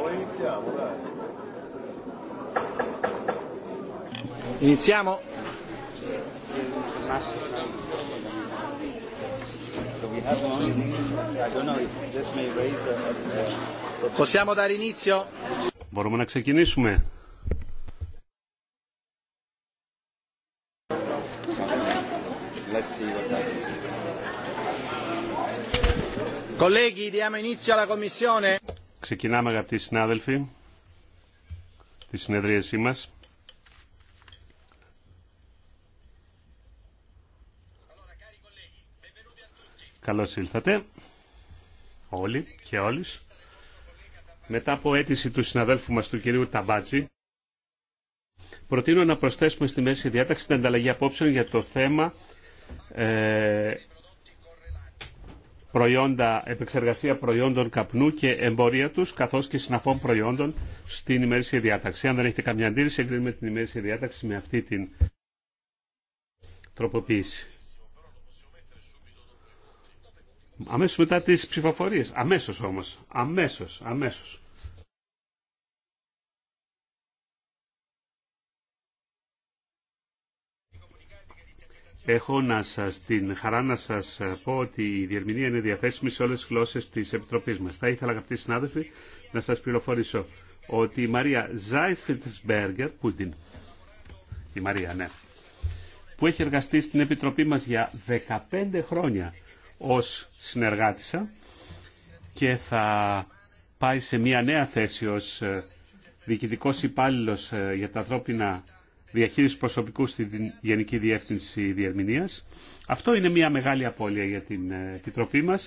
Paolo, iniziamo, dai. Iniziamo. Possiamo dare inizio? Μπορούμε να ξεκινήσουμε. Colleghi, diamo inizio alla Commissione. Ξεκινάμε αγαπητοί συνάδελφοι τη συνεδρίασή μας. Καλώς ήλθατε όλοι και όλες. Μετά από αίτηση του συναδέλφου μας του κυρίου Ταμπάτζη, προτείνω να προσθέσουμε στη μέση διάταξη την ανταλλαγή απόψεων για το θέμα ε, προϊόντα, επεξεργασία προϊόντων καπνού και εμπορία του καθώ και συναφών προϊόντων στην ημερήσια διάταξη. Αν δεν έχετε καμία αντίρρηση, εγκρίνουμε την ημερήσια διάταξη με αυτή την τροποποίηση. Αμέσως μετά τις ψηφοφορίες. Αμέσως όμως. Αμέσως. Αμέσως. Έχω να σας, την χαρά να σας πω ότι η διερμηνία είναι διαθέσιμη σε όλες τις γλώσσες της Επιτροπής μας. Θα ήθελα αγαπητοί συνάδελφοι να σας πληροφορήσω ότι η Μαρία Ζάιφιτσμπέργκερ, που η Μαρία, ναι, που έχει εργαστεί στην Επιτροπή μας για 15 χρόνια ως συνεργάτησα και θα πάει σε μια νέα θέση ως ε, διοικητικός υπάλληλος ε, για τα ανθρώπινα διαχείριση προσωπικού στη Γενική Διεύθυνση Διερμηνία. Αυτό είναι μια μεγάλη απώλεια για την ε, Επιτροπή μα.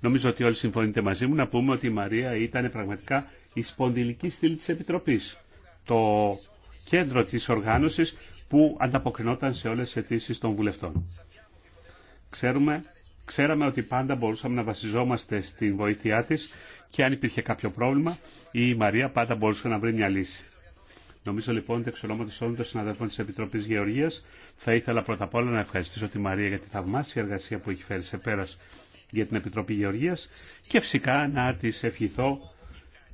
Νομίζω ότι όλοι συμφωνείτε μαζί μου να πούμε ότι η Μαρία ήταν πραγματικά η σπονδυλική στήλη τη Επιτροπή, Το κέντρο τη οργάνωση που ανταποκρινόταν σε όλε τις αιτήσει των βουλευτών. Ξέρουμε, ξέραμε ότι πάντα μπορούσαμε να βασιζόμαστε στην βοήθειά της και αν υπήρχε κάποιο πρόβλημα η Μαρία πάντα μπορούσε να βρει μια λύση. Νομίζω λοιπόν ότι εξ ονόματο όλων των συναδέλφων τη Επιτροπή Γεωργία θα ήθελα πρώτα απ' όλα να ευχαριστήσω τη Μαρία για τη θαυμάσια εργασία που έχει φέρει σε πέρα για την Επιτροπή Γεωργία και φυσικά να τη ευχηθώ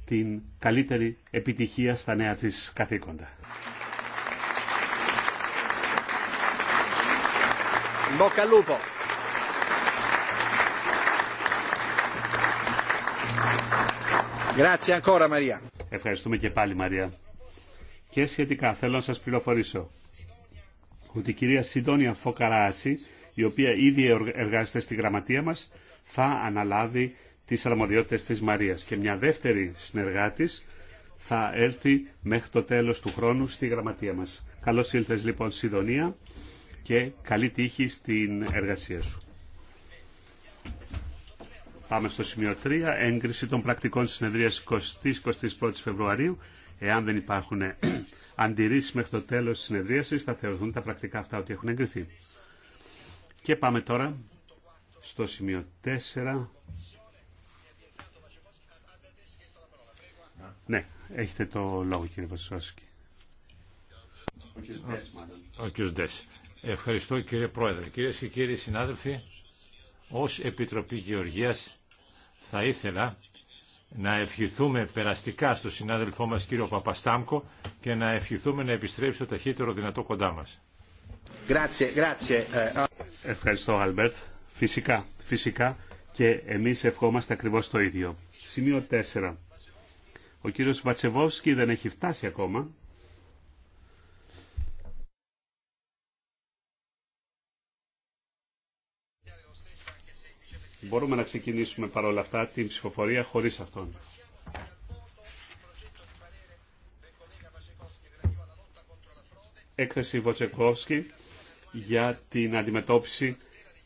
την καλύτερη επιτυχία στα νέα τη καθήκοντα. Ευχαριστούμε και πάλι Μαρία και σχετικά θέλω να σας πληροφορήσω ότι η κυρία Σιντόνια Φοκαράση, η οποία ήδη εργάζεται στη γραμματεία μας, θα αναλάβει τις αρμοδιότητες της Μαρίας. Και μια δεύτερη συνεργάτης θα έρθει μέχρι το τέλος του χρόνου στη γραμματεία μας. Καλώς ήλθες λοιπόν Σιδονία και καλή τύχη στην εργασία σου. Πάμε στο σημείο 3, έγκριση των πρακτικών συνεδρίας 20-21 Φεβρουαρίου. Εάν δεν υπάρχουν ε, αντιρρήσεις μέχρι το τέλο τη συνεδρίασης, θα θεωρηθούν τα πρακτικά αυτά ότι έχουν εγκριθεί. Και πάμε τώρα στο σημείο 4. Ναι, έχετε το λόγο κύριε Βασιλόσκη. Ο κ. Ευχαριστώ κύριε Πρόεδρε. κύριε και κύριοι συνάδελφοι, ως Επιτροπή Γεωργίας θα ήθελα να ευχηθούμε περαστικά στο συνάδελφό μας κύριο Παπαστάμκο και να ευχηθούμε να επιστρέψει το ταχύτερο δυνατό κοντά μας. Ευχαριστώ Αλμπέρτ. Φυσικά, φυσικά και εμείς ευχόμαστε ακριβώς το ίδιο. Σημείο 4. Ο κύριος Βατσεβόφσκι δεν έχει φτάσει ακόμα. Μπορούμε να ξεκινήσουμε παρόλα αυτά την ψηφοφορία χωρίς αυτόν. Έκθεση Βοτσεκόφσκι για την αντιμετώπιση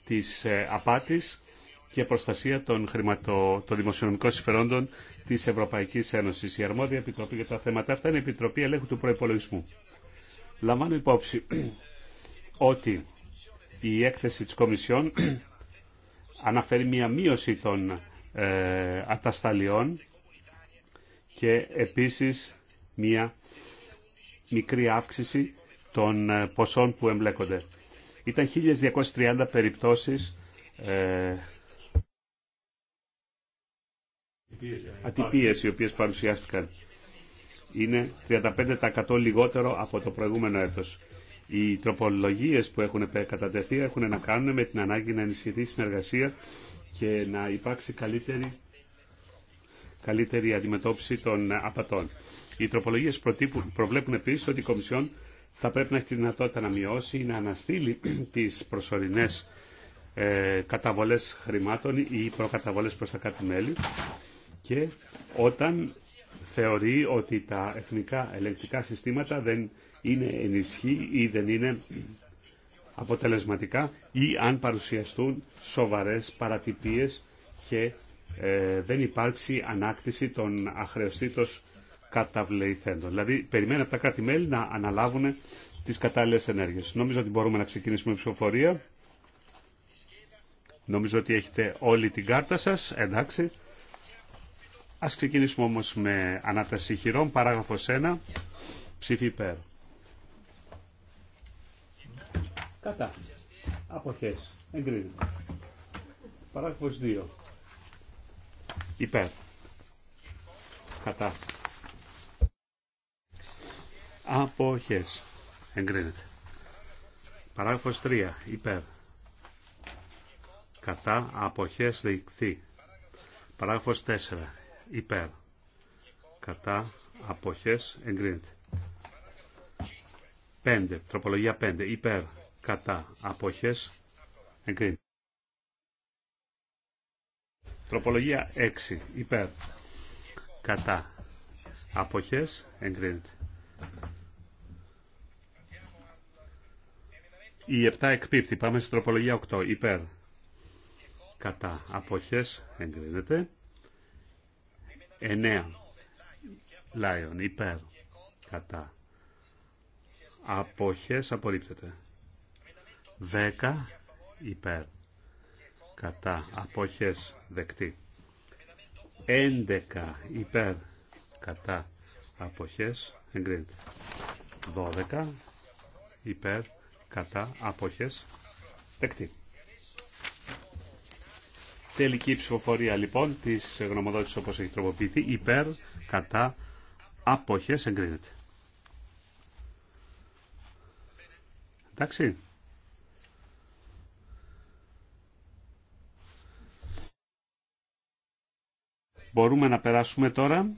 της ε, απάτης και προστασία των, χρηματο... των δημοσιονομικών συμφερόντων τη Ευρωπαϊκή Ένωση. Η αρμόδια επιτροπή για τα θέματα αυτά είναι η Επιτροπή Ελέγχου του Προπολογισμού. Λαμβάνω υπόψη ότι η έκθεση της Κομισιόν αναφέρει μία μείωση των ε, ατασταλιών και επίσης μία μικρή αύξηση των ε, ποσών που εμπλέκονται. Ήταν 1.230 περιπτώσεις ε, ατυπίες οι οποίες παρουσιάστηκαν. Είναι 35% λιγότερο από το προηγούμενο έτος. Οι τροπολογίες που έχουν κατατεθεί έχουν να κάνουν με την ανάγκη να ενισχυθεί η συνεργασία και να υπάρξει καλύτερη, καλύτερη αντιμετώπιση των απατών. Οι τροπολογίες προβλέπουν επίσης ότι η Κομισιόν θα πρέπει να έχει τη δυνατότητα να μειώσει ή να αναστείλει τι προσωρινές ε, καταβολές χρημάτων ή προκαταβολέ προ τα κάτω μέλη και όταν θεωρεί ότι τα εθνικά ελεγκτικά συστήματα δεν είναι ενισχύ ή δεν είναι αποτελεσματικά ή αν παρουσιαστούν σοβαρές παρατυπίες και ε, δεν υπάρξει ανάκτηση των αχρεωστήτως καταβληθέντων. Δηλαδή, περιμένουμε από τα κράτη-μέλη να αναλάβουν τις κατάλληλες ενέργειες. Νομίζω ότι μπορούμε να ξεκινήσουμε ψηφοφορία. Νομίζω ότι έχετε όλη την κάρτα σας. Εντάξει. Ας ξεκινήσουμε όμως με ανάταση χειρών. Παράγραφος 1. Ψήφι υπέρ. Κατά. Αποχές. Εγκρίνεται. Παράγραφος 2. Υπέρ. Κατά. Αποχές. Εγκρίνεται. Παράγραφος 3. Υπέρ. Κατά. Αποχές. δεικτή. Παράγραφος 4. Υπέρ. Κατά. Αποχές. Εγκρίνεται. 5. Τροπολογία 5. Υπέρ κατά αποχές εγκρίνεται. Τροπολογία 6 υπέρ κατά αποχές εγκρίνεται. Η 7 εκπίπτει. Πάμε στην τροπολογία 8 υπέρ κατά αποχές εγκρίνεται. 9 Λάιον υπέρ κατά αποχές απορρίπτεται. Δέκα υπέρ κατά αποχές δεκτή 11 υπέρ κατά αποχές εγκρίνεται Δώδεκα υπέρ κατά αποχές δεκτή Τελική ψηφοφορία λοιπόν της γνωμοδότησης όπως έχει τροποποιηθεί υπέρ κατά αποχές εγκρίνεται. Εντάξει. Μπορούμε να περάσουμε τώρα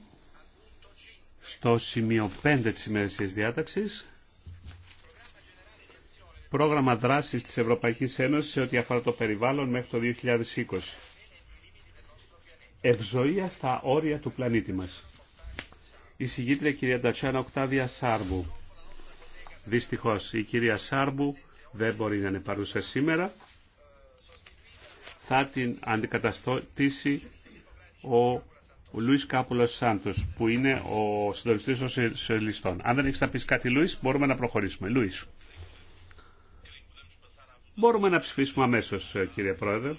στο σημείο 5 της ημερησίας διάταξης. Πρόγραμμα δράσης της Ευρωπαϊκής Ένωσης σε ό,τι αφορά το περιβάλλον μέχρι το 2020. Ευζοία στα όρια του πλανήτη μας. Η συγγήτρια κυρία Ντατσάνα Οκτάβια Σάρμπου. Δυστυχώς η κυρία Σάρμπου δεν μπορεί να είναι παρούσα σήμερα. Θα την αντικαταστήσει ο ο Λουί Κάπουλο Σάντο, που είναι ο συντονιστή των Σοσιαλιστών. Αν δεν έχει να πει κάτι, Λουί, μπορούμε να προχωρήσουμε. Λουί. Μπορούμε να ψηφίσουμε αμέσω, ε, κύριε Πρόεδρε.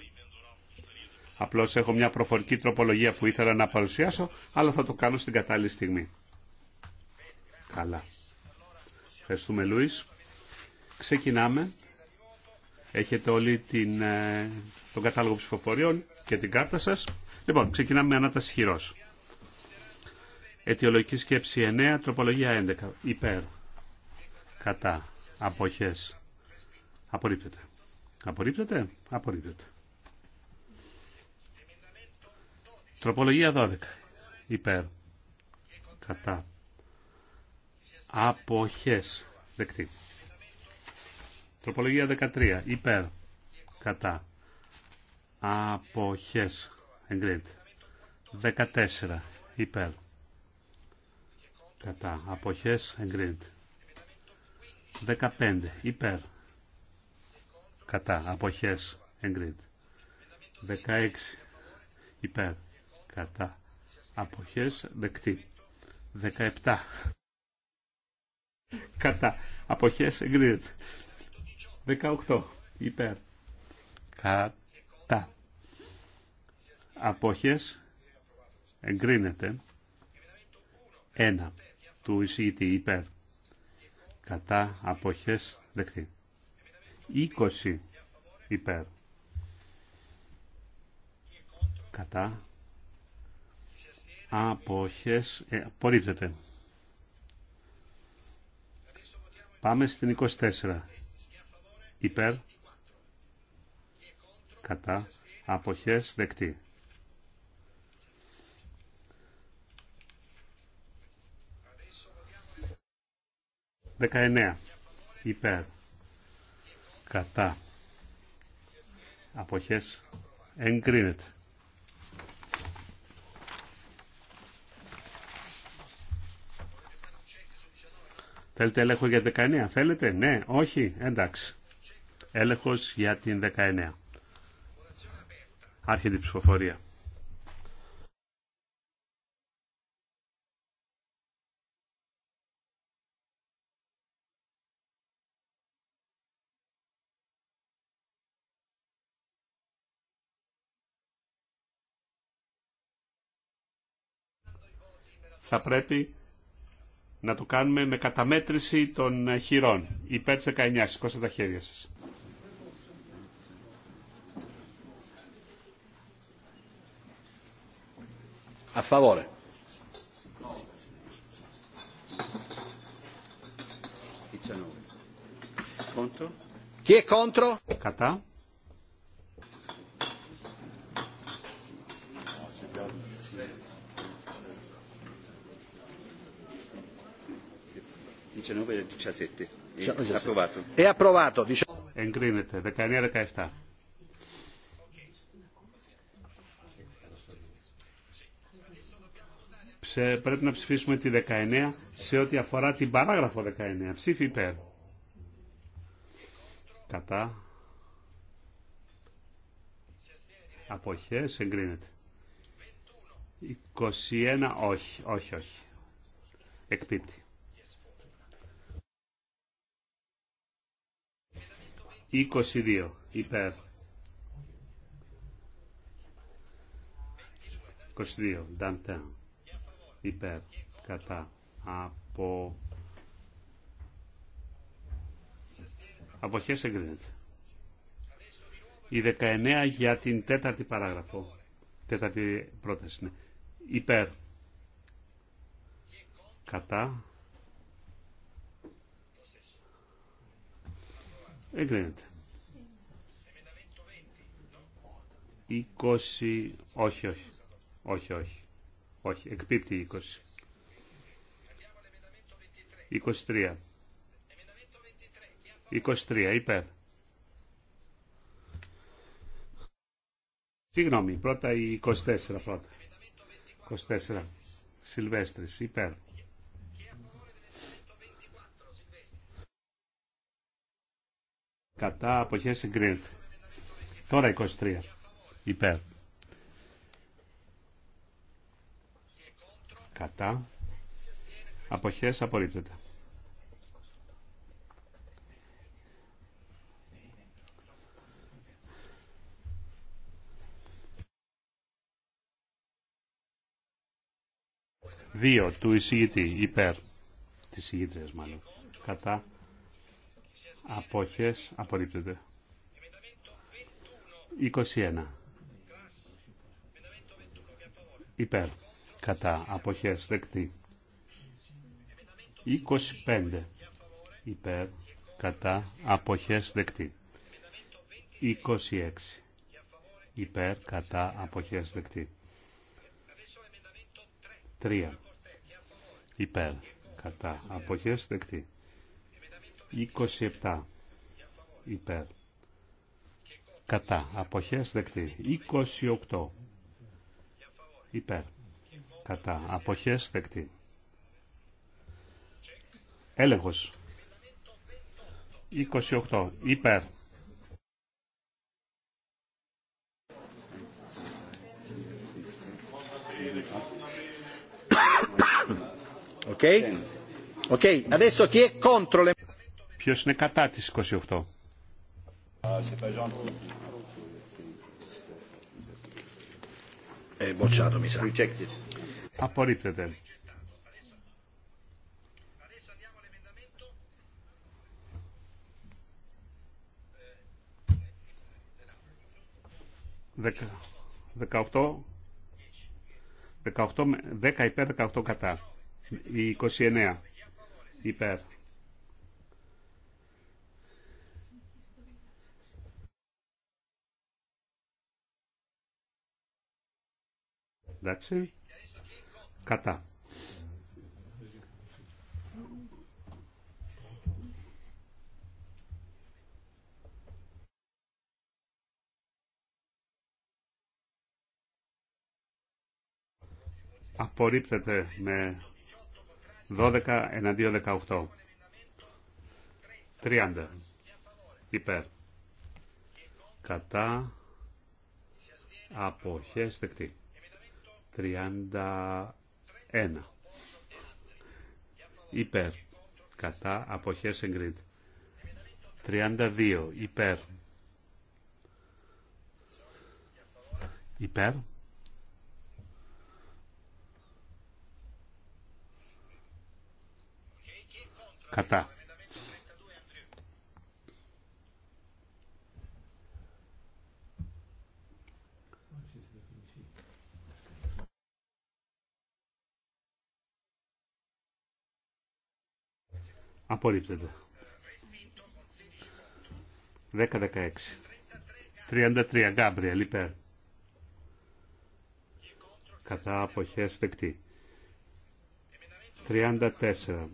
Απλώ έχω μια προφορική τροπολογία που ήθελα να παρουσιάσω, αλλά θα το κάνω στην κατάλληλη στιγμή. Καλά. Ευχαριστούμε, Λουί. Ξεκινάμε. Έχετε όλοι ε, τον κατάλογο ψηφοφοριών και την κάρτα σας. Λοιπόν, ξεκινάμε με ανάταση χειρό. Αιτιολογική σκέψη 9, τροπολογία 11. Υπέρ. Κατά. Αποχές. Απορρίπτεται. Απορρίπτεται. Απορρίπτεται. Τροπολογία 12. Υπέρ. Κατά. Αποχές. Δεκτή. Τροπολογία 13. Υπέρ. Κατά. Αποχές εγκρίνεται. 14 υπέρ κατά αποχές εγκρίνεται. 15 υπέρ κατά αποχές εγκρίνεται. 16 υπέρ κατά αποχές δεκτή. 17 κατά αποχές εγκρίνεται. 18 υπέρ κατά απόχες εγκρίνεται 1 του εισηγητή υπέρ κατά απόχες δεκτή 20 υπέρ κατά απόχες ε, πάμε στην 24 υπέρ κατά απόχες δεκτή 19 υπέρ κατά αποχές εγκρίνεται. Θέλετε έλεγχο για 19, θέλετε, ναι, όχι, εντάξει. Έλεγχος για την 19. Άρχεται η ψηφοφορία. θα πρέπει να το κάνουμε με καταμέτρηση των ε, χειρών. Υπέρ της 19, σηκώστε τα χέρια σας. A Κατά. Εγκρίνεται. 19-17. Πρέπει να ψηφίσουμε τη 19 σε ό,τι αφορά την παράγραφο 19. Ψήφι υπέρ. Κατά. Αποχές. Εγκρίνεται. 21 όχι. Όχι, όχι. Εκπίπτει. 22 υπέρ 22 Νταντέν υπέρ κατά από χέρι εγκρίνεται η 19 για την τέταρτη παράγραφο τέταρτη πρόταση είναι υπέρ κατά Εγκρίνεται. 20, όχι, όχι, όχι, όχι, όχι, εκπίπτει 20. 23. 23, υπέρ. Συγγνώμη, πρώτα η 24 πρώτα. 24. Σιλβέστρης, υπέρ. κατά αποχές εγκρίνεται. Τώρα 23 υπέρ. Κατά αποχές απορρίπτεται. Δύο του εισηγητή υπέρ της εισηγήτριας μάλλον κατά Απόχες. Απορρίπτεται. 21. Υπέρ. Κατά. Απόχες. Δεκτή. 25. Υπέρ. Κατά. Απόχες. Δεκτή. 26. Υπέρ. Κατά. Απόχες. Δεκτή. 3. Υπέρ. Κατά. Απόχες. Δεκτή. 27 υπέρ. Κατά. Αποχές δεκτή. 28 υπέρ. Κατά. Αποχές δεκτή. Έλεγχος. 28 υπέρ. Okay. Okay. Adesso chi è contro le... Ποιος είναι κατά τις 28. Ε, Απορρίπτεται. Δεκα, 18, 18, 10 υπέρ, 18 κατά. 29 υπέρ. εντάξει, κατά. Απορρίπτεται με 12 εναντίον 18. 30. Υπέρ. Κατά. Αποχές δεκτή. 31 υπέρ κατά Από Χέσεγκριντ. 32 υπέρ υπέρ κατά Απορρίπτεται. 10-16. 33. Γκάμπριελ υπέρ. Κατά αποχές δεκτή. 34.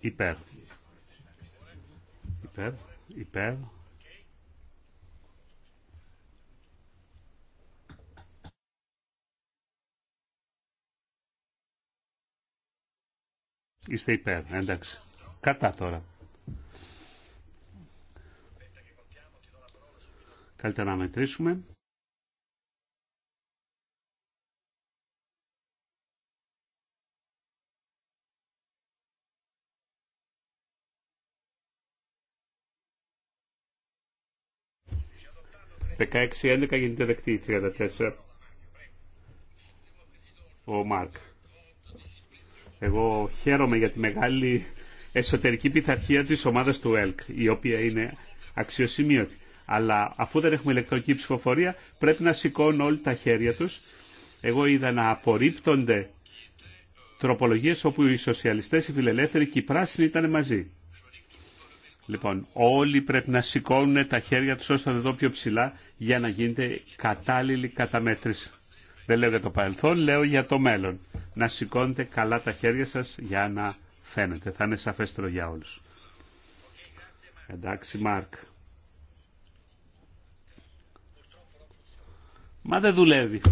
Υπέρ. Υπέρ. Υπέρ. Είστε υπέρ, εντάξει. Κατά τώρα. Καλύτερα να μετρήσουμε. Δεκαέξι έντεκα γίνεται δεκτή, 34. Ο Μάρκ. Εγώ χαίρομαι για τη μεγάλη εσωτερική πειθαρχία τη ομάδα του ΕΛΚ, η οποία είναι αξιοσημείωτη. Αλλά αφού δεν έχουμε ηλεκτρονική ψηφοφορία, πρέπει να σηκώνουν όλοι τα χέρια του. Εγώ είδα να απορρίπτονται τροπολογίες όπου οι σοσιαλιστέ, οι φιλελεύθεροι και οι πράσινοι ήταν μαζί. Λοιπόν, όλοι πρέπει να σηκώνουν τα χέρια του ώστε να δω πιο ψηλά για να γίνεται κατάλληλη καταμέτρηση. Δεν λέω για το παρελθόν, λέω για το μέλλον. Να σηκώνετε καλά τα χέρια σας για να φαίνεται, θα είναι σαφέστερο για όλους. Εντάξει, Μάρκ. Μα δεν δουλεύει η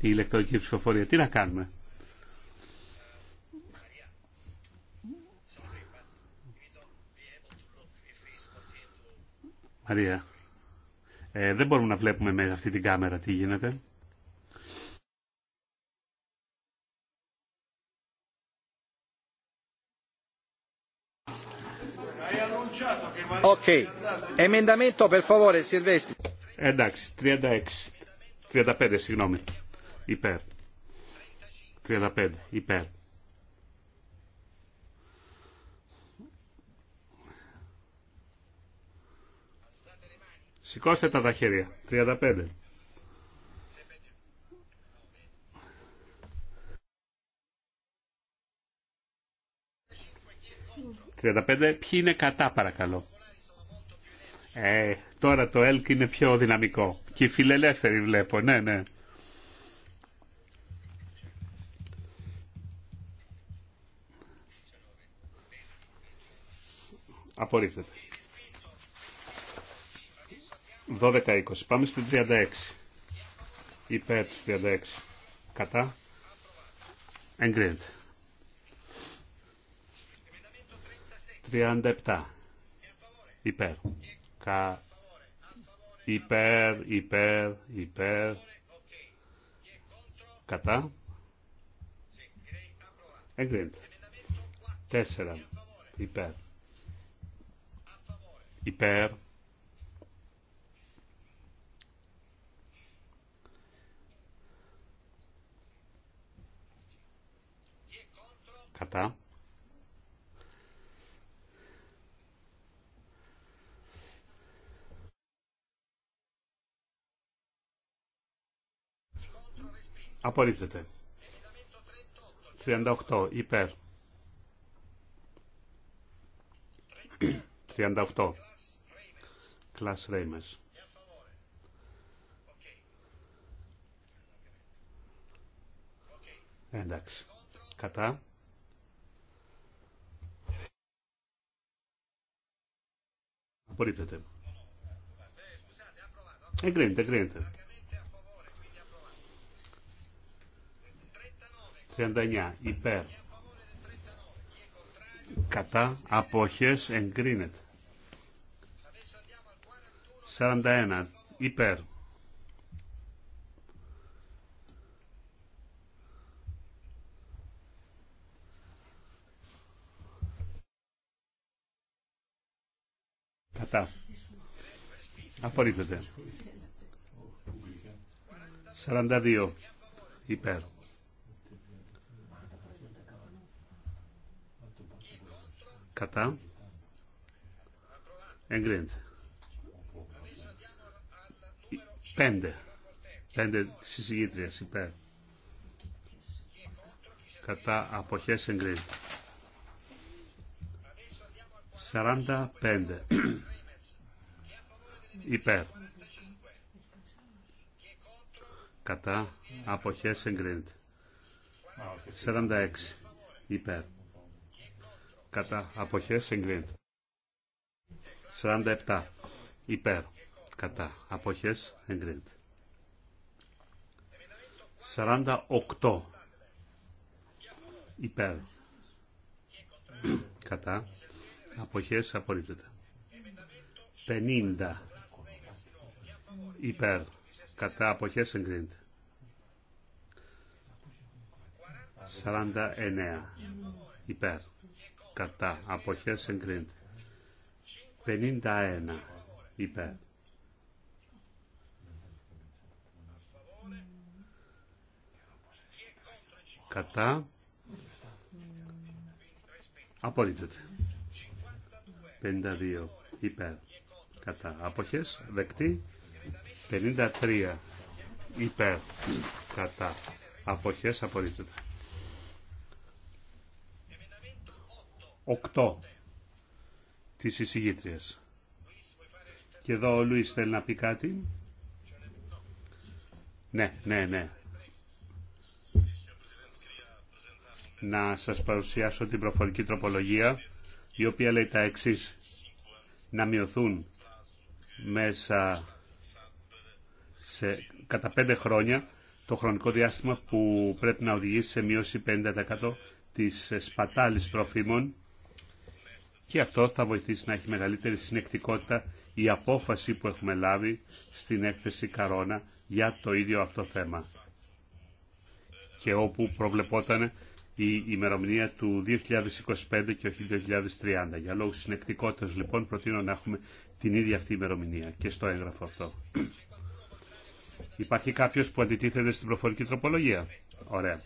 ηλεκτρονική ψηφοφορία. Τι να κάνουμε. Μαρία, ε, δεν μπορούμε να βλέπουμε με αυτή την κάμερα τι γίνεται. Οκ. Emendamento, per favore, Silvestri. Εντάξει, 36. 35, συγγνώμη. Υπέρ. 35, υπέρ. Σηκώστε τα τα χέρια. 35. 35 Ποιοι είναι κατά παρακαλώ. Ε, τώρα το ΕΛΚ είναι πιο δυναμικό. Και οι φιλελεύθεροι βλέπω, ναι, ναι. Απορρίπτεται. 12-20. Πάμε στην 36. Υπέρ της 36. Κατά. Εγκρίνεται. 37. Υπέρ. Κα... Υπέρ, υπέρ, υπέρ. Κατά. Εγκρίνεται. Τέσσερα. Υπέρ. Υπέρ. Κατά. Απορρίπτεται. 38 υπέρ. 38. Κλάς Ρέιμες. Ε, εντάξει. Κατά. Απορρίπτεται. Εγκρίνεται, εγκρίνεται. 39 υπέρ κατά αποχές εγκρίνεται 41 υπέρ Κατά. Απορρίπτεται. 42. Υπέρ. κατά εγκρίνεται. Πέντε. Πέντε συζητήτριες υπέρ. Κατά αποχές εγκρίνεται. Σαράντα πέντε. Υπέρ. Κατά αποχές εγκρίνεται. Σαράντα έξι. Υπέρ κατά αποχές εγκρίνεται. 47 υπέρ κατά αποχές εγκρίνεται. 48 υπέρ κατά αποχές απορρίπτεται. 50 υπέρ κατά αποχές εγκρίνεται. 49 υπέρ κατά αποχές εγκρίνεται. 51 υπέρ. Κατά απορρίπτεται. 52 υπέρ. Κατά αποχές δεκτή. 53 υπέρ. Κατά αποχές απορρίπτεται. 8 της εισηγήτριας. Και εδώ ο Λουίς θέλει να πει κάτι. Ναι, ναι, ναι. Να σας παρουσιάσω την προφορική τροπολογία, η οποία λέει τα εξής. Να μειωθούν μέσα σε, κατά πέντε χρόνια το χρονικό διάστημα που πρέπει να οδηγήσει σε μείωση 50% της σπατάλης τροφίμων και αυτό θα βοηθήσει να έχει μεγαλύτερη συνεκτικότητα η απόφαση που έχουμε λάβει στην έκθεση Καρόνα για το ίδιο αυτό θέμα. Και όπου προβλεπόταν η ημερομηνία του 2025 και όχι 2030. Για λόγους συνεκτικότητας λοιπόν προτείνω να έχουμε την ίδια αυτή ημερομηνία και στο έγγραφο αυτό. Υπάρχει κάποιος που αντιτίθεται στην προφορική τροπολογία. Ωραία.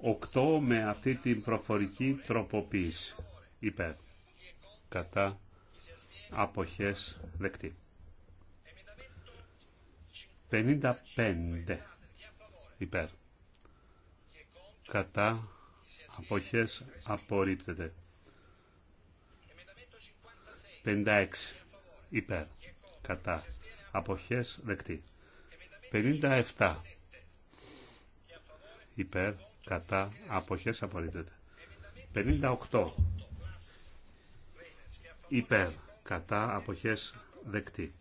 Οκτώ με αυτή την προφορική τροποποίηση υπέρ κατά αποχές δεκτή. 55 υπέρ κατά αποχές απορρίπτεται. 56 υπέρ κατά αποχές δεκτή. 57 υπέρ κατά αποχές απορρίπτεται. 58 υπέρ, κατά, αποχές, δεκτή.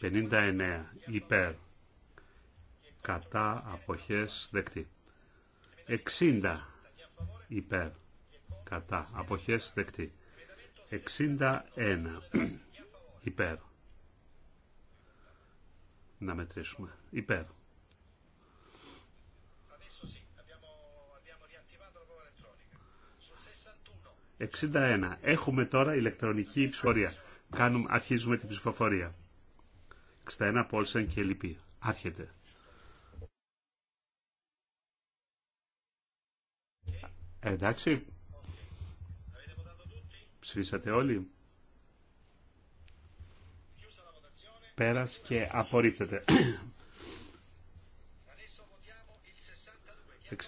59 υπέρ, κατά, αποχές, δεκτή. 60 υπέρ, κατά, αποχές, δεκτή. 61 υπέρ. Να μετρήσουμε. Υπέρ. 61. Έχουμε τώρα ηλεκτρονική ψηφοφορία. Κάνουμε, αρχίζουμε την ψηφοφορία. 61 Πόλσεν και λοιπή. Άρχεται. Εντάξει. Ψηφίσατε όλοι. Πέρας και απορρίπτεται.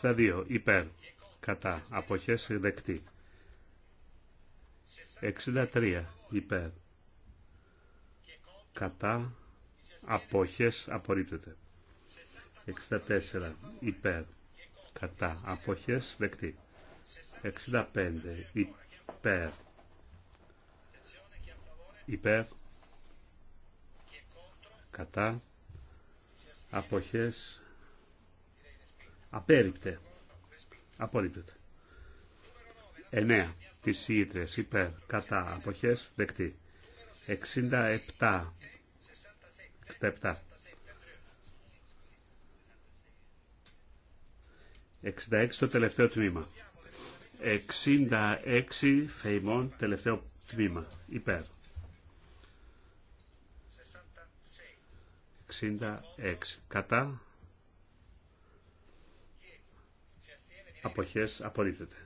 62. Υπέρ. Κατά. Αποχές δεκτή. 63 υπέρ κατά απόχες απορρίπτεται 64 υπέρ κατά απόχες δεκτή 65 υπέρ υπέρ κατά απόχες απέριπτε απορρίπτεται 9 τι Ήτρες υπέρ κατά αποχές δεκτή 67 67 66 το τελευταίο τμήμα 66 φεϊμών τελευταίο τμήμα υπέρ 66 κατά αποχές απορρίπτεται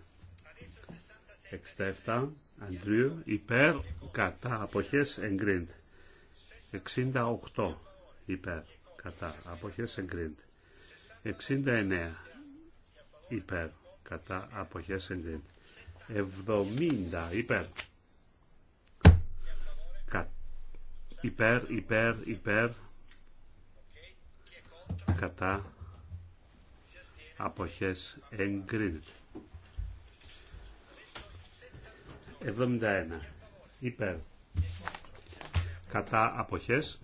67 Αντρίου υπέρ κατά αποχές εγκριντ 68 υπέρ κατά αποχές εγκριντ 69 υπέρ κατά αποχές εγκρίνεται 70 υπέρ κα, υπέρ υπέρ υπέρ κατά αποχές εγκρίνεται 71 υπέρ κατά αποχές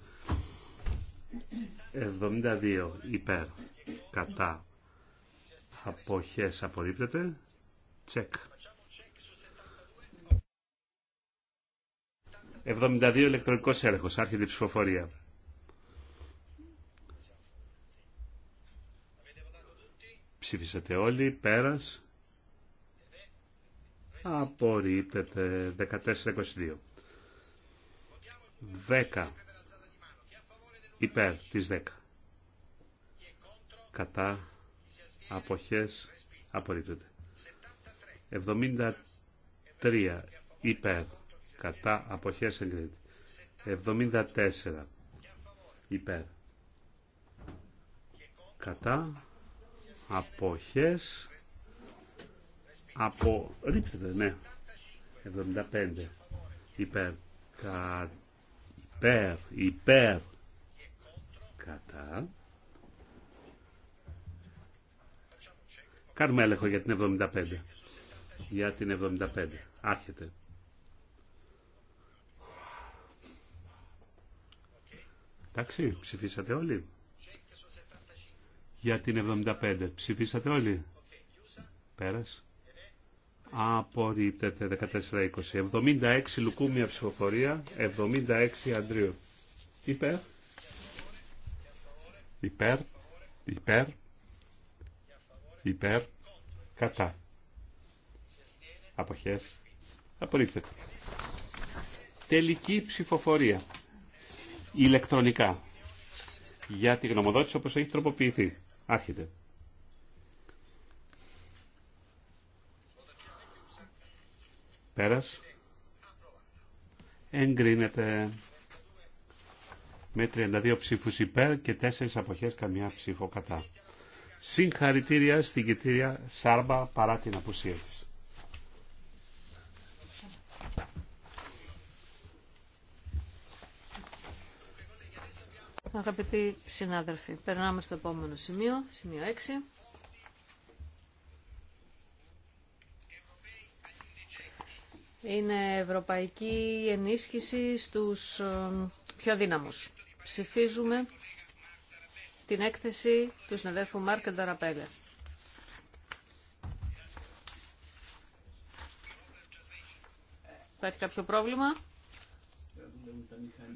72 υπέρ κατά αποχές απορρίπτεται τσεκ 72 ηλεκτρονικός έλεγχος άρχεται η ψηφοφορία ψήφισατε όλοι πέρας Απορρίπτεται 14-22. 10 υπέρ της 10. Κατά αποχές απορρίπτεται. 73 υπέρ. Κατά αποχές εγκρίνεται. 74 υπέρ. Κατά αποχές από... ναι. 75. Υπέρ. Κα... Υπέρ. Υπέρ. Κατά. Κάνουμε έλεγχο για την 75. Για την 75. Άρχεται. Εντάξει, ψηφίσατε όλοι. Για την 75. Ψηφίσατε όλοι. Πέρασε. Απορρίπτεται 14-20. 76 Λουκούμια ψηφοφορία. 76 Αντρίου. Υπέρ. Υπέρ. Υπέρ. Υπέρ. Κατά. Αποχές. Απορρίπτεται. Τελική ψηφοφορία. Ηλεκτρονικά. Για τη γνωμοδότηση όπως έχει τροποποιηθεί. Άρχεται. Πέρας. Εγκρίνεται με 32 ψήφους υπέρ και 4 αποχές καμιά ψήφο κατά. Συγχαρητήρια στην κητήρια Σάρμπα παρά την απουσία της. Αγαπητοί συνάδελφοι, περνάμε στο επόμενο σημείο, σημείο 6. είναι ευρωπαϊκή ενίσχυση στους ε, πιο δύναμους. Ψηφίζουμε την έκθεση του συνεδέφου Μάρκ Νταραπέλε. Υπάρχει κάποιο πρόβλημα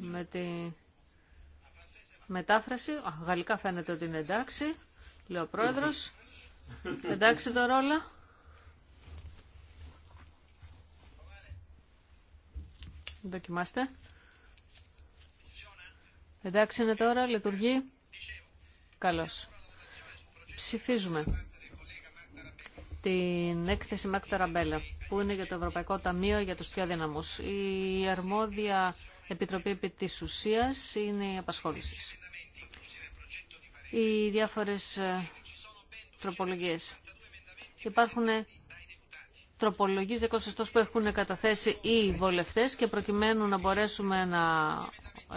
με τη μετάφραση. Α, γαλλικά φαίνεται ότι είναι εντάξει, λέει ο πρόεδρος. Εντάξει το ρόλο. Δοκιμάστε. Εντάξει είναι τώρα, λειτουργεί. Καλώς. Ψηφίζουμε την έκθεση Μακταραμπέλα που είναι για το Ευρωπαϊκό Ταμείο για τους πιο δυναμούς. Η αρμόδια Επιτροπή επί της ουσίας είναι η απασχόληση. Οι διάφορες ε, τροπολογίες. Υπάρχουν Τροπολογίε που έχουν καταθέσει οι βολευτές και προκειμένου να μπορέσουμε να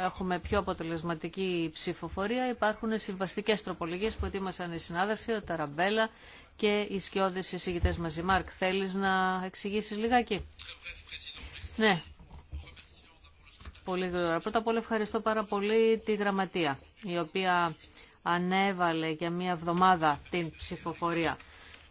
έχουμε πιο αποτελεσματική ψηφοφορία υπάρχουν συμβαστικέ τροπολογίε που ετοίμασαν οι συνάδελφοι, ο Ταραμπέλα και οι σκιώδες εισηγητέ μαζί. Μάρκ, θέλεις να εξηγήσει λιγάκι. Ναι. Πολύ γρήγορα. Πρώτα απ' όλα ευχαριστώ πάρα πολύ τη γραμματεία, η οποία ανέβαλε για μία εβδομάδα την ψηφοφορία.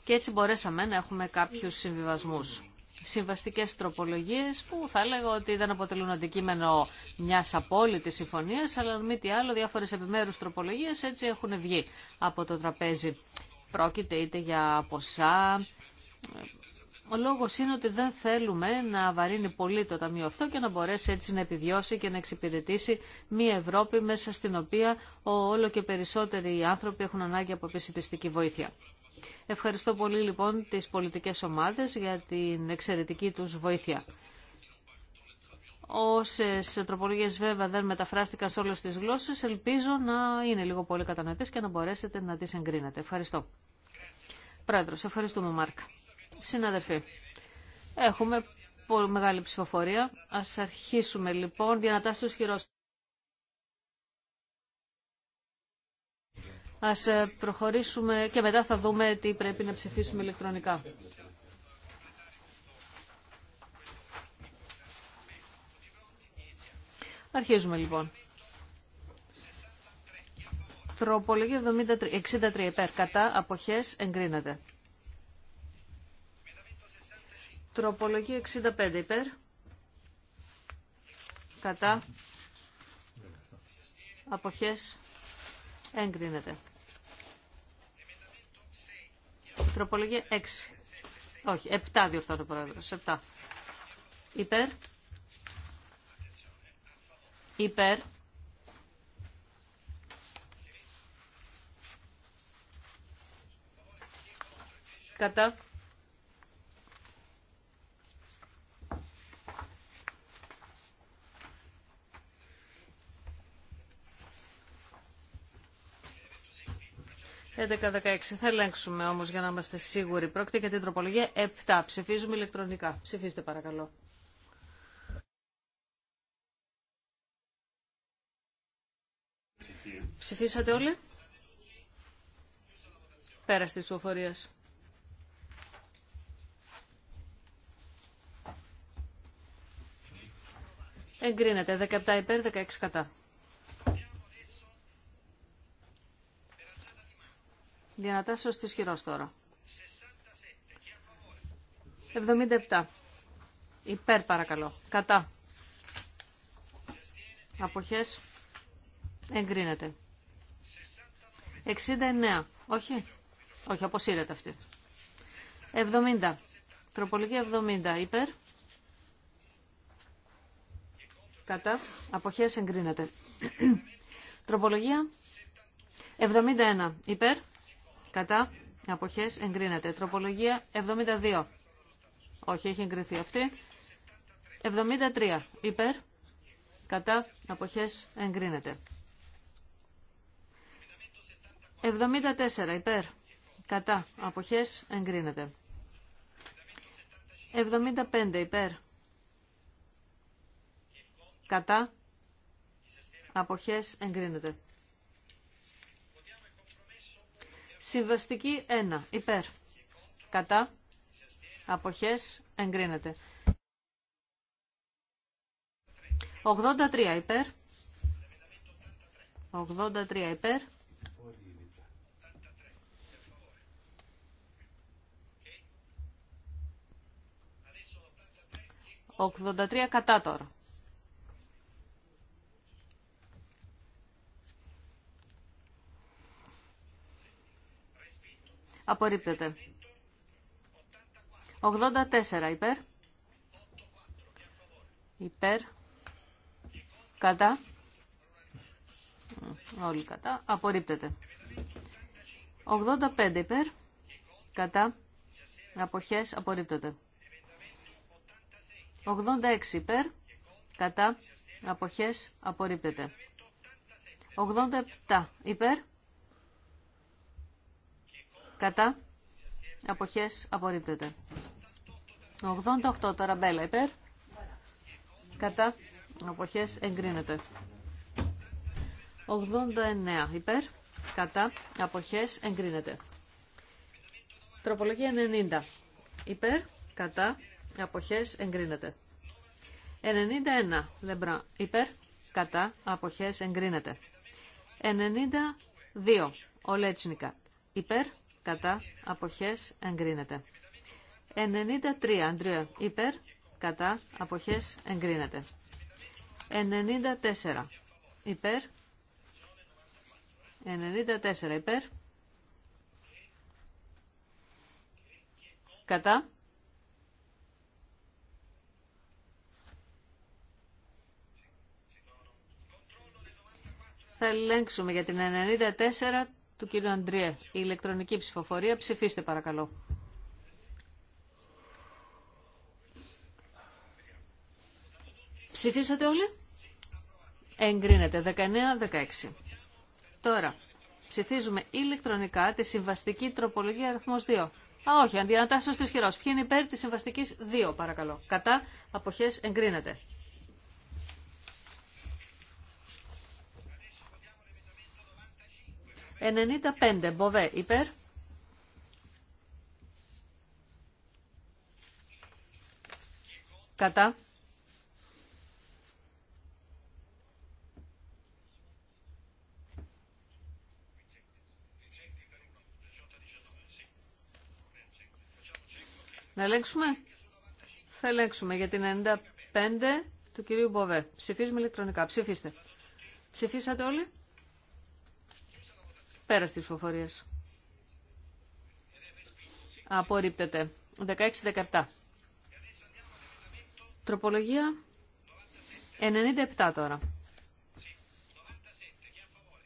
Και έτσι μπορέσαμε να έχουμε κάποιους συμβιβασμούς. Συμβαστικές τροπολογίες που θα έλεγα ότι δεν αποτελούν αντικείμενο μιας απόλυτης συμφωνίας, αλλά μη τι άλλο διάφορες επιμέρους τροπολογίες έτσι έχουν βγει από το τραπέζι. Πρόκειται είτε για ποσά, ο λόγο είναι ότι δεν θέλουμε να βαρύνει πολύ το ταμείο αυτό και να μπορέσει έτσι να επιβιώσει και να εξυπηρετήσει μια Ευρώπη μέσα στην οποία όλο και περισσότεροι άνθρωποι έχουν ανάγκη από επιστημιστική βοήθεια. Ευχαριστώ πολύ λοιπόν τις πολιτικές ομάδες για την εξαιρετική τους βοήθεια. Όσες τροπολογίες βέβαια δεν μεταφράστηκαν σε όλες τις γλώσσες, ελπίζω να είναι λίγο πολύ κατανοητές και να μπορέσετε να τις εγκρίνετε. Ευχαριστώ. Πρόεδρος, ευχαριστούμε Μάρκα. Συναδελφοί, έχουμε πολύ μεγάλη ψηφοφορία. Ας αρχίσουμε λοιπόν. Διανατάσεις χειρός. Ας ε, προχωρήσουμε και μετά θα δούμε τι πρέπει να ψηφίσουμε ηλεκτρονικά. Αρχίζουμε λοιπόν. Τροπολογία 63 υπέρ κατά αποχές εγκρίνεται. Τροπολογία 65 υπέρ κατά αποχές εγκρίνεται. Τροπολογία 6. Όχι, 7 διορθώνει ο πρόεδρο. 7. Υπέρ. Υπέρ. Κατά. 11-16. Θα ελέγξουμε όμω για να είμαστε σίγουροι. Πρόκειται για την τροπολογία 7. Ψηφίζουμε ηλεκτρονικά. Ψηφίστε παρακαλώ. Ψηφίσατε όλοι. Πέρα τη ψηφοφορία. Εγκρίνεται 17 υπέρ, 16 κατά. Διανατάσσεως στις χειρός τώρα. 77. Υπέρ παρακαλώ. Κατά. Αποχές. Εγκρίνεται. 69. Όχι. Όχι, αποσύρεται αυτή. 70. Τροπολογία 70. Υπέρ. Κατά. Αποχές εγκρίνεται. Τροπολογία 71. Υπέρ. Κατά. Αποχές εγκρίνεται. Τροπολογία 72. Όχι, έχει εγκριθεί αυτή. 73. Υπέρ. Κατά. Αποχές εγκρίνεται. 74. Υπέρ. Κατά. Αποχές εγκρίνεται. 75. Υπέρ. Κατά. Αποχές εγκρίνεται. Συμβαστική 1. Υπέρ. Κατά. Αποχές. Εγκρίνεται. 83 υπέρ. 83 υπέρ. 83 κατά τώρα. Απορρίπτεται. 84 υπέρ. Υπέρ. Κατά. Όλοι κατά. Απορρίπτεται. 85 υπέρ. Κατά. Αποχές. Απορρίπτεται. 86 υπέρ. Κατά. Αποχές. Απορρίπτεται. 87 υπέρ. Κατά. Αποχές απορρίπτεται. 88 τώρα μπέλα υπέρ. Κατά. Αποχές εγκρίνεται. 89 υπέρ. Κατά. Αποχές εγκρίνεται. Τροπολογία 90. Υπέρ. Κατά. Αποχές εγκρίνεται. 91 λεμπρά. Υπέρ. Κατά. Αποχές εγκρίνεται. 92 Ολέτσνικα. Υπέρ κατά, αποχές, εγκρίνεται. 93, Αντρέα, υπέρ, κατά, αποχές, εγκρίνεται. 94, υπέρ, 94, υπέρ, κατά, Θα ελέγξουμε για την 94 του κύριου Αντρία. Η ηλεκτρονική ψηφοφορία. Ψηφίστε παρακαλώ. Ψηφίσατε όλοι. Εγκρίνεται. 19-16. Τώρα, ψηφίζουμε ηλεκτρονικά τη συμβαστική τροπολογία αριθμός 2. Α, όχι, αντιανατάσσεως της χειρός. Ποιοι είναι υπέρ της συμβαστικής 2, παρακαλώ. Κατά, αποχές, εγκρίνεται. 95 Μποβέ υπέρ. Κατά. Να ελέγξουμε. Θα ελέγξουμε για την 95 του κυρίου Μποβέ. Ψηφίζουμε ηλεκτρονικά. Ψηφίστε. Ψηφίσατε όλοι. Πέρα τη ψηφοφορία. Απορρίπτεται. 16-17. Τροπολογία 97 τώρα.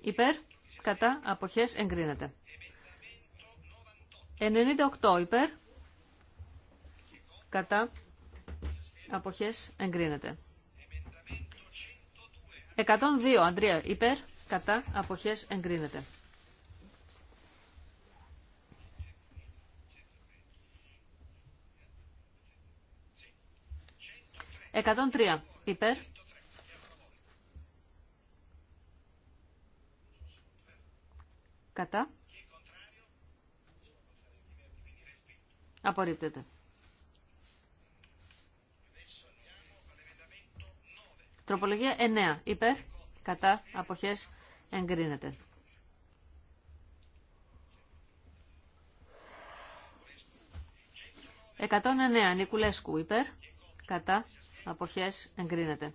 Υπέρ, κατά, αποχές, εγκρίνεται. 98 υπέρ, κατά, αποχές, εγκρίνεται. 102 Αντρία υπέρ, κατά, αποχές, εγκρίνεται. 103 υπέρ. Κατά. Απορρίπτεται. Τροπολογία 9. Υπέρ, κατά, αποχές, εγκρίνεται. Εκατόν εννέα, Νικουλέσκου, υπέρ, κατά, αποχές εγκρίνεται.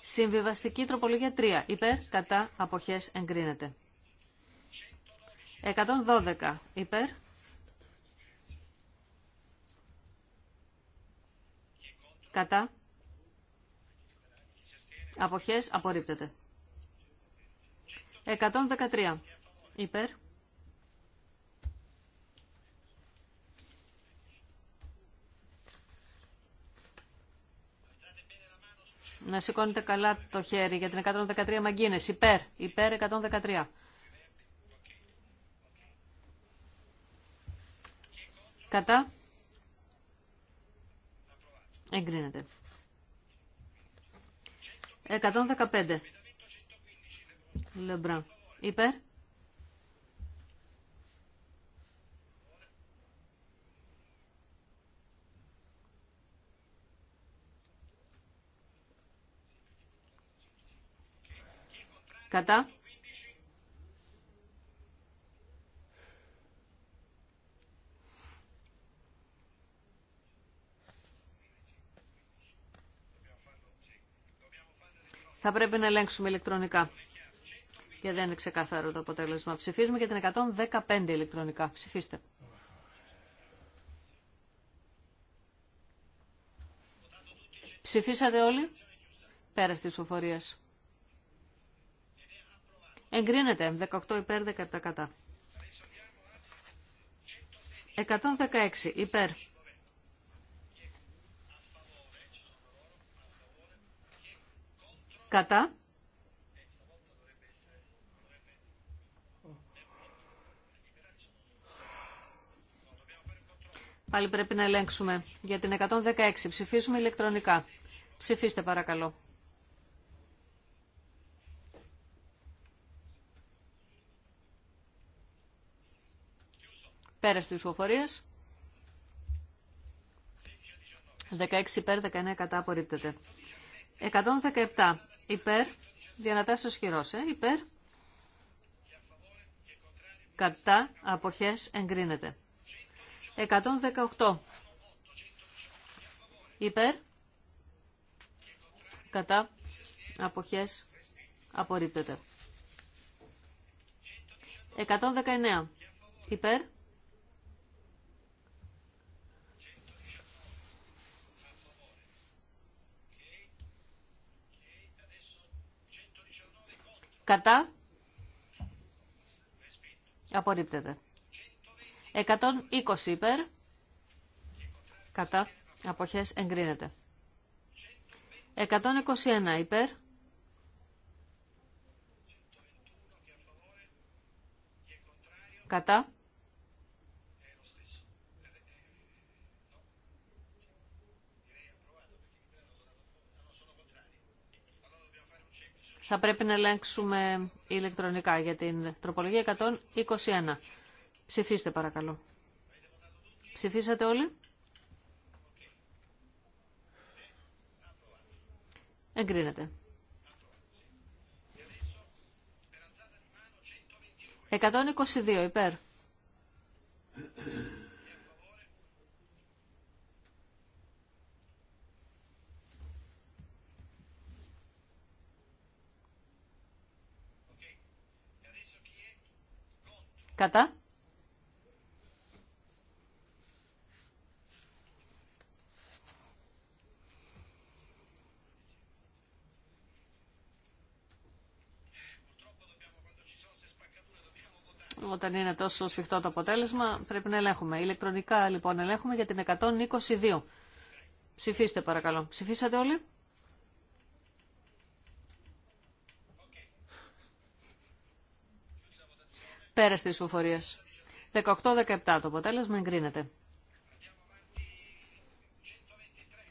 Συμβιβαστική τροπολογία 3. Υπέρ, κατά, αποχές εγκρίνεται. 112. Υπέρ. Κατά. Αποχές απορρίπτεται. 113. Υπέρ. Να σηκώνετε καλά το χέρι για την 113 μαγκίνες. Υπέρ. Υπέρ 113. Κατά. Εγκρίνεται. 115. Λεμπρά. Υπέρ. Κατά. Θα πρέπει να ελέγξουμε ηλεκτρονικά. Και δεν είναι ξεκάθαρο το αποτέλεσμα. Ψηφίζουμε για την 115 ηλεκτρονικά. Ψηφίστε. Ψηφίσατε όλοι. Πέρα τη ψηφοφορία. Εγκρίνεται 18 υπέρ 17 κατά. 116 υπέρ. Κατά. Πάλι πρέπει να ελέγξουμε για την 116. Ψηφίσουμε ηλεκτρονικά. Ψηφίστε παρακαλώ. Πέρα τις ψηφοφορίες. 16 υπέρ, 19 κατά απορρίπτεται. 117 υπέρ, διανατάσσεως χειρός, ε, υπέρ, κατά, αποχές, εγκρίνεται. 118 υπέρ, κατά, αποχές, απορρίπτεται. 119 υπέρ, Κατά. Απορρίπτεται. 120 υπέρ. Κατά. Αποχές εγκρίνεται. 121 υπέρ. Κατά. θα πρέπει να ελέγξουμε ηλεκτρονικά για την τροπολογία 121. Ψηφίστε παρακαλώ. Ψηφίσατε όλοι. Εγκρίνεται. 122 υπέρ. Κατά. Όταν είναι τόσο σφιχτό το αποτέλεσμα πρέπει να ελέγχουμε. Ηλεκτρονικά λοιπόν ελέγχουμε για την 122. Ψηφίστε παρακαλώ. Ψηφίσατε όλοι. Πέρα τη ψηφοφορία. 18-17 το αποτέλεσμα εγκρίνεται.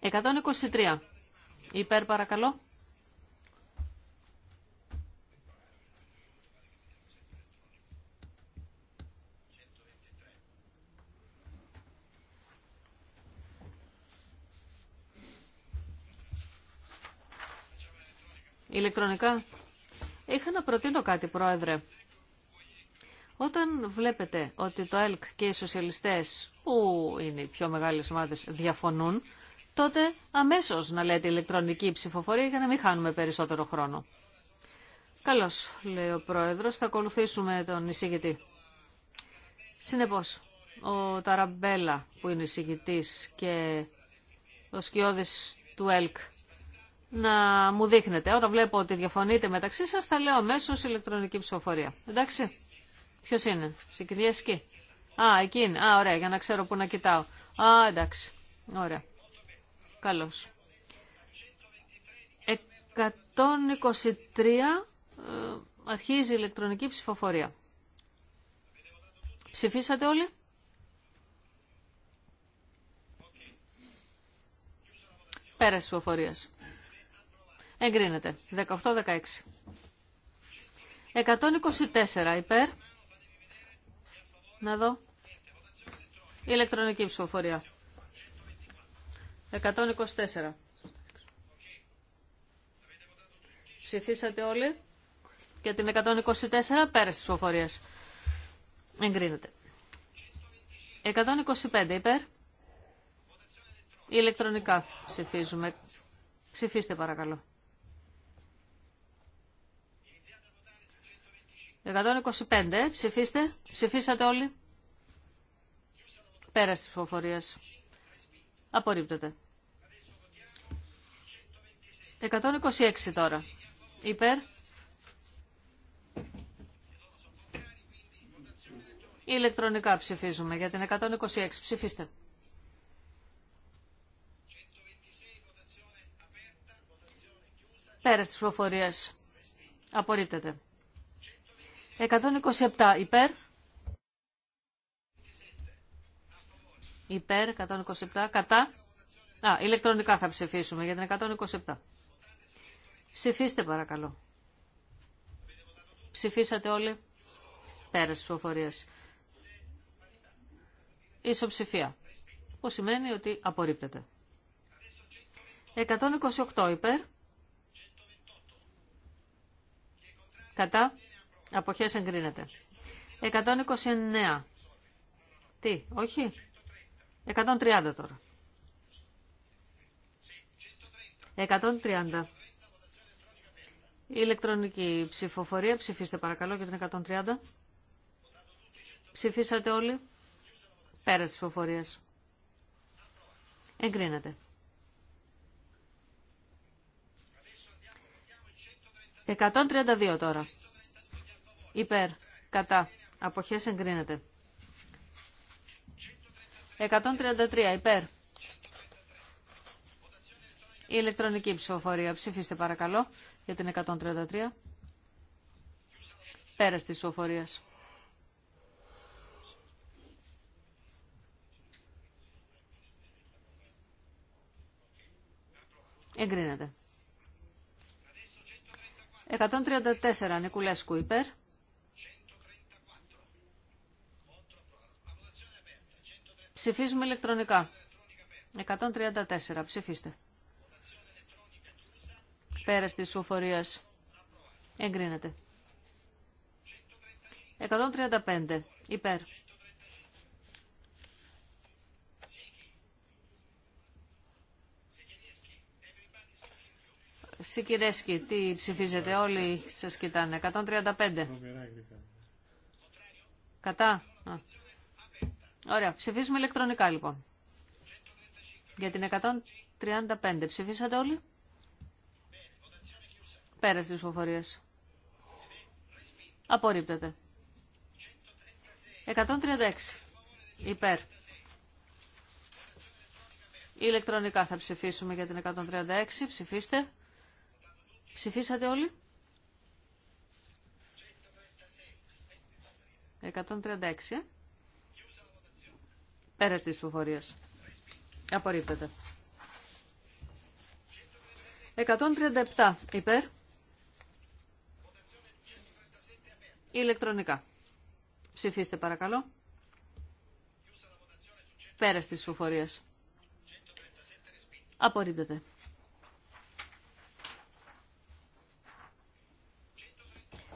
123. Υπέρ παρακαλώ. Ηλεκτρονικά. Είχα να προτείνω κάτι, Πρόεδρε. Όταν βλέπετε ότι το ΕΛΚ και οι σοσιαλιστές, που είναι οι πιο μεγάλες ομάδες, διαφωνούν, τότε αμέσως να λέτε ηλεκτρονική ψηφοφορία για να μην χάνουμε περισσότερο χρόνο. Καλώς, λέει ο Πρόεδρος, θα ακολουθήσουμε τον εισηγητή. Συνεπώς, ο Ταραμπέλα που είναι εισηγητής και ο σκιώδης του ΕΛΚ να μου δείχνετε. Όταν βλέπω ότι διαφωνείτε μεταξύ σας θα λέω αμέσως ηλεκτρονική ψηφοφορία. Εντάξει. Ποιο είναι, σε Α, εκείνη. Α, ωραία, για να ξέρω πού να κοιτάω. Α, εντάξει. Ωραία. Καλώ. 123 ε, αρχίζει η ηλεκτρονική ψηφοφορία. Ψηφίσατε όλοι. Πέρας ψηφοφορίας. Εγκρίνεται. 18-16. 124 υπέρ. Να δω. Ηλεκτρονική ψηφοφορία. 124. Ψηφίσατε όλοι. Για την 124 πέρασε τη ψηφοφορία. Εγκρίνεται. 125 υπέρ. Ηλεκτρονικά ψηφίζουμε. Ψηφίστε παρακαλώ. 125. Ψηφίστε. Ψηφίσατε όλοι. Πέρας της ψηφοφορίας. Απορρίπτεται. 126 τώρα. Υπέρ. Ηλεκτρονικά ψηφίζουμε για την 126. Ψηφίστε. Πέρας της ψηφοφορίας. Απορρίπτεται. 127 υπέρ. Υπέρ 127 κατά. Α, ηλεκτρονικά θα ψηφίσουμε για την 127. Ψηφίστε παρακαλώ. Ψηφίσατε όλοι. Πέρας προφορίες. Ισοψηφία. Που σημαίνει ότι απορρίπτεται. 128 υπέρ. Κατά. Αποχέ εγκρίνεται. 129. Τι, όχι. 130 τώρα. 130. Η ηλεκτρονική ψηφοφορία. Ψηφίστε παρακαλώ για την 130. Ψηφίσατε όλοι. Πέρας ψηφοφορία. Εγκρίνεται. 132 τώρα. Υπέρ. Κατά. Αποχέ εγκρίνεται. 133. Υπέρ. Η ηλεκτρονική ψηφοφορία. Ψηφίστε παρακαλώ για την 133. Πέρας της ψηφοφορίας. Εγκρίνεται. 134 Νικουλέσκου υπέρ. Ψηφίζουμε ηλεκτρονικά. 134. Ψηφίστε. Πέρα τη ψηφοφορία. Εγκρίνεται. 135. Υπέρ. Σικυρέσκι, τι ψηφίζετε, όλοι σα κοιτάνε. 135. Κατά. Ωραία, ψηφίζουμε ηλεκτρονικά λοιπόν. Για την 135 ψηφίσατε όλοι. Πέρασε τη ψηφοφορίας. Απορρίπτεται. 136. Υπέρ. Ηλεκτρονικά θα ψηφίσουμε για την 136. Ψηφίστε. Ψηφίσατε όλοι. 136. Πέρα τη ψηφοφορίας. Απορρίπτεται. 137 υπέρ. Ηλεκτρονικά. Ψηφίστε παρακαλώ. Πέρα τη ψηφοφορίας. Απορρίπτεται.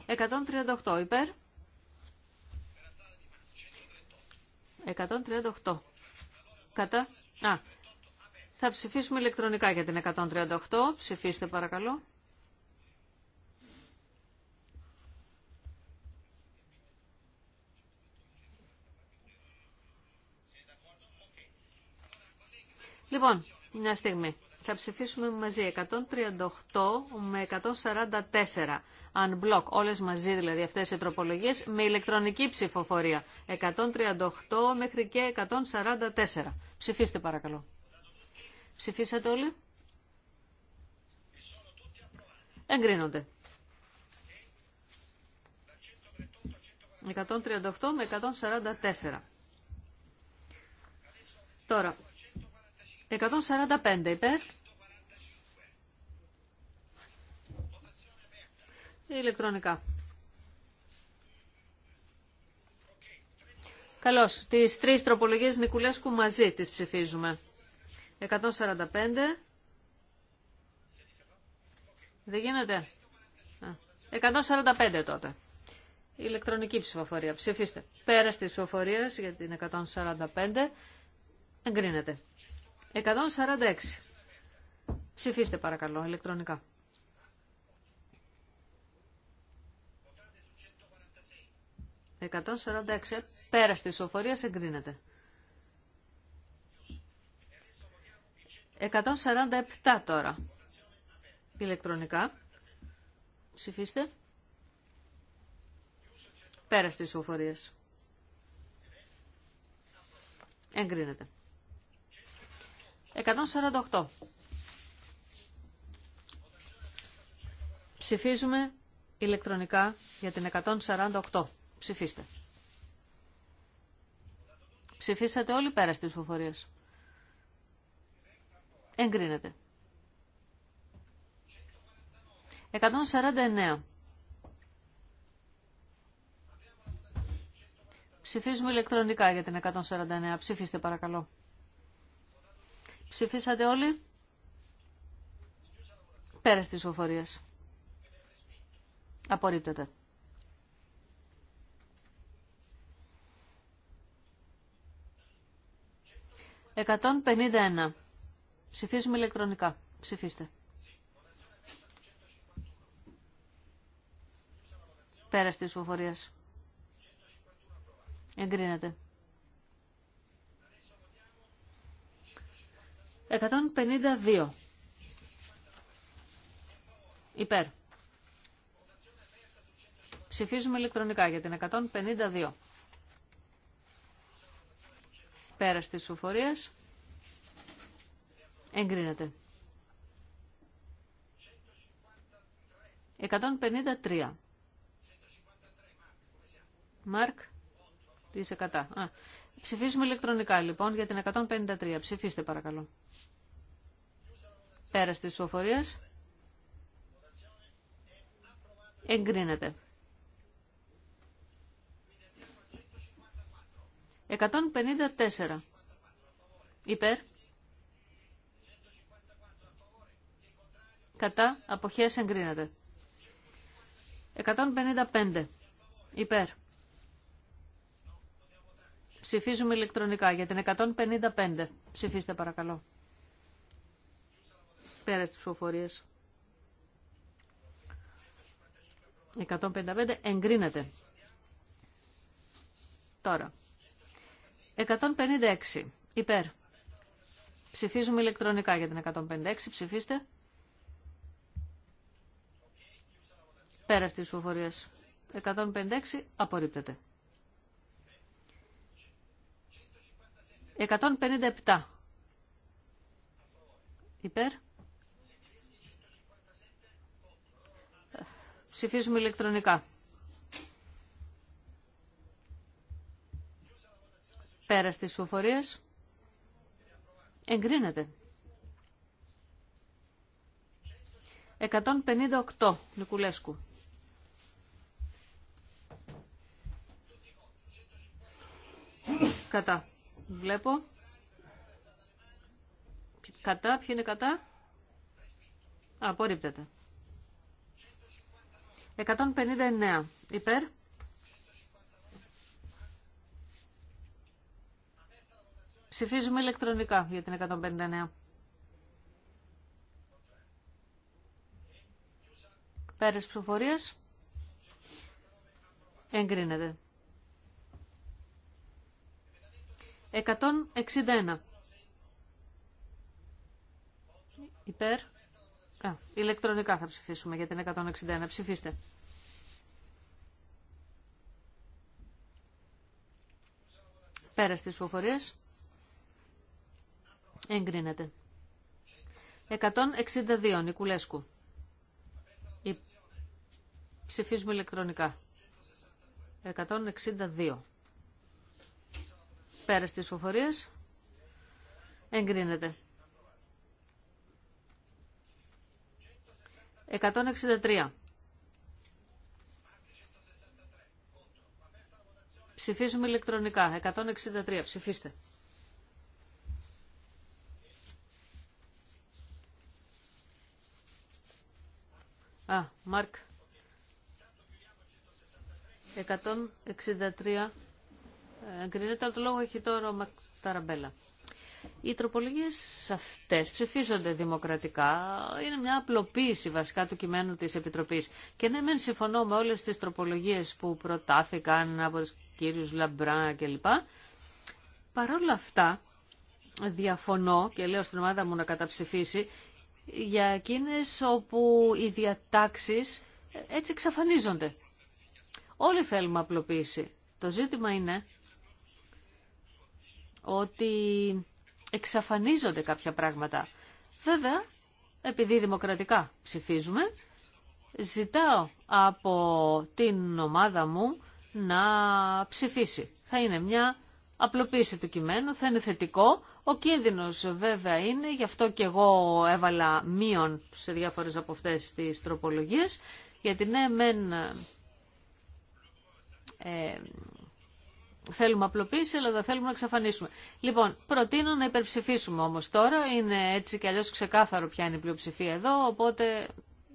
138 υπέρ. 138. Κατά. Α, θα ψηφίσουμε ηλεκτρονικά για την 138. Ψηφίστε παρακαλώ. Λοιπόν, μια στιγμή. Θα ψηφίσουμε μαζί 138 με 144. Αν μπλοκ όλες μαζί δηλαδή αυτές οι τροπολογίες με ηλεκτρονική ψηφοφορία. 138 μέχρι και 144. Ψηφίστε παρακαλώ. Ψηφίσατε όλοι. Εγκρίνονται. 138 με 144. Τώρα, 145 υπέρ, ηλεκτρονικά. Καλώς. Τις τρεις τροπολογίες Νικουλέσκου μαζί τις ψηφίζουμε. 145. Δεν γίνεται. 145 τότε. Ηλεκτρονική ψηφοφορία. Ψηφίστε. Πέρα τη ψηφοφορία για την 145. Εγκρίνεται. 146. Ψηφίστε παρακαλώ ηλεκτρονικά. 146. Πέρα τη εγκρίνεται. 147 τώρα. Ηλεκτρονικά. Ψηφίστε. Πέρα τη ψηφοφορία. Εγκρίνεται. 148. Ψηφίζουμε ηλεκτρονικά για την 148. Ψηφίστε. Ψηφίσατε όλοι πέρα στις ψηφοφορίες. Εγκρίνεται. 149. Ψηφίζουμε ηλεκτρονικά για την 149. Ψηφίστε παρακαλώ. Ψηφίσατε όλοι. Πέρα στις ψηφοφορίες. Απορρίπτεται. 151. Ψηφίζουμε ηλεκτρονικά. Ψηφίστε. Πέρας της φοφορίας. Εγκρίνεται. 152. Υπέρ. Ψηφίζουμε ηλεκτρονικά για την 152. Πέρας της ψηφοφορίας. Εγκρίνεται. 153. Μάρκ, τι είσαι κατά. Α, ηλεκτρονικά λοιπόν για την 153. Ψηφίστε παρακαλώ. Πέρας της ψηφοφορίας. Εγκρίνεται. 154 υπέρ, κατά, αποχές εγκρίνεται. 155 υπέρ. Ψηφίζουμε ηλεκτρονικά για την 155. Ψηφίστε παρακαλώ. Πέρα στις ψηφοφορίες. 155 εγκρίνεται. Τώρα. 156. Υπέρ. Ψηφίζουμε ηλεκτρονικά για την 156. Ψηφίστε. Πέρα στις ψηφοφορίες. 156 απορρίπτεται. 157. Υπέρ. Ψηφίζουμε ηλεκτρονικά. Πέρα στις ψηφοφορίες. Εγκρίνεται. 158 Νικουλέσκου. Κατά. Βλέπω. Κατά. Ποιο είναι κατά. Απορρίπτεται. 159. Υπέρ. Ψηφίζουμε ηλεκτρονικά για την 159. Πέρες προφορίες. Εγκρίνεται. 161. Υπέρ. ηλεκτρονικά θα ψηφίσουμε για την 161. Ψηφίστε. στις της ψηφοφορίας. Εγκρίνεται. 162 Νικουλέσκου. Η... Ψηφίζουμε ηλεκτρονικά. 162. Πέρας της φοφορίας. Εγκρίνεται. 163. Ψηφίζουμε ηλεκτρονικά. 163. Ψηφίστε. Α, Μάρκ. 163 ε, εγκρίνεται, αλλά το λόγο έχει τώρα ο Μαρκ Ταραμπέλα. Οι τροπολογίε αυτέ ψηφίζονται δημοκρατικά, είναι μια απλοποίηση βασικά του κειμένου τη Επιτροπή. Και ναι, μεν συμφωνώ με όλε τι τροπολογίε που προτάθηκαν από του κύριους Λαμπρά κλπ. Παρ' όλα αυτά, διαφωνώ και λέω στην ομάδα μου να καταψηφίσει για εκείνες όπου οι διατάξεις ε, έτσι εξαφανίζονται. Όλοι θέλουμε απλοποίηση. Το ζήτημα είναι ότι εξαφανίζονται κάποια πράγματα. Βέβαια, επειδή δημοκρατικά ψηφίζουμε, ζητάω από την ομάδα μου να ψηφίσει. Θα είναι μια απλοποίηση του κειμένου, θα είναι θετικό, ο κίνδυνος βέβαια είναι, γι' αυτό και εγώ έβαλα μείον σε διάφορες από αυτές τις τροπολογίες, γιατί ναι, μεν ε, θέλουμε απλοποίηση, αλλά δεν θέλουμε να εξαφανίσουμε. Λοιπόν, προτείνω να υπερψηφίσουμε όμως τώρα, είναι έτσι κι αλλιώς ξεκάθαρο ποια είναι η πλειοψηφία εδώ, οπότε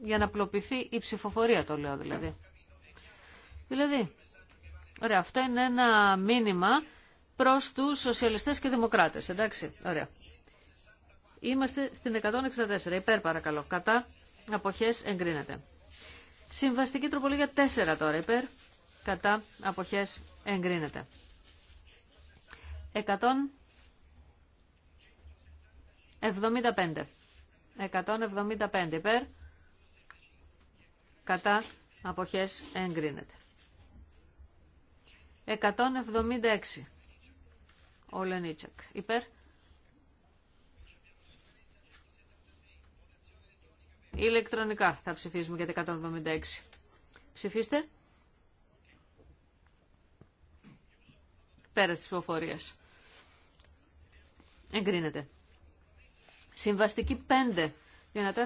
για να απλοποιηθεί η ψηφοφορία το λέω δηλαδή. Δηλαδή, ωραία, αυτό είναι ένα μήνυμα προς τους σοσιαλιστές και δημοκράτες. Εντάξει, ωραία. Είμαστε στην 164. Υπέρ παρακαλώ. Κατά αποχές εγκρίνεται. Συμβαστική τροπολογία 4 τώρα. Υπέρ κατά αποχές εγκρίνεται. 175. 175 υπέρ κατά αποχές εγκρίνεται. 176 Ολενίτσεκ. Υπέρ. Ηλεκτρονικά θα ψηφίσουμε για το 176. Ψηφίστε. Πέρα τη ψηφοφορία. Εγκρίνεται. Συμβαστική 5.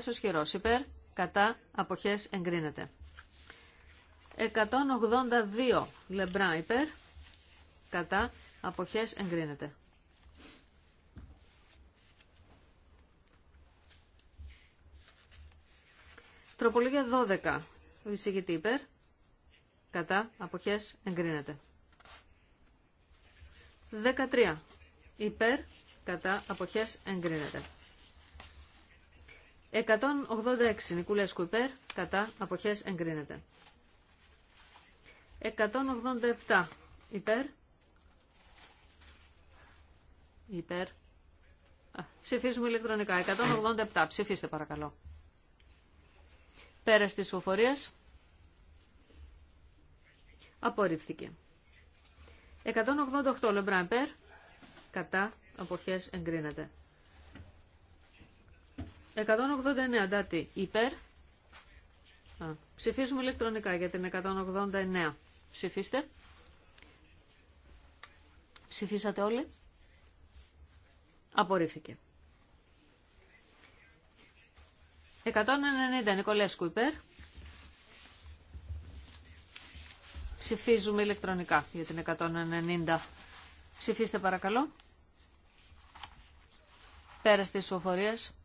ο χειρό. Υπέρ. Κατά. Αποχέ. Εγκρίνεται. 182. Λεμπρά. Υπέρ. Κατά. Αποχές εγκρίνεται. Τροπολογία 12. Ο εισηγητή υπέρ. Κατά. Αποχές εγκρίνεται. 13. Υπέρ. Κατά. Αποχές εγκρίνεται. 186. Νικουλέσκου υπέρ. Κατά. Αποχές εγκρίνεται. 187. Υπέρ. Υπέρ. Α, ψηφίζουμε ηλεκτρονικά. 187. Ψηφίστε παρακαλώ. Πέρα τη ψηφοφορίας. Απορρίφθηκε. 188 λεμπρά υπέρ. Κατά. Αποχές εγκρίνεται. 189 αντάτη υπέρ. Α, ψηφίζουμε ηλεκτρονικά για την 189. Ψηφίστε. Ψηφίσατε όλοι. Απορρίφθηκε. 190 Νικολέσκου υπέρ. Ψηφίζουμε ηλεκτρονικά για την 190. Ψηφίστε παρακαλώ. Πέρας της ψηφοφορίας.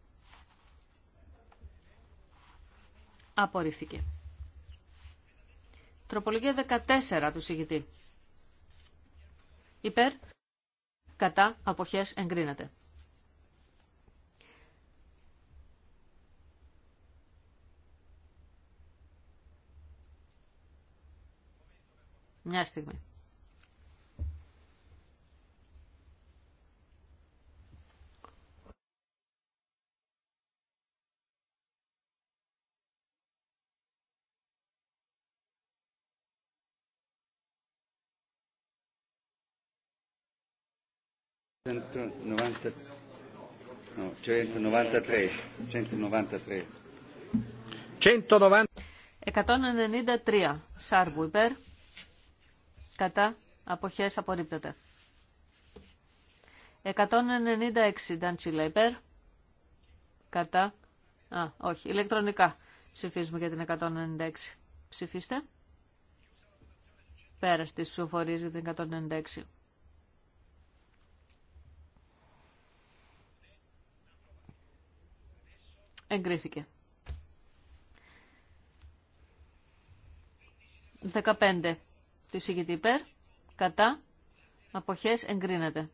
Απορρίφθηκε. Τροπολογία 14 του συγητή. Υπέρ. Κατά. Αποχές εγκρίνεται. Μια στιγμή. No, 193. 193. 193. Σάρβου υπέρ κατά αποχές απορρίπτεται. 196 Νταντσίλα υπέρ, κατά, α, όχι, ηλεκτρονικά ψηφίζουμε για την 196. Ψηφίστε. Πέρα στις ψηφοφορίες για την 196. Εγκρίθηκε. 15 του εισηγητή υπέρ, κατά, αποχές εγκρίνεται.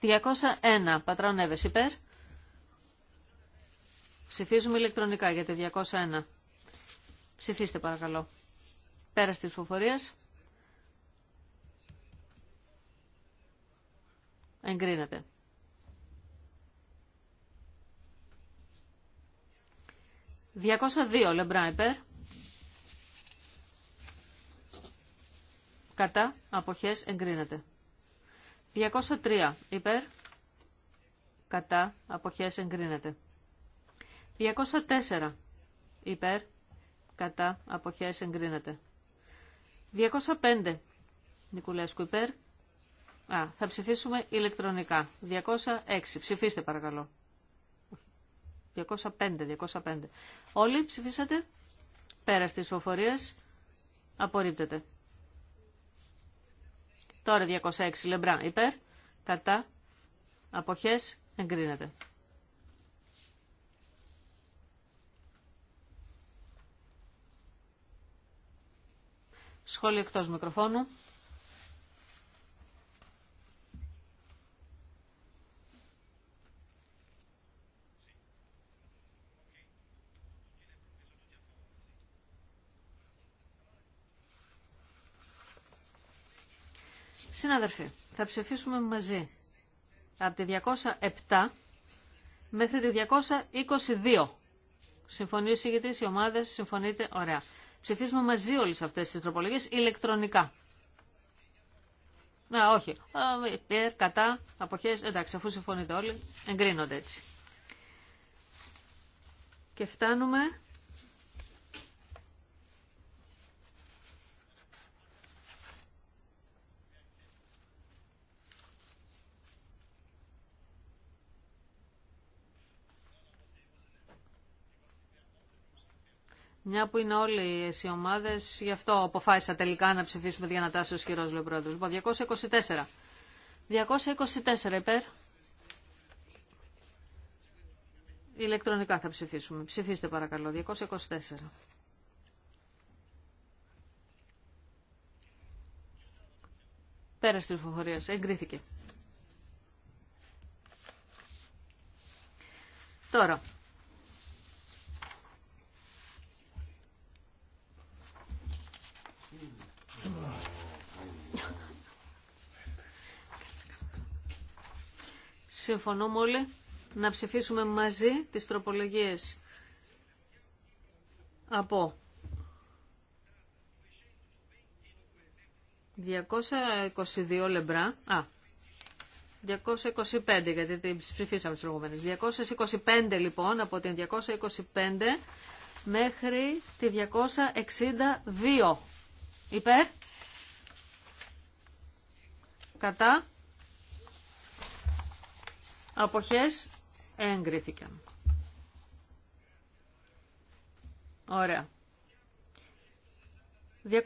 «201. Πατρών υπέρ». Ψηφίζουμε ηλεκτρονικά για το 201. Ψηφίστε παρακαλώ. Πέρα της ψηφοφορίας. Εγκρίνεται. 202 λεμπρά υπέρ. Κατά αποχές εγκρίνεται. 203 υπέρ. Κατά αποχές εγκρίνεται. 204 υπέρ. Κατά αποχές εγκρίνεται. 205 Νικουλέσκου υπέρ. Α, θα ψηφίσουμε ηλεκτρονικά. 206. Ψηφίστε παρακαλώ. 205, 205. Όλοι ψηφίσατε. Πέρα στις ψηφοφορίες. Απορρίπτεται. Τώρα 206 λεμπρά υπέρ. Κατά. Αποχές εγκρίνεται. Σχόλιο εκτός μικροφώνου. Συνάδελφοι, θα ψηφίσουμε μαζί από τη 207 μέχρι τη 222. Συμφωνεί ο συγγετής, οι ομάδες, συμφωνείτε, ωραία. Ψηφίσουμε μαζί όλες αυτές τις τροπολογίες ηλεκτρονικά. Α, όχι. περ κατά, αποχές, εντάξει, αφού συμφωνείτε όλοι, εγκρίνονται έτσι. Και φτάνουμε Μια που είναι όλοι οι ομάδε, γι' αυτό αποφάσισα τελικά να ψηφίσουμε ω χειρό, λέει ο πρόεδρο. 224. 224 υπέρ. Ηλεκτρονικά θα ψηφίσουμε. Ψηφίστε παρακαλώ. 224. Πέρα τη ψηφοφορία. Εγκρίθηκε. Τώρα, Συμφωνούμε όλοι να ψηφίσουμε μαζί τις τροπολογίες από 222 λεμπρά, α, 225 γιατί την ψηφίσαμε τις προηγούμενες, 225 λοιπόν από την 225 μέχρι τη 262 υπέρ, κατά, Αποχές εγκρίθηκαν. Ωραία. 263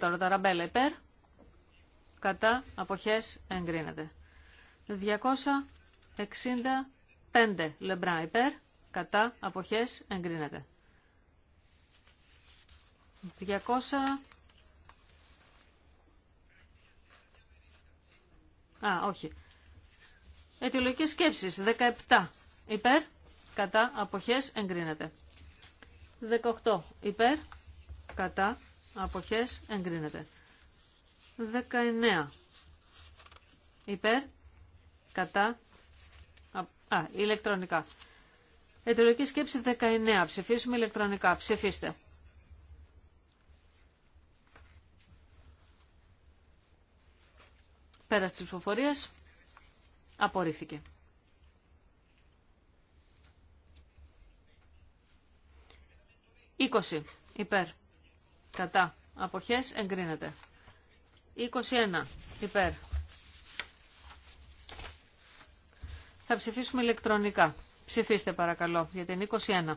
τώρα τα ραμπέλα υπέρ. Κατά αποχές εγκρίνεται. 265 λεμπρά υπέρ. Κατά αποχές εγκρίνεται. 200... Α, όχι. Αιτιολογική σκέψη 17 υπέρ, κατά, αποχέ, εγκρίνεται. 18 υπέρ, κατά, απόχέ, εγκρίνεται. 19 υπέρ, κατά, α, ηλεκτρονικά. Αιτιολογική σκέψη 19. Ψηφίσουμε ηλεκτρονικά. Ψηφίστε. Πέρα στις ψηφοφορίες. Απορρίφθηκε. 20 Υπέρ. Κατά. Αποχές εγκρίνεται. 21. Υπέρ. Θα ψηφίσουμε ηλεκτρονικά. Ψηφίστε παρακαλώ για την 21.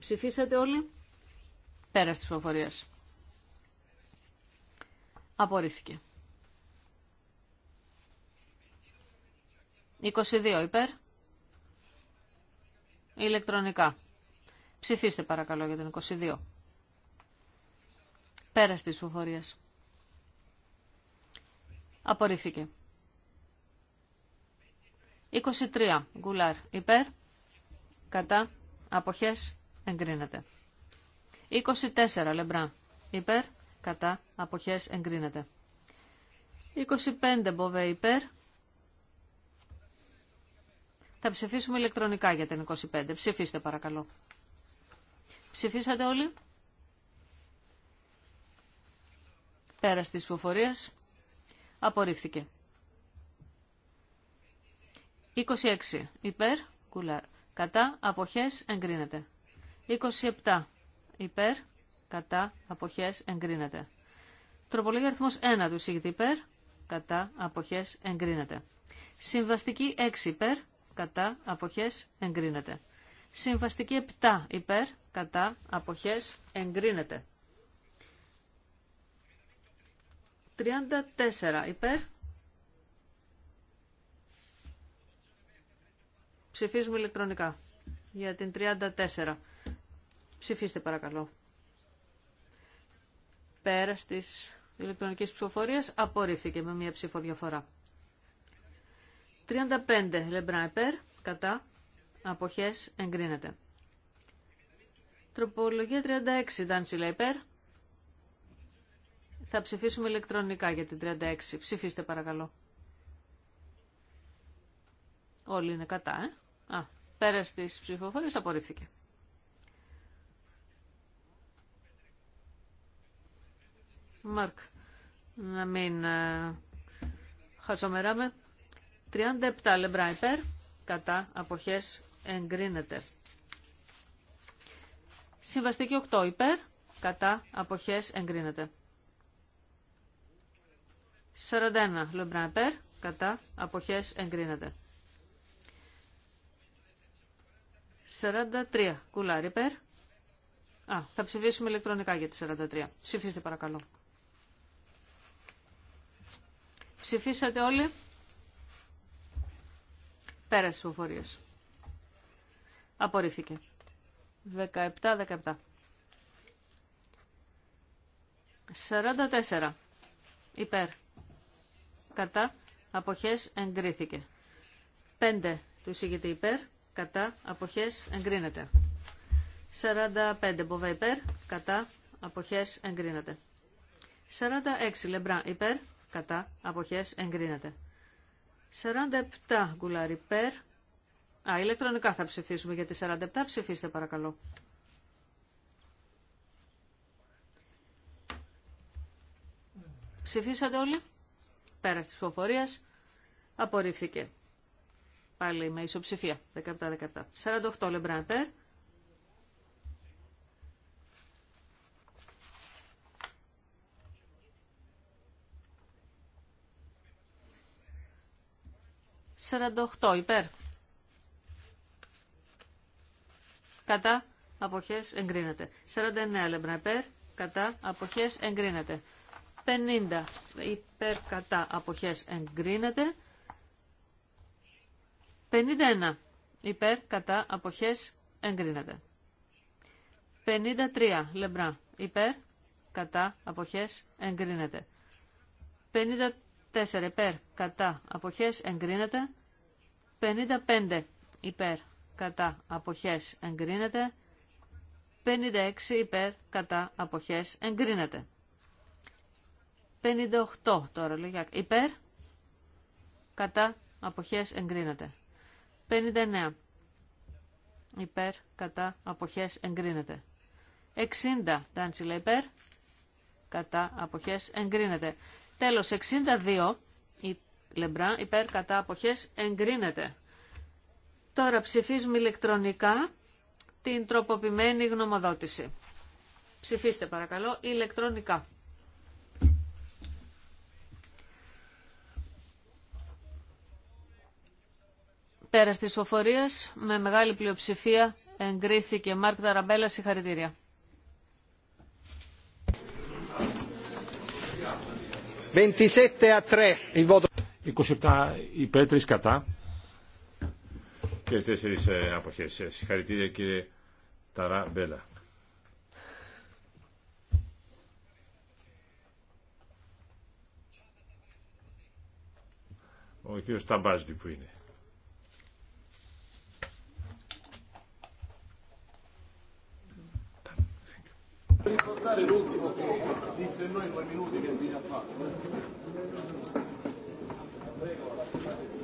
Ψηφίσατε όλοι. περασε της προφορίας. Απορρίφθηκε. 22 υπέρ. Ηλεκτρονικά. Ψηφίστε παρακαλώ για την 22. Πέρας της ψηφοφορίας. Απορρίφθηκε. 23. Γκουλάρ. Υπέρ. Κατά. Αποχές. Εγκρίνεται. 24. Λεμπρά. Υπέρ. Κατά. Αποχές. Εγκρίνεται. 25. Μποβέ. Υπέρ. Θα ψηφίσουμε ηλεκτρονικά για την 25. Ψηφίστε παρακαλώ. Ψηφίσατε όλοι. Πέρα της ψηφοφορίας. Απορρίφθηκε. 26. Υπέρ. Κουλάρ. Κατά. Αποχές. Εγκρίνεται. 27. Υπέρ. Κατά. Αποχές. Εγκρίνεται. Τροπολογία αριθμός 1 του υπέρ. Κατά. Αποχές. Εγκρίνεται. Συμβαστική 6 υπέρ κατά, αποχές, εγκρίνεται. Συμβαστική 7 υπέρ, κατά, αποχές, εγκρίνεται. 34 υπέρ. Ψηφίζουμε ηλεκτρονικά για την 34. Ψηφίστε παρακαλώ. Πέρα της ηλεκτρονικής ψηφοφορίας απορρίφθηκε με μία ψηφοδιαφορά. 35 λεμπρά υπέρ, κατά, αποχές εγκρίνεται. Τροπολογία 36 Ντάνσιλα υπέρ. Θα ψηφίσουμε ηλεκτρονικά για την 36. Ψηφίστε παρακαλώ. Όλοι είναι κατά, ε. Α, πέρα στις ψηφοφορίες απορρίφθηκε. Μαρκ, να μην ε, χασομεράμε. 37 λεμπρά υπέρ, κατά αποχές εγκρίνεται. Συμβαστική 8 υπέρ, κατά αποχές εγκρίνεται. 41 λεμπρά υπέρ, κατά αποχές εγκρίνεται. 43 κουλάρι υπέρ. Α, θα ψηφίσουμε ηλεκτρονικά για τη 43. Ψηφίστε παρακαλώ. Ψηφίσατε όλοι. Πέρας ψηφοφορίας. Απορρίφθηκε. 17-17. 44. Υπέρ. Κατά. Αποχές εγκρίθηκε. 5. Του εισηγείται υπέρ. Κατά. Αποχές εγκρίνεται. 45. Μποβέ υπέρ. Κατά. Αποχές εγκρίνεται. 46. Λεμπρά υπέρ. Κατά. Αποχές εγκρίνεται. 47 γκουλάρι πέρ. Α, ηλεκτρονικά θα ψηφίσουμε για τη 47. Ψηφίστε παρακαλώ. Ψηφίσατε όλοι. Πέρα τη ψηφοφορία. Απορρίφθηκε. Πάλι με ισοψηφία. 17-17. 48 λεμπρά υπέρ. 48 υπέρ. Κατά αποχές εγκρίνεται. 49 λεμπρά υπέρ. Κατά αποχές εγκρίνεται. 50 υπέρ κατά αποχές εγκρίνεται. 51 υπέρ κατά αποχές εγκρίνεται. 53 λεμπρά υπέρ κατά αποχές εγκρίνεται. 54 υπέρ κατά αποχές εγκρίνεται. 55 υπέρ κατά αποχές εγκρίνεται. 56 υπέρ κατά αποχές εγκρίνεται. 58 τώρα λοιπόν Υπέρ κατά αποχές εγκρίνεται. 59 υπέρ κατά αποχές εγκρίνεται. 60 τάντσιλα υπέρ κατά αποχές εγκρίνεται. Τέλος 62 υπέρ Λεμπρά, υπέρ κατά αποχές εγκρίνεται. Τώρα ψηφίζουμε ηλεκτρονικά την τροποποιημένη γνωμοδότηση. Ψηφίστε παρακαλώ ηλεκτρονικά. Πέρα της οφορίας, με μεγάλη πλειοψηφία εγκρίθηκε Μάρκ Ταραμπέλα συγχαρητήρια. 27 υπέρ 3 κατά και 4 ε, αποχές. Ε, συγχαρητήρια κύριε Ταρά Μπέλα. Ο κύριος Ταμπάζδη που είναι. portare l'ultimo che disse noi due minuti che ha fatto. Ευχαριστώ.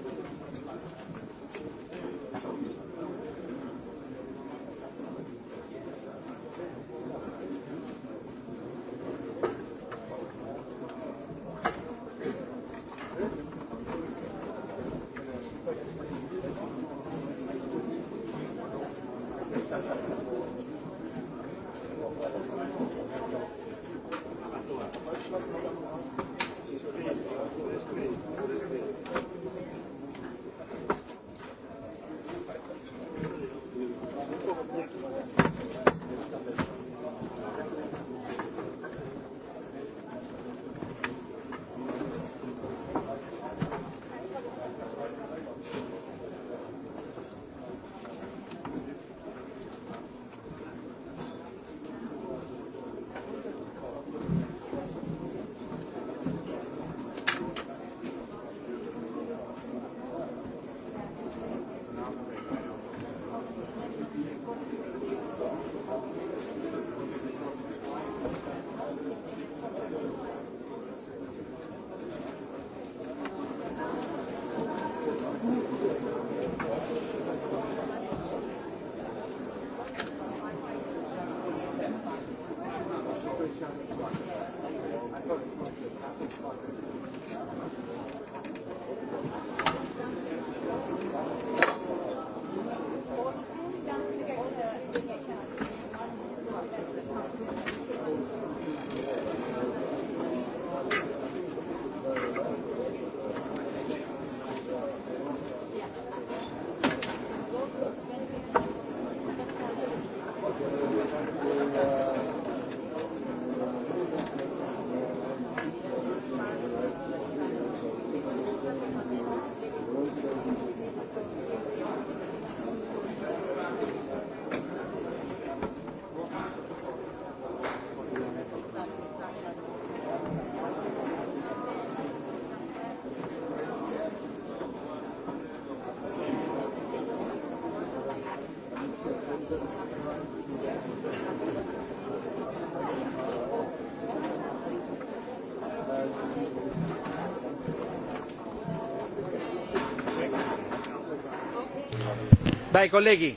Dai colleghi.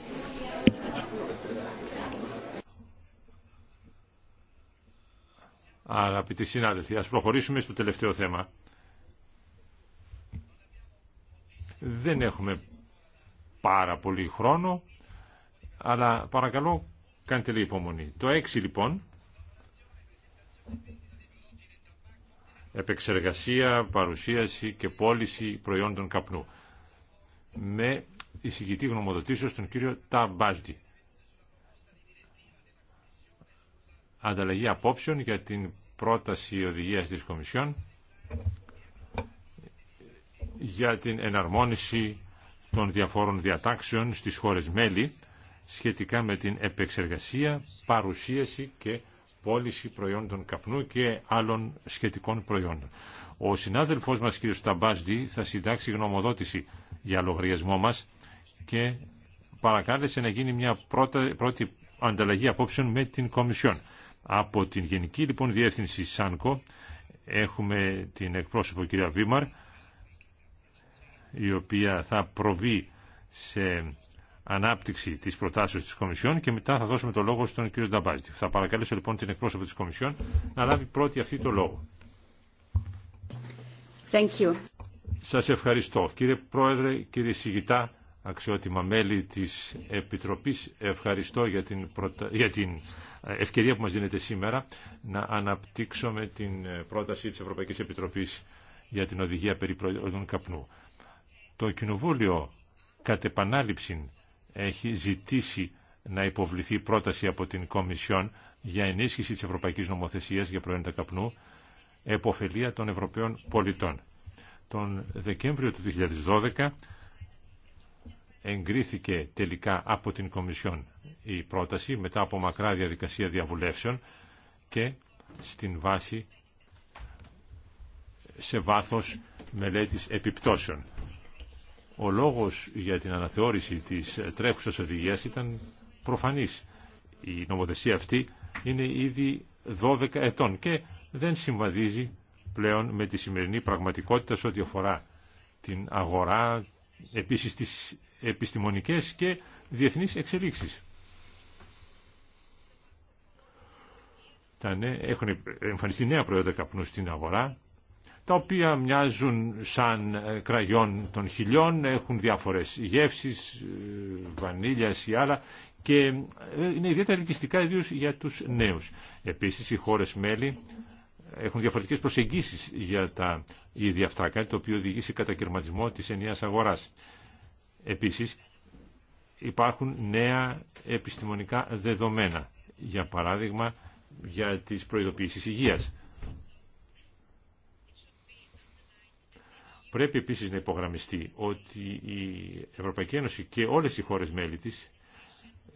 Αγαπητοί συνάδελφοι, ας προχωρήσουμε στο τελευταίο θέμα. Δεν έχουμε πάρα πολύ χρόνο, αλλά παρακαλώ κάντε λίγο υπομονή. Το 6 λοιπόν, επεξεργασία, παρουσίαση και πώληση προϊόντων καπνού με εισηγητή γνωμοδοτήσεως τον κύριο Ταμπάζντι. Ανταλλαγή απόψεων για την πρόταση οδηγίας της Κομισιόν για την εναρμόνιση των διαφόρων διατάξεων στις χώρες μέλη σχετικά με την επεξεργασία, παρουσίαση και πώληση προϊόντων καπνού και άλλων σχετικών προϊόντων. Ο συνάδελφός μας κ. Σταμπάζντι θα συντάξει γνωμοδότηση για λογαριασμό μας και παρακάλεσε να γίνει μια πρώτη ανταλλαγή απόψεων με την Κομισιόν. Από την Γενική λοιπόν Διεύθυνση ΣΑΝΚΟ έχουμε την εκπρόσωπο κυρία Βήμαρ η οποία θα προβεί σε ανάπτυξη της προτάσεως της Κομισιόν και μετά θα δώσουμε το λόγο στον κύριο Νταμπάζη. Θα παρακαλέσω λοιπόν την εκπρόσωπο της Κομισιόν να λάβει πρώτη αυτή το λόγο. Thank Σας ευχαριστώ. Κύριε Πρόεδρε, κύριε Σιγητά, αξιότιμα μέλη της Επιτροπής. Ευχαριστώ για την, για την ε, ευκαιρία που μας δίνεται σήμερα να αναπτύξουμε την ε, πρόταση της Ευρωπαϊκής Επιτροπής για την οδηγία περί προϊόντων καπνού. Το Κοινοβούλιο κατ' επανάληψη έχει ζητήσει να υποβληθεί πρόταση από την Κομισιόν για ενίσχυση της Ευρωπαϊκής Νομοθεσίας για προϊόντα καπνού εποφελία των Ευρωπαίων πολιτών. Τον Δεκέμβριο του 2012 εγκρίθηκε τελικά από την Κομισιόν η πρόταση μετά από μακρά διαδικασία διαβουλεύσεων και στην βάση σε βάθος μελέτης επιπτώσεων. Ο λόγος για την αναθεώρηση της τρέχουσας οδηγίας ήταν προφανής. Η νομοθεσία αυτή είναι ήδη 12 ετών και δεν συμβαδίζει πλέον με τη σημερινή πραγματικότητα σε ό,τι αφορά την αγορά, επίσης τις επιστημονικές και διεθνείς εξελίξεις. έχουν εμφανιστεί νέα προϊόντα καπνού στην αγορά, τα οποία μοιάζουν σαν ε, κραγιόν των χιλιών, έχουν διάφορες γεύσεις, ε, βανίλιας ή άλλα και ε, είναι ιδιαίτερα ελκυστικά ιδίως για τους νέους. Επίσης οι χώρες μέλη έχουν διαφορετικές προσεγγίσεις για τα ίδια αυτά, κάτι το οποίο οδηγεί σε κατακαιρματισμό της ενιαίας αγοράς. Επίσης, υπάρχουν νέα επιστημονικά δεδομένα, για παράδειγμα για τις προειδοποιήσεις υγείας. Πρέπει επίσης να υπογραμμιστεί ότι η Ευρωπαϊκή Ένωση και όλες οι χώρες μέλη της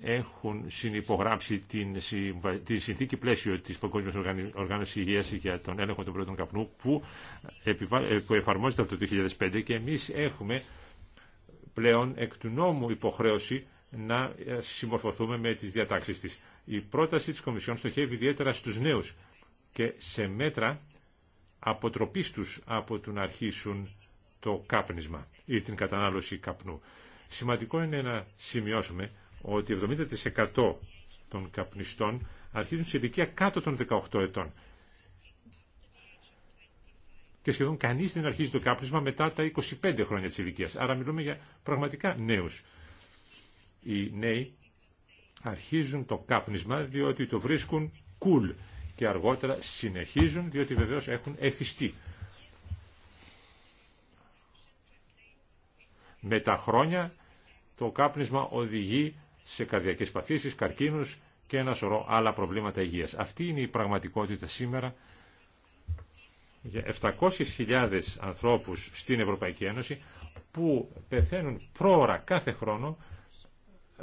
έχουν συνυπογράψει την, τη συνθήκη πλαίσιο της Παγκόσμιας Οργάνωσης Υγείας για τον έλεγχο των πρώτων καπνού που, ε, που εφαρμόζεται από το 2005 και εμείς έχουμε πλέον εκ του νόμου υποχρέωση να ε, συμμορφωθούμε με τις διατάξεις της. Η πρόταση της Κομισιόν στοχεύει ιδιαίτερα στους νέους και σε μέτρα αποτροπής τους από το να αρχίσουν το κάπνισμα ή την κατανάλωση καπνού. Σημαντικό είναι να σημειώσουμε ότι 70% των καπνιστών αρχίζουν σε ηλικία κάτω των 18 ετών. Και σχεδόν κανείς δεν αρχίζει το κάπνισμα μετά τα 25 χρόνια της ηλικία. Άρα μιλούμε για πραγματικά νέους. Οι νέοι αρχίζουν το κάπνισμα διότι το βρίσκουν cool και αργότερα συνεχίζουν διότι βεβαίως έχουν εφιστεί. Με τα χρόνια το κάπνισμα οδηγεί σε καρδιακές παθήσεις, καρκίνους και ένα σωρό άλλα προβλήματα υγείας. Αυτή είναι η πραγματικότητα σήμερα για 700.000 ανθρώπους στην Ευρωπαϊκή Ένωση που πεθαίνουν πρόωρα κάθε χρόνο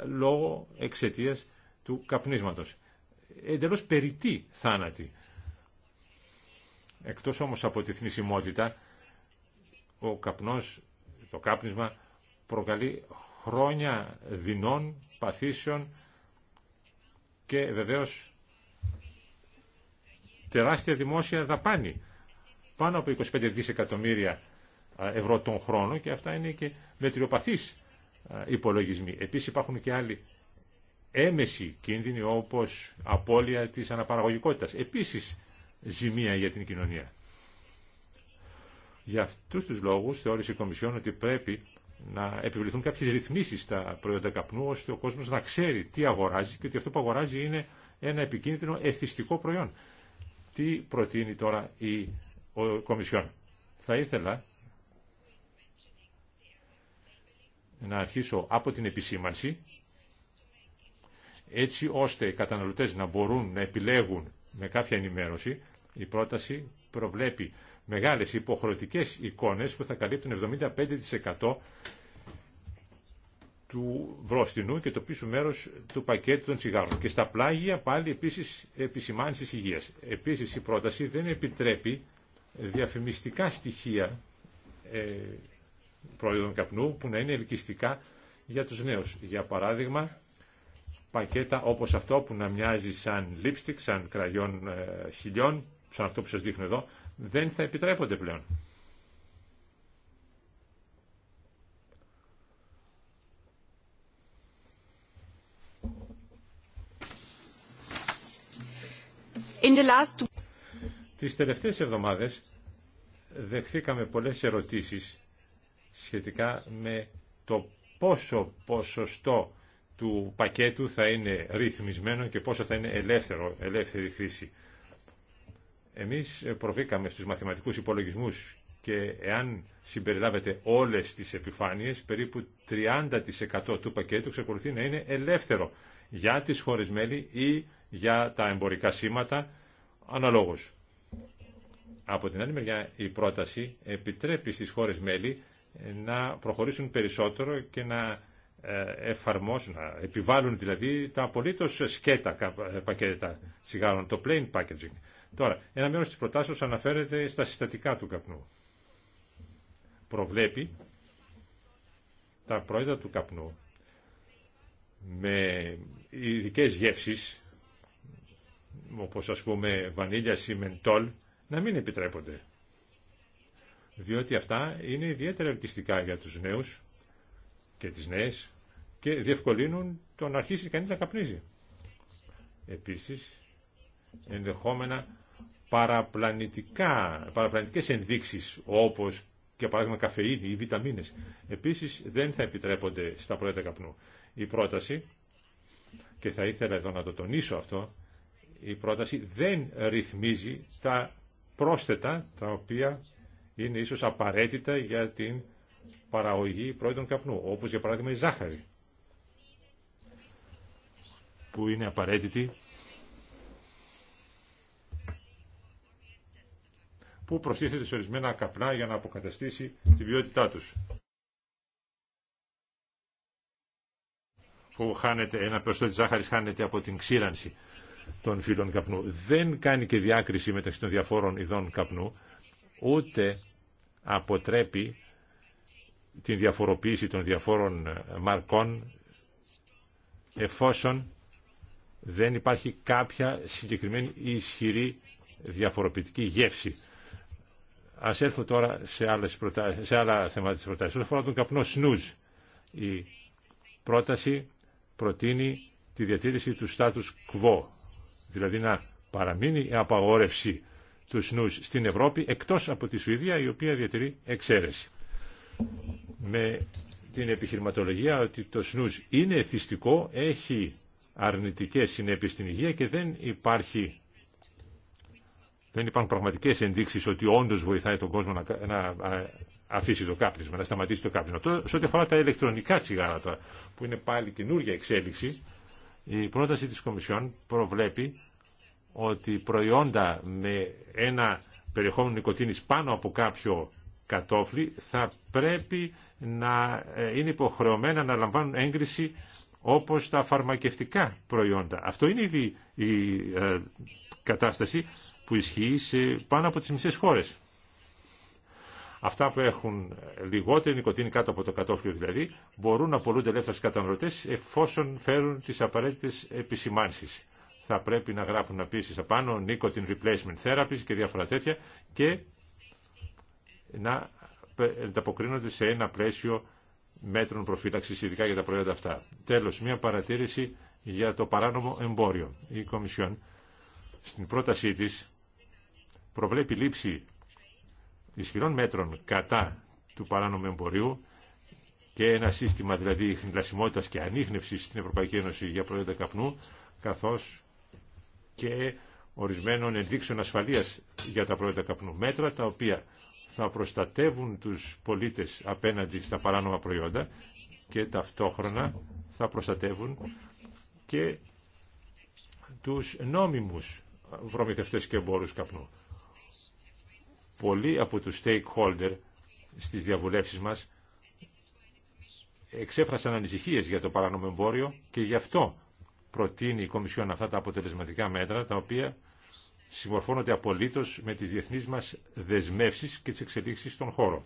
λόγω εξαιτίας του καπνίσματος. Εντελώς περιττή θάνατη. Εκτός όμως από τη θνησιμότητα, ο καπνός, το κάπνισμα προκαλεί χρόνια δεινών, παθήσεων και βεβαίως τεράστια δημόσια δαπάνη. Πάνω από 25 δισεκατομμύρια ευρώ τον χρόνο και αυτά είναι και μετριοπαθείς υπολογισμοί. Επίσης υπάρχουν και άλλοι έμεση κίνδυνοι όπως απώλεια της αναπαραγωγικότητας. Επίσης ζημία για την κοινωνία. Για αυτούς τους λόγους θεώρησε η Κομισιόν ότι πρέπει να επιβληθούν κάποιες ρυθμίσεις στα προϊόντα καπνού ώστε ο κόσμος να ξέρει τι αγοράζει και ότι αυτό που αγοράζει είναι ένα επικίνδυνο εθιστικό προϊόν. Τι προτείνει τώρα η Κομισιόν. Θα ήθελα να αρχίσω από την επισήμανση έτσι ώστε οι καταναλωτές να μπορούν να επιλέγουν με κάποια ενημέρωση. Η πρόταση προβλέπει μεγάλες υποχρεωτικές εικόνες που θα καλύπτουν 75% του μπροστινού και το πίσω μέρος του πακέτου των τσιγάρων. Και στα πλάγια πάλι επίσης επισημάνσεις υγείας. Επίσης η πρόταση δεν επιτρέπει διαφημιστικά στοιχεία ε, προϊόντων καπνού που να είναι ελκυστικά για τους νέους. Για παράδειγμα, πακέτα όπως αυτό που να μοιάζει σαν lipstick, σαν κραγιόν ε, χιλιών, σαν αυτό που σας δείχνω εδώ, δεν θα επιτρέπονται πλέον. In Τις τελευταίες εβδομάδες δεχθήκαμε πολλές ερωτήσεις σχετικά με το πόσο ποσοστό του πακέτου θα είναι ρυθμισμένο και πόσο θα είναι ελεύθερο, ελεύθερη χρήση. Εμείς ε, προβήκαμε στους μαθηματικούς υπολογισμούς και εάν συμπεριλάβετε όλες τις επιφάνειες, περίπου 30% του πακέτου εξακολουθεί να είναι ελεύθερο για τις χώρες μέλη ή για τα εμπορικά σήματα αναλόγως. Από την άλλη μεριά η πρόταση επιτρέπει στις χώρες μέλη ε, να προχωρήσουν περισσότερο και να ε, εφαρμόσουν, να επιβάλλουν δηλαδή τα απολύτως σκέτα πακέτα τσιγάρων, το plain packaging. Τώρα, ένα μέρος της προτάσεως αναφέρεται στα συστατικά του καπνού. Προβλέπει τα πρόεδρα του καπνού με ειδικέ γεύσεις, όπως ας πούμε βανίλια ή μεντόλ, να μην επιτρέπονται. Διότι αυτά είναι ιδιαίτερα ελκυστικά για τους νέους και τις νέες και διευκολύνουν το να αρχίσει κανείς να καπνίζει. Επίσης, ενδεχόμενα παραπλανητικά, παραπλανητικές ενδείξεις όπως για παράδειγμα καφεΐνη ή βιταμίνες. Επίσης δεν θα επιτρέπονται στα προϊόντα καπνού. Η πρόταση, και θα ήθελα εδώ να το τονίσω αυτό, η πρόταση δεν ρυθμίζει τα πρόσθετα τα οποία είναι ίσως απαραίτητα για την παραγωγή προϊόντων καπνού, όπως για παράδειγμα η ζάχαρη, που είναι απαραίτητη που προστίθεται σε ορισμένα καπνά για να αποκαταστήσει την ποιότητά τους. Που ένα ποσοστό της ζάχαρης χάνεται από την ξύρανση των φύλων καπνού. Δεν κάνει και διάκριση μεταξύ των διαφόρων ειδών καπνού, ούτε αποτρέπει την διαφοροποίηση των διαφόρων ε, μαρκών εφόσον δεν υπάρχει κάποια συγκεκριμένη ισχυρή διαφοροποιητική γεύση. Α έρθω τώρα σε, άλλες άλλα θέματα τη προτάσεω. Όσον αφορά τον καπνό σνούζ, η πρόταση προτείνει τη διατήρηση του status quo, δηλαδή να παραμείνει η απαγόρευση του σνούζ στην Ευρώπη, εκτός από τη Σουηδία, η οποία διατηρεί εξαίρεση. Με την επιχειρηματολογία ότι το σνούζ είναι εθιστικό, έχει αρνητικές συνέπειες στην υγεία και δεν υπάρχει δεν υπάρχουν πραγματικέ ενδείξεις ότι όντω βοηθάει τον κόσμο να, να αφήσει το κάπνισμα, να σταματήσει το κάπνισμα. Τώρα, σε ό,τι αφορά τα ηλεκτρονικά τσιγάρα που είναι πάλι καινούργια εξέλιξη, η πρόταση της Κομισιόν προβλέπει ότι προϊόντα με ένα περιεχόμενο νοικοτήνη πάνω από κάποιο κατόφλι θα πρέπει να ε, είναι υποχρεωμένα να λαμβάνουν έγκριση όπως τα φαρμακευτικά προϊόντα. Αυτό είναι ήδη η ε, κατάσταση που ισχύει σε πάνω από τις μισές χώρες. Αυτά που έχουν λιγότερη νοικοτήνη κάτω από το κατόφλιο δηλαδή, μπορούν να πολλούνται ελεύθερα στους καταναλωτές εφόσον φέρουν τις απαραίτητες επισημάνσεις. Θα πρέπει να γράφουν επίσης απάνω nicotine replacement therapy και διάφορα τέτοια και να ανταποκρίνονται σε ένα πλαίσιο μέτρων προφύλαξης ειδικά για τα προϊόντα αυτά. Τέλος, μια παρατήρηση για το παράνομο εμπόριο. Η Κομισιόν στην πρότασή της προβλέπει λήψη ισχυρών μέτρων κατά του παράνομου εμπορίου και ένα σύστημα δηλαδή χνηλασιμότητας και ανείχνευσης στην Ευρωπαϊκή Ένωση για προϊόντα καπνού, καθώς και ορισμένων ενδείξεων ασφαλείας για τα προϊόντα καπνού. Μέτρα τα οποία θα προστατεύουν τους πολίτες απέναντι στα παράνομα προϊόντα και ταυτόχρονα θα προστατεύουν και τους νόμιμους προμηθευτές και εμπόρους καπνού πολλοί από τους stakeholder στις διαβουλεύσεις μας εξέφρασαν ανησυχίες για το παράνομο εμπόριο και γι' αυτό προτείνει η Κομισιόν αυτά τα αποτελεσματικά μέτρα τα οποία συμμορφώνονται απολύτως με τις διεθνείς μας δεσμεύσεις και τις εξελίξεις στον χώρο.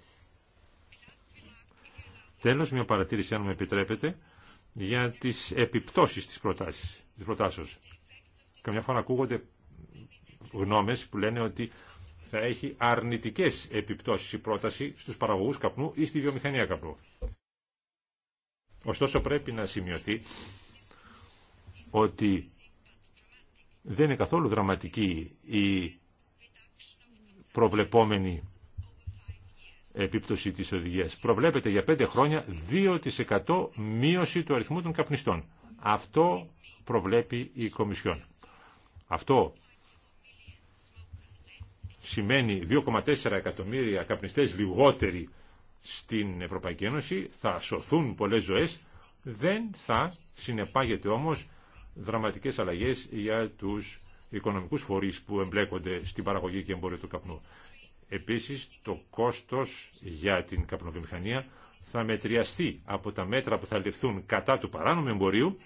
Τέλος, μια παρατήρηση, αν μου επιτρέπετε, για τις επιπτώσεις της, προτάσης, της προτάσεως. Καμιά φορά ακούγονται γνώμες που λένε ότι θα έχει αρνητικές επιπτώσεις η πρόταση στους παραγωγούς καπνού ή στη βιομηχανία καπνού. Ωστόσο πρέπει να σημειωθεί ότι δεν είναι καθόλου δραματική η προβλεπόμενη επίπτωση της οδηγίας. Προβλέπεται για πέντε χρόνια 2% μείωση του αριθμού των καπνιστών. Αυτό προβλέπει η Κομισιόν. Αυτό σημαίνει 2,4 εκατομμύρια καπνιστές λιγότεροι στην Ευρωπαϊκή Ένωση, θα σωθούν πολλές ζωές, δεν θα συνεπάγεται όμως δραματικές αλλαγές για τους οικονομικούς φορείς που εμπλέκονται στην παραγωγή και εμπόριο του καπνού. Επίσης, το κόστος για την καπνοβιομηχανία θα μετριαστεί από τα μέτρα που θα ληφθούν κατά του παράνομου εμπορίου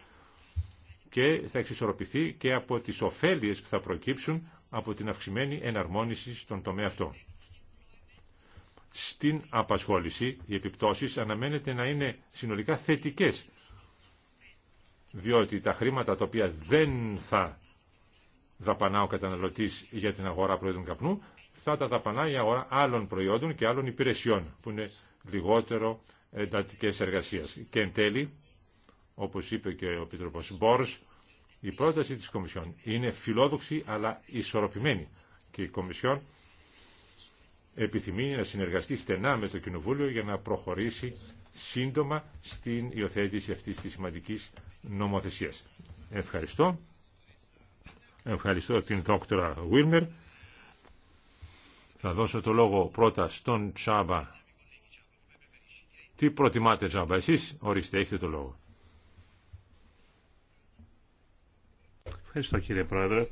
και θα εξισορροπηθεί και από τις ωφέλειες που θα προκύψουν από την αυξημένη εναρμόνιση στον τομέα αυτό. Στην απασχόληση οι επιπτώσεις αναμένεται να είναι συνολικά θετικές, διότι τα χρήματα τα οποία δεν θα δαπανά ο καταναλωτής για την αγορά προϊόντων καπνού, θα τα δαπανά η αγορά άλλων προϊόντων και άλλων υπηρεσιών, που είναι λιγότερο εντατικές εργασίες. Και εν τέλει, όπως είπε και ο Πίτροπος Μπόρς, η πρόταση της Κομισιόν είναι φιλόδοξη αλλά ισορροπημένη και η Κομισιόν επιθυμεί να συνεργαστεί στενά με το Κοινοβούλιο για να προχωρήσει σύντομα στην υιοθέτηση αυτής της σημαντικής νομοθεσίας. Ευχαριστώ. Ευχαριστώ την δόκτωρα Βίλμερ. Θα δώσω το λόγο πρώτα στον Τσάμπα. Τι προτιμάτε Τσάμπα εσείς, ορίστε, έχετε το λόγο. Ευχαριστώ κύριε Πρόεδρε.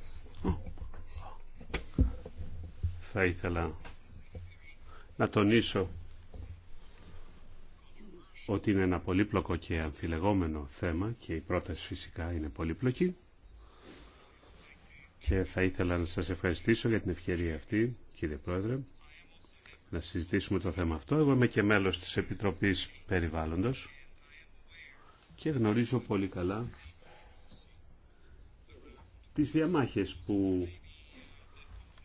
Θα ήθελα να τονίσω ότι είναι ένα πολύπλοκο και αμφιλεγόμενο θέμα και η πρόταση φυσικά είναι πολύπλοκη και θα ήθελα να σας ευχαριστήσω για την ευκαιρία αυτή κύριε Πρόεδρε να συζητήσουμε το θέμα αυτό. Εγώ είμαι και μέλος της Επιτροπής Περιβάλλοντος και γνωρίζω πολύ καλά τις διαμάχες που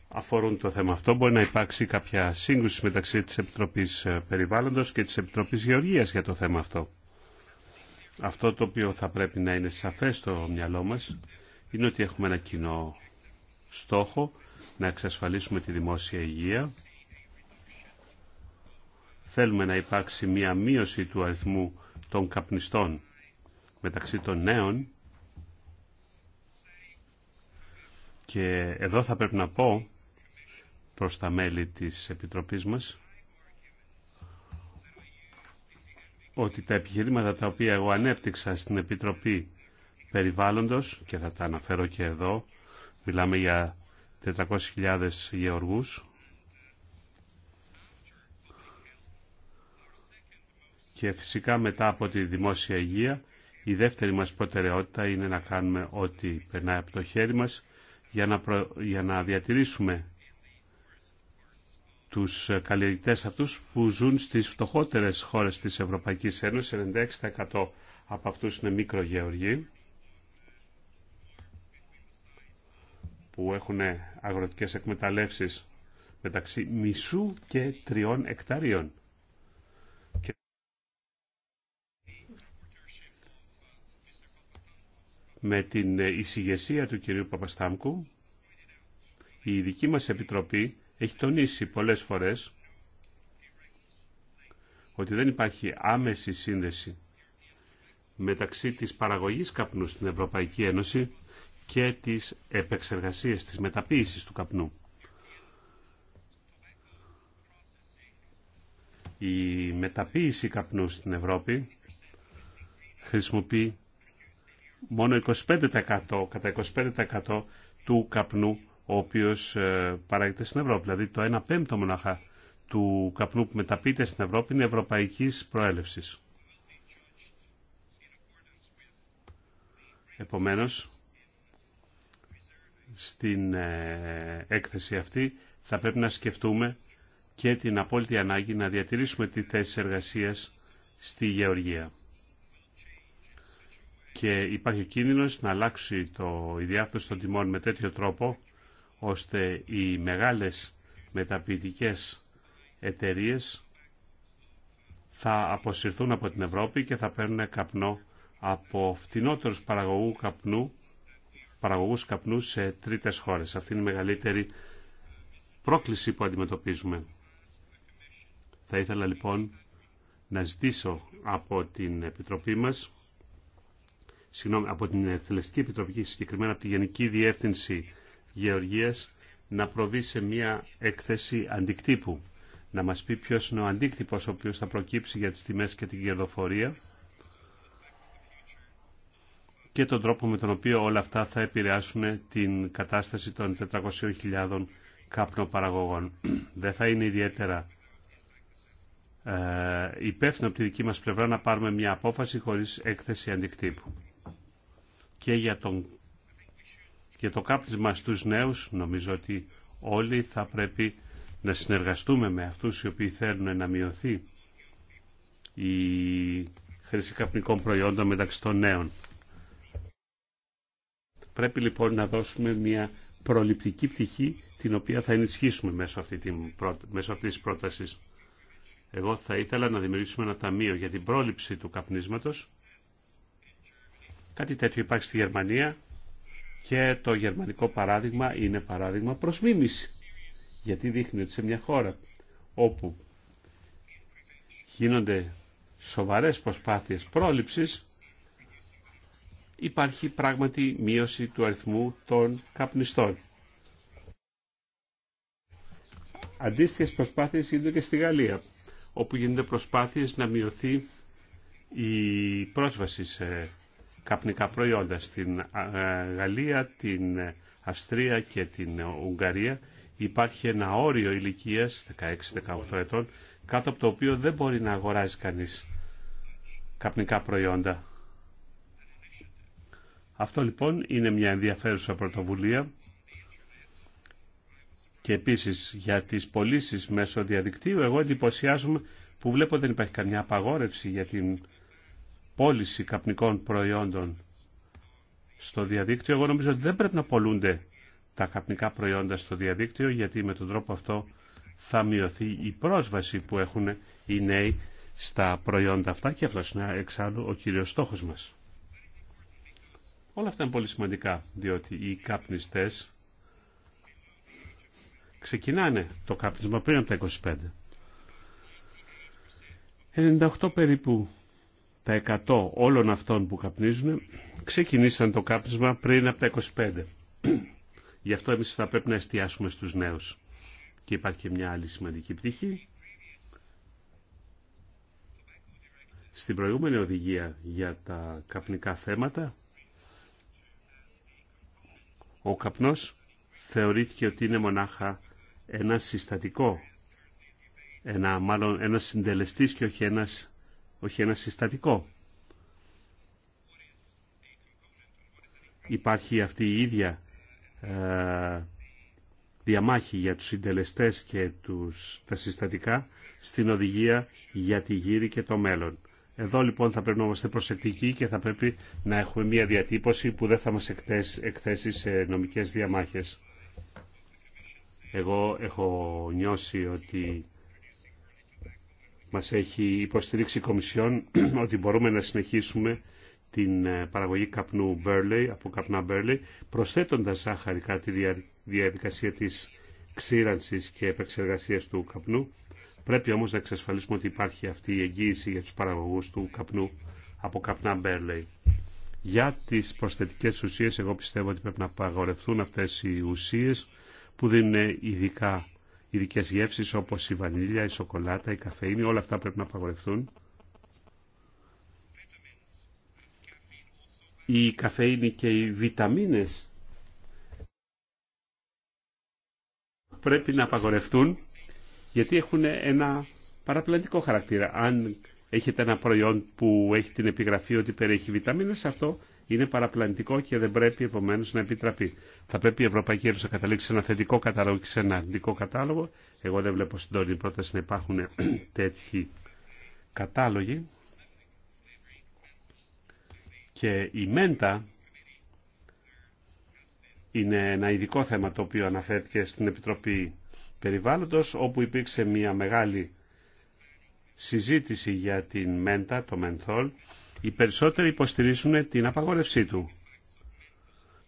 αφορούν το θέμα αυτό. Μπορεί να υπάρξει κάποια σύγκρουση μεταξύ της Επιτροπής ε, Περιβάλλοντος και της Επιτροπής Γεωργίας για το θέμα αυτό. Αυτό το οποίο θα πρέπει να είναι σαφές στο μυαλό μας είναι ότι έχουμε ένα κοινό στόχο να εξασφαλίσουμε τη δημόσια υγεία. Θέλουμε να υπάρξει μία μείωση του αριθμού των καπνιστών μεταξύ των νέων Και εδώ θα πρέπει να πω προς τα μέλη της Επιτροπής μας ότι τα επιχειρήματα τα οποία εγώ ανέπτυξα στην Επιτροπή Περιβάλλοντος και θα τα αναφέρω και εδώ μιλάμε για 400.000 γεωργούς και φυσικά μετά από τη δημόσια υγεία η δεύτερη μας προτεραιότητα είναι να κάνουμε ό,τι περνάει από το χέρι μας για να, για να διατηρήσουμε τους ε, καλλιεργητές αυτούς που ζουν στις φτωχότερες χώρες της Ευρωπαϊκής Ένωσης, 96% από αυτούς είναι μικρογεωργοί, που έχουν αγροτικές εκμεταλλεύσεις μεταξύ μισού και τριών εκταρίων. με την εισηγεσία του κυρίου Παπαστάμκου, η δική μας Επιτροπή έχει τονίσει πολλές φορές ότι δεν υπάρχει άμεση σύνδεση μεταξύ της παραγωγής καπνού στην Ευρωπαϊκή Ένωση και της επεξεργασίας, της μεταποίησης του καπνού. Η μεταποίηση καπνού στην Ευρώπη χρησιμοποιεί μόνο 25% κατά 25% του καπνού ο οποίος ε, παράγεται στην Ευρώπη. Δηλαδή το 1 πέμπτο μονάχα του καπνού που μεταπείται στην Ευρώπη είναι ευρωπαϊκής προέλευσης. Επομένως, στην ε, έκθεση αυτή θα πρέπει να σκεφτούμε και την απόλυτη ανάγκη να διατηρήσουμε τη θέση εργασίας στη Γεωργία και υπάρχει ο κίνδυνος να αλλάξει το, η διάπτωση των τιμών με τέτοιο τρόπο ώστε οι μεγάλες μεταποιητικές εταιρείες θα αποσυρθούν από την Ευρώπη και θα παίρνουν καπνό από φτηνότερους παραγωγού καπνού, παραγωγούς καπνού σε τρίτες χώρες. Αυτή είναι η μεγαλύτερη πρόκληση που αντιμετωπίζουμε. Θα ήθελα λοιπόν να ζητήσω από την Επιτροπή μας συγγνώμη, από την Εθνική Επιτροπή συγκεκριμένα από τη Γενική Διεύθυνση Γεωργίας να προβεί σε μια έκθεση αντικτύπου. Να μας πει ποιος είναι ο αντίκτυπος ο οποίος θα προκύψει για τις τιμές και την κερδοφορία και τον τρόπο με τον οποίο όλα αυτά θα επηρεάσουν την κατάσταση των 400.000 καπνοπαραγωγών. Δεν θα είναι ιδιαίτερα ε, υπεύθυνο από τη δική μας πλευρά να πάρουμε μια απόφαση χωρίς έκθεση αντικτύπου και για, τον, για το κάπνισμα στους νέους. Νομίζω ότι όλοι θα πρέπει να συνεργαστούμε με αυτούς οι οποίοι θέλουν να μειωθεί η χρήση καπνικών προϊόντων μεταξύ των νέων. Πρέπει λοιπόν να δώσουμε μια προληπτική πτυχή την οποία θα ενισχύσουμε μέσω, αυτή την, μέσω αυτής της πρότασης. Εγώ θα ήθελα να δημιουργήσουμε ένα ταμείο για την πρόληψη του καπνίσματος Κάτι τέτοιο υπάρχει στη Γερμανία και το γερμανικό παράδειγμα είναι παράδειγμα προς Γιατί δείχνει ότι σε μια χώρα όπου γίνονται σοβαρές προσπάθειες πρόληψης υπάρχει πράγματι μείωση του αριθμού των καπνιστών. Αντίστοιχες προσπάθειες γίνονται και στη Γαλλία, όπου γίνονται προσπάθειες να μειωθεί η πρόσβαση σε καπνικά προϊόντα. Στην ε, Γαλλία, την Αυστρία και την Ουγγαρία υπάρχει ένα όριο ηλικίας 16-18 ετών κάτω από το οποίο δεν μπορεί να αγοράζει κανείς καπνικά προϊόντα. Αυτό λοιπόν είναι μια ενδιαφέρουσα πρωτοβουλία και επίσης για τις πωλήσει μέσω διαδικτύου εγώ εντυπωσιάζομαι που βλέπω δεν υπάρχει καμιά απαγόρευση για την πώληση καπνικών προϊόντων στο διαδίκτυο, εγώ νομίζω ότι δεν πρέπει να πολλούνται τα καπνικά προϊόντα στο διαδίκτυο, γιατί με τον τρόπο αυτό θα μειωθεί η πρόσβαση που έχουν οι νέοι στα προϊόντα αυτά και αυτός είναι εξάλλου ο κύριος στόχος μας. Όλα αυτά είναι πολύ σημαντικά, διότι οι καπνιστές ξεκινάνε το κάπνισμα πριν από τα 25. 98 περίπου τα 100 όλων αυτών που καπνίζουν ξεκινήσαν το κάπνισμα πριν από τα 25. Γι' αυτό εμείς θα πρέπει να εστιάσουμε στους νέους. Και υπάρχει και μια άλλη σημαντική πτυχή. Στην προηγούμενη οδηγία για τα καπνικά θέματα, ο καπνός θεωρήθηκε ότι είναι μονάχα ένα συστατικό, ένα, μάλλον ένα συντελεστής και όχι ένας όχι ένα συστατικό. Υπάρχει αυτή η ίδια ε, διαμάχη για τους συντελεστές και τους, τα συστατικά στην οδηγία για τη γύρη και το μέλλον. Εδώ λοιπόν θα πρέπει να είμαστε προσεκτικοί και θα πρέπει να έχουμε μια διατύπωση που δεν θα μας εκθέσει σε νομικές διαμάχες. Εγώ έχω νιώσει ότι μας έχει υποστηρίξει η Κομισιόν ότι μπορούμε να συνεχίσουμε την ε, παραγωγή καπνού Burley, από καπνά Burley, προσθέτοντας ζάχαρη κατά τη διαδικασία της ξύρανσης και επεξεργασίας του καπνού. Πρέπει όμως να εξασφαλίσουμε ότι υπάρχει αυτή η εγγύηση για τους παραγωγούς του καπνού από καπνά Burley. Για τις προσθετικές ουσίες, εγώ πιστεύω ότι πρέπει να απαγορευτούν αυτές οι ουσίες που δίνουν ειδικά ειδικέ γεύσει όπω η βανίλια, η σοκολάτα, η καφέινη, όλα αυτά πρέπει να απαγορευτούν. Η καφέινη και οι βιταμίνες πρέπει να απαγορευτούν γιατί έχουν ένα παραπλανητικό χαρακτήρα. Αν έχετε ένα προϊόν που έχει την επιγραφή ότι περιέχει βιταμίνες, αυτό είναι παραπλανητικό και δεν πρέπει επομένω να επιτραπεί. Θα πρέπει η Ευρωπαϊκή Ένωση να καταλήξει σε ένα θετικό κατάλογο και σε ένα αρνητικό κατάλογο. Εγώ δεν βλέπω στην τωρινή πρόταση να υπάρχουν τέτοιοι κατάλογοι. Και η μέντα είναι ένα ειδικό θέμα το οποίο αναφέρθηκε στην Επιτροπή Περιβάλλοντος, όπου υπήρξε μια μεγάλη συζήτηση για την μέντα, το μενθόλ, οι περισσότεροι υποστηρίζουν την απαγόρευσή του.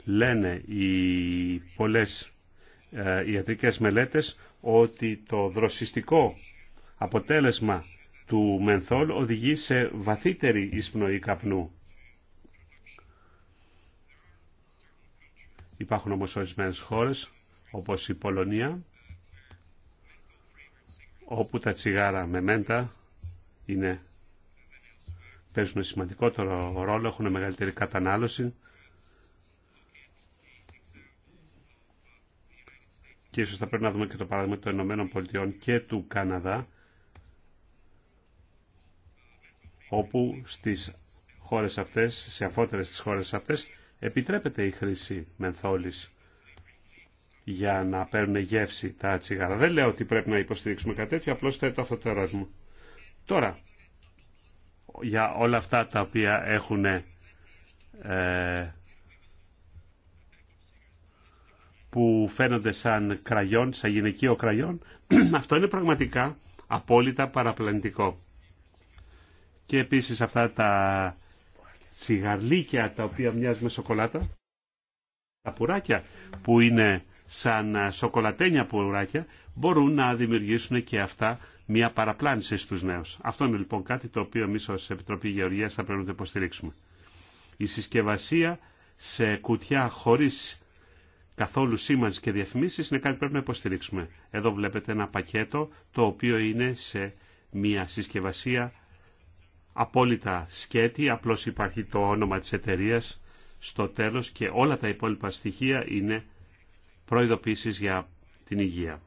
Λένε οι πολλές ε, ιατρικές μελέτες ότι το δροσιστικό αποτέλεσμα του μενθόλ οδηγεί σε βαθύτερη εισπνοή καπνού. Υπάρχουν όμως ορισμένες χώρες, όπως η Πολωνία, όπου τα τσιγάρα με μέντα είναι παίζουν σημαντικότερο ρόλο, έχουν μεγαλύτερη κατανάλωση. Και ίσως θα πρέπει να δούμε και το παράδειγμα των Ηνωμένων Πολιτειών και του Καναδά, όπου στις χώρες αυτές, σε αφότερες τις χώρες αυτές, επιτρέπεται η χρήση μενθόλης για να παίρνουν γεύση τα τσιγάρα. Δεν λέω ότι πρέπει να υποστηρίξουμε κάτι τέτοιο, απλώς θέτω αυτό το ερώτημα. Τώρα, για όλα αυτά τα οποία έχουν ε, που φαίνονται σαν κραγιόν, σαν γυναικείο κραγιόν, αυτό είναι πραγματικά απόλυτα παραπλανητικό. Και επίσης αυτά τα τσιγαρλίκια τα οποία μοιάζουν με σοκολάτα, τα πουράκια που είναι σαν σοκολατένια πουράκια, μπορούν να δημιουργήσουν και αυτά μια παραπλάνηση στους νέους. Αυτό είναι λοιπόν κάτι το οποίο εμείς ως Επιτροπή Γεωργίας θα πρέπει να το υποστηρίξουμε. Η συσκευασία σε κουτιά χωρίς καθόλου σήμανση και διαφημίσεις είναι κάτι που πρέπει να υποστηρίξουμε. Εδώ βλέπετε ένα πακέτο το οποίο είναι σε μια συσκευασία απόλυτα σκέτη, απλώς υπάρχει το όνομα της εταιρεία στο τέλος και όλα τα υπόλοιπα στοιχεία είναι προειδοποίησεις για την υγεία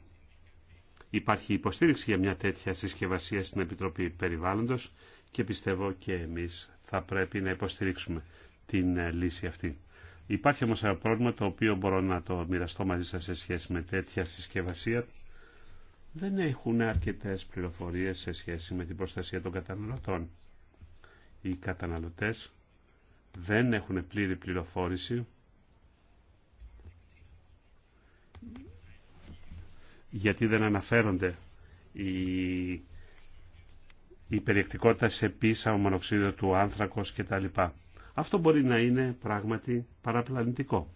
υπάρχει υποστήριξη για μια τέτοια συσκευασία στην Επιτροπή Περιβάλλοντος και πιστεύω και εμείς θα πρέπει να υποστηρίξουμε την ε, λύση αυτή. Υπάρχει όμως ένα πρόβλημα το οποίο μπορώ να το μοιραστώ μαζί σας σε σχέση με τέτοια συσκευασία. Δεν έχουν αρκετές πληροφορίες σε σχέση με την προστασία των καταναλωτών. Οι καταναλωτές δεν έχουν πλήρη πληροφόρηση γιατί δεν αναφέρονται η, η περιεκτικότητα σε πίσα, ο μονοξίδιο του άνθρακος κτλ. Αυτό μπορεί να είναι πράγματι παραπλανητικό.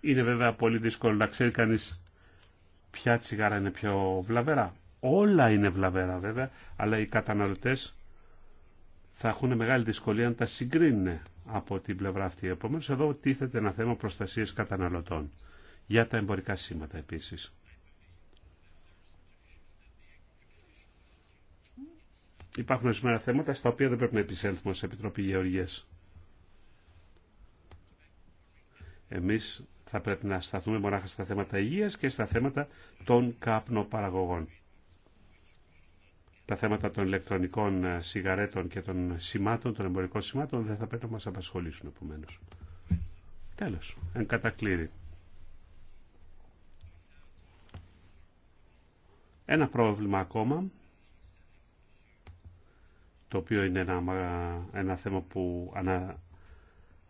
Είναι βέβαια πολύ δύσκολο να ξέρει κανείς ποια τσιγάρα είναι πιο βλαβερά. Όλα είναι βλαβερά βέβαια, αλλά οι καταναλωτές θα έχουν μεγάλη δυσκολία να τα συγκρίνουν από την πλευρά αυτή. Επομένω, εδώ τίθεται ένα θέμα προστασία καταναλωτών για τα εμπορικά σήματα επίσης. Υπάρχουν σήμερα θέματα στα οποία δεν πρέπει να επισέλθουμε σε Επιτροπή Γεωργίας. Εμείς θα πρέπει να σταθούμε μονάχα στα θέματα υγείας και στα θέματα των καπνοπαραγωγών τα θέματα των ηλεκτρονικών ε, σιγαρέτων και των σημάτων, των εμπορικών σημάτων, δεν θα πρέπει να μας απασχολήσουν επομένω. Τέλος, εν κατακλείδη. Ένα πρόβλημα ακόμα, το οποίο είναι ένα, ένα θέμα που ανα,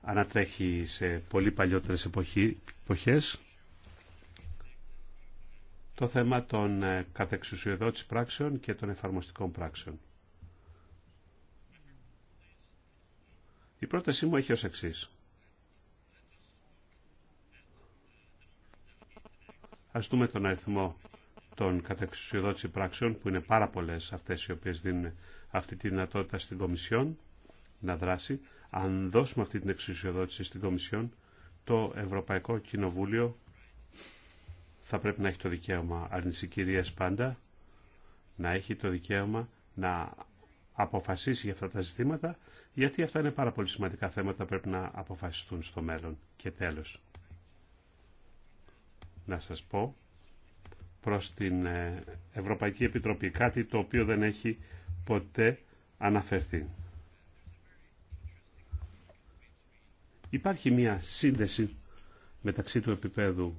ανατρέχει σε πολύ παλιότερες εποχή, εποχές, το θέμα των ε, κατεξουσιοδότης πράξεων και των εφαρμοστικών πράξεων. Η πρότασή μου έχει ως εξής. Ας δούμε τον αριθμό των κατεξουσιοδότηση πράξεων, που είναι πάρα πολλές αυτές οι οποίες δίνουν αυτή τη δυνατότητα στην Κομισιόν να δράσει. Αν δώσουμε αυτή την εξουσιοδότηση στην Κομισιόν, το Ευρωπαϊκό Κοινοβούλιο θα πρέπει να έχει το δικαίωμα αρνησικηρίας πάντα, να έχει το δικαίωμα να αποφασίσει για αυτά τα ζητήματα, γιατί αυτά είναι πάρα πολύ σημαντικά θέματα που πρέπει να αποφασιστούν στο μέλλον. Και τέλος, να σας πω προς την ε, Ευρωπαϊκή Επιτροπή, κάτι το οποίο δεν έχει ποτέ αναφερθεί. Υπάρχει μία σύνδεση μεταξύ του επίπεδου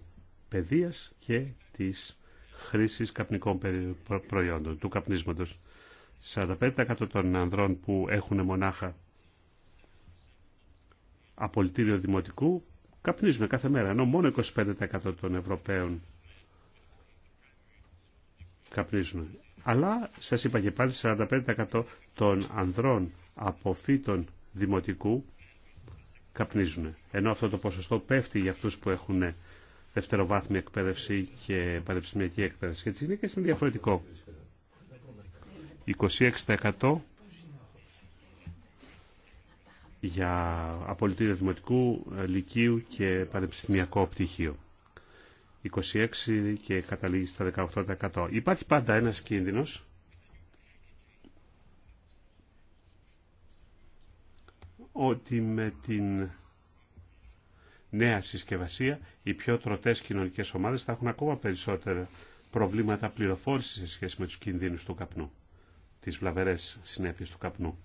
παιδείας και της χρήσης καπνικών προϊόντων, του καπνίσματος. 45% των ανδρών που έχουν μονάχα απολυτήριο δημοτικού καπνίζουν κάθε μέρα, ενώ μόνο 25% των Ευρωπαίων καπνίζουν. Αλλά, σας είπα και πάλι, 45% των ανδρών αποφύτων δημοτικού καπνίζουν. Ενώ αυτό το ποσοστό πέφτει για αυτούς που έχουν δευτεροβάθμια εκπαίδευση και πανεπιστημιακή εκπαίδευση. Για είναι και είναι διαφορετικό. 26% για απολυτήριο δημοτικού, ε, λυκείου και πανεπιστημιακό πτυχίο. 26% και καταλήγει στα 18%. Υπάρχει πάντα ένας κίνδυνος ότι με την νέα συσκευασία, οι πιο τροτές κοινωνικές ομάδες θα έχουν ακόμα περισσότερα προβλήματα πληροφόρησης σε σχέση με τους κινδύνους του καπνού, τις βλαβερές συνέπειες του καπνού.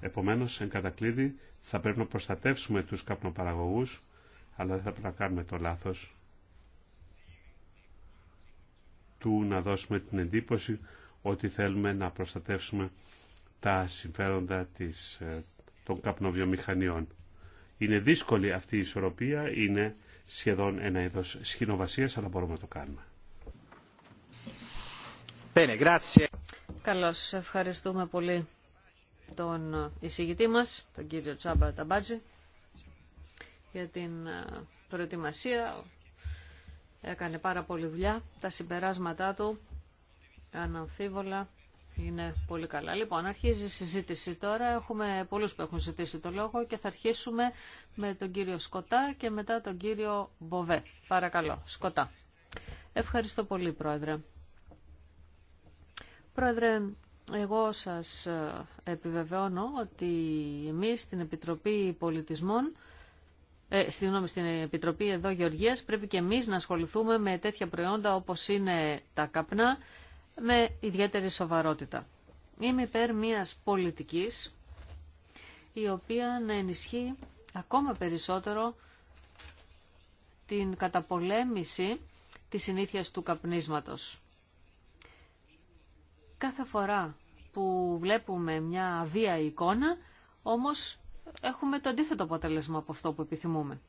Επομένως, εν κατακλείδη, θα πρέπει να προστατεύσουμε τους καπνοπαραγωγούς, αλλά δεν θα πρέπει να κάνουμε το λάθος του να δώσουμε την εντύπωση ότι θέλουμε να προστατεύσουμε τα συμφέροντα της ε, των καπνοβιομηχανιών. Είναι δύσκολη αυτή η ισορροπία, είναι σχεδόν ένα είδος σχηνοβασίας, αλλά μπορούμε να το κάνουμε. Καλώς, ευχαριστούμε πολύ τον εισηγητή μας, τον κύριο Τσάμπα Ταμπάτζη, για την ε, προετοιμασία. Έκανε πάρα πολύ δουλειά. Τα συμπεράσματά του, αναμφίβολα, είναι πολύ καλά. Λοιπόν, αρχίζει η συζήτηση τώρα. Έχουμε πολλούς που έχουν ζητήσει το λόγο και θα αρχίσουμε με τον κύριο Σκοτά και μετά τον κύριο Μποβέ. Παρακαλώ, Σκοτά. Ευχαριστώ πολύ, Πρόεδρε. Πρόεδρε, εγώ σας ε, επιβεβαιώνω ότι εμείς στην Επιτροπή Πολιτισμών ε, στην Επιτροπή εδώ Γεωργίας πρέπει και εμείς να ασχοληθούμε με τέτοια προϊόντα όπως είναι τα καπνά με ιδιαίτερη σοβαρότητα. Είμαι υπέρ μιας πολιτικής η οποία να ενισχύει ακόμα περισσότερο την καταπολέμηση της συνήθειας του καπνίσματος. Κάθε φορά που βλέπουμε μια βία εικόνα, όμως έχουμε το αντίθετο αποτέλεσμα από αυτό που επιθυμούμε.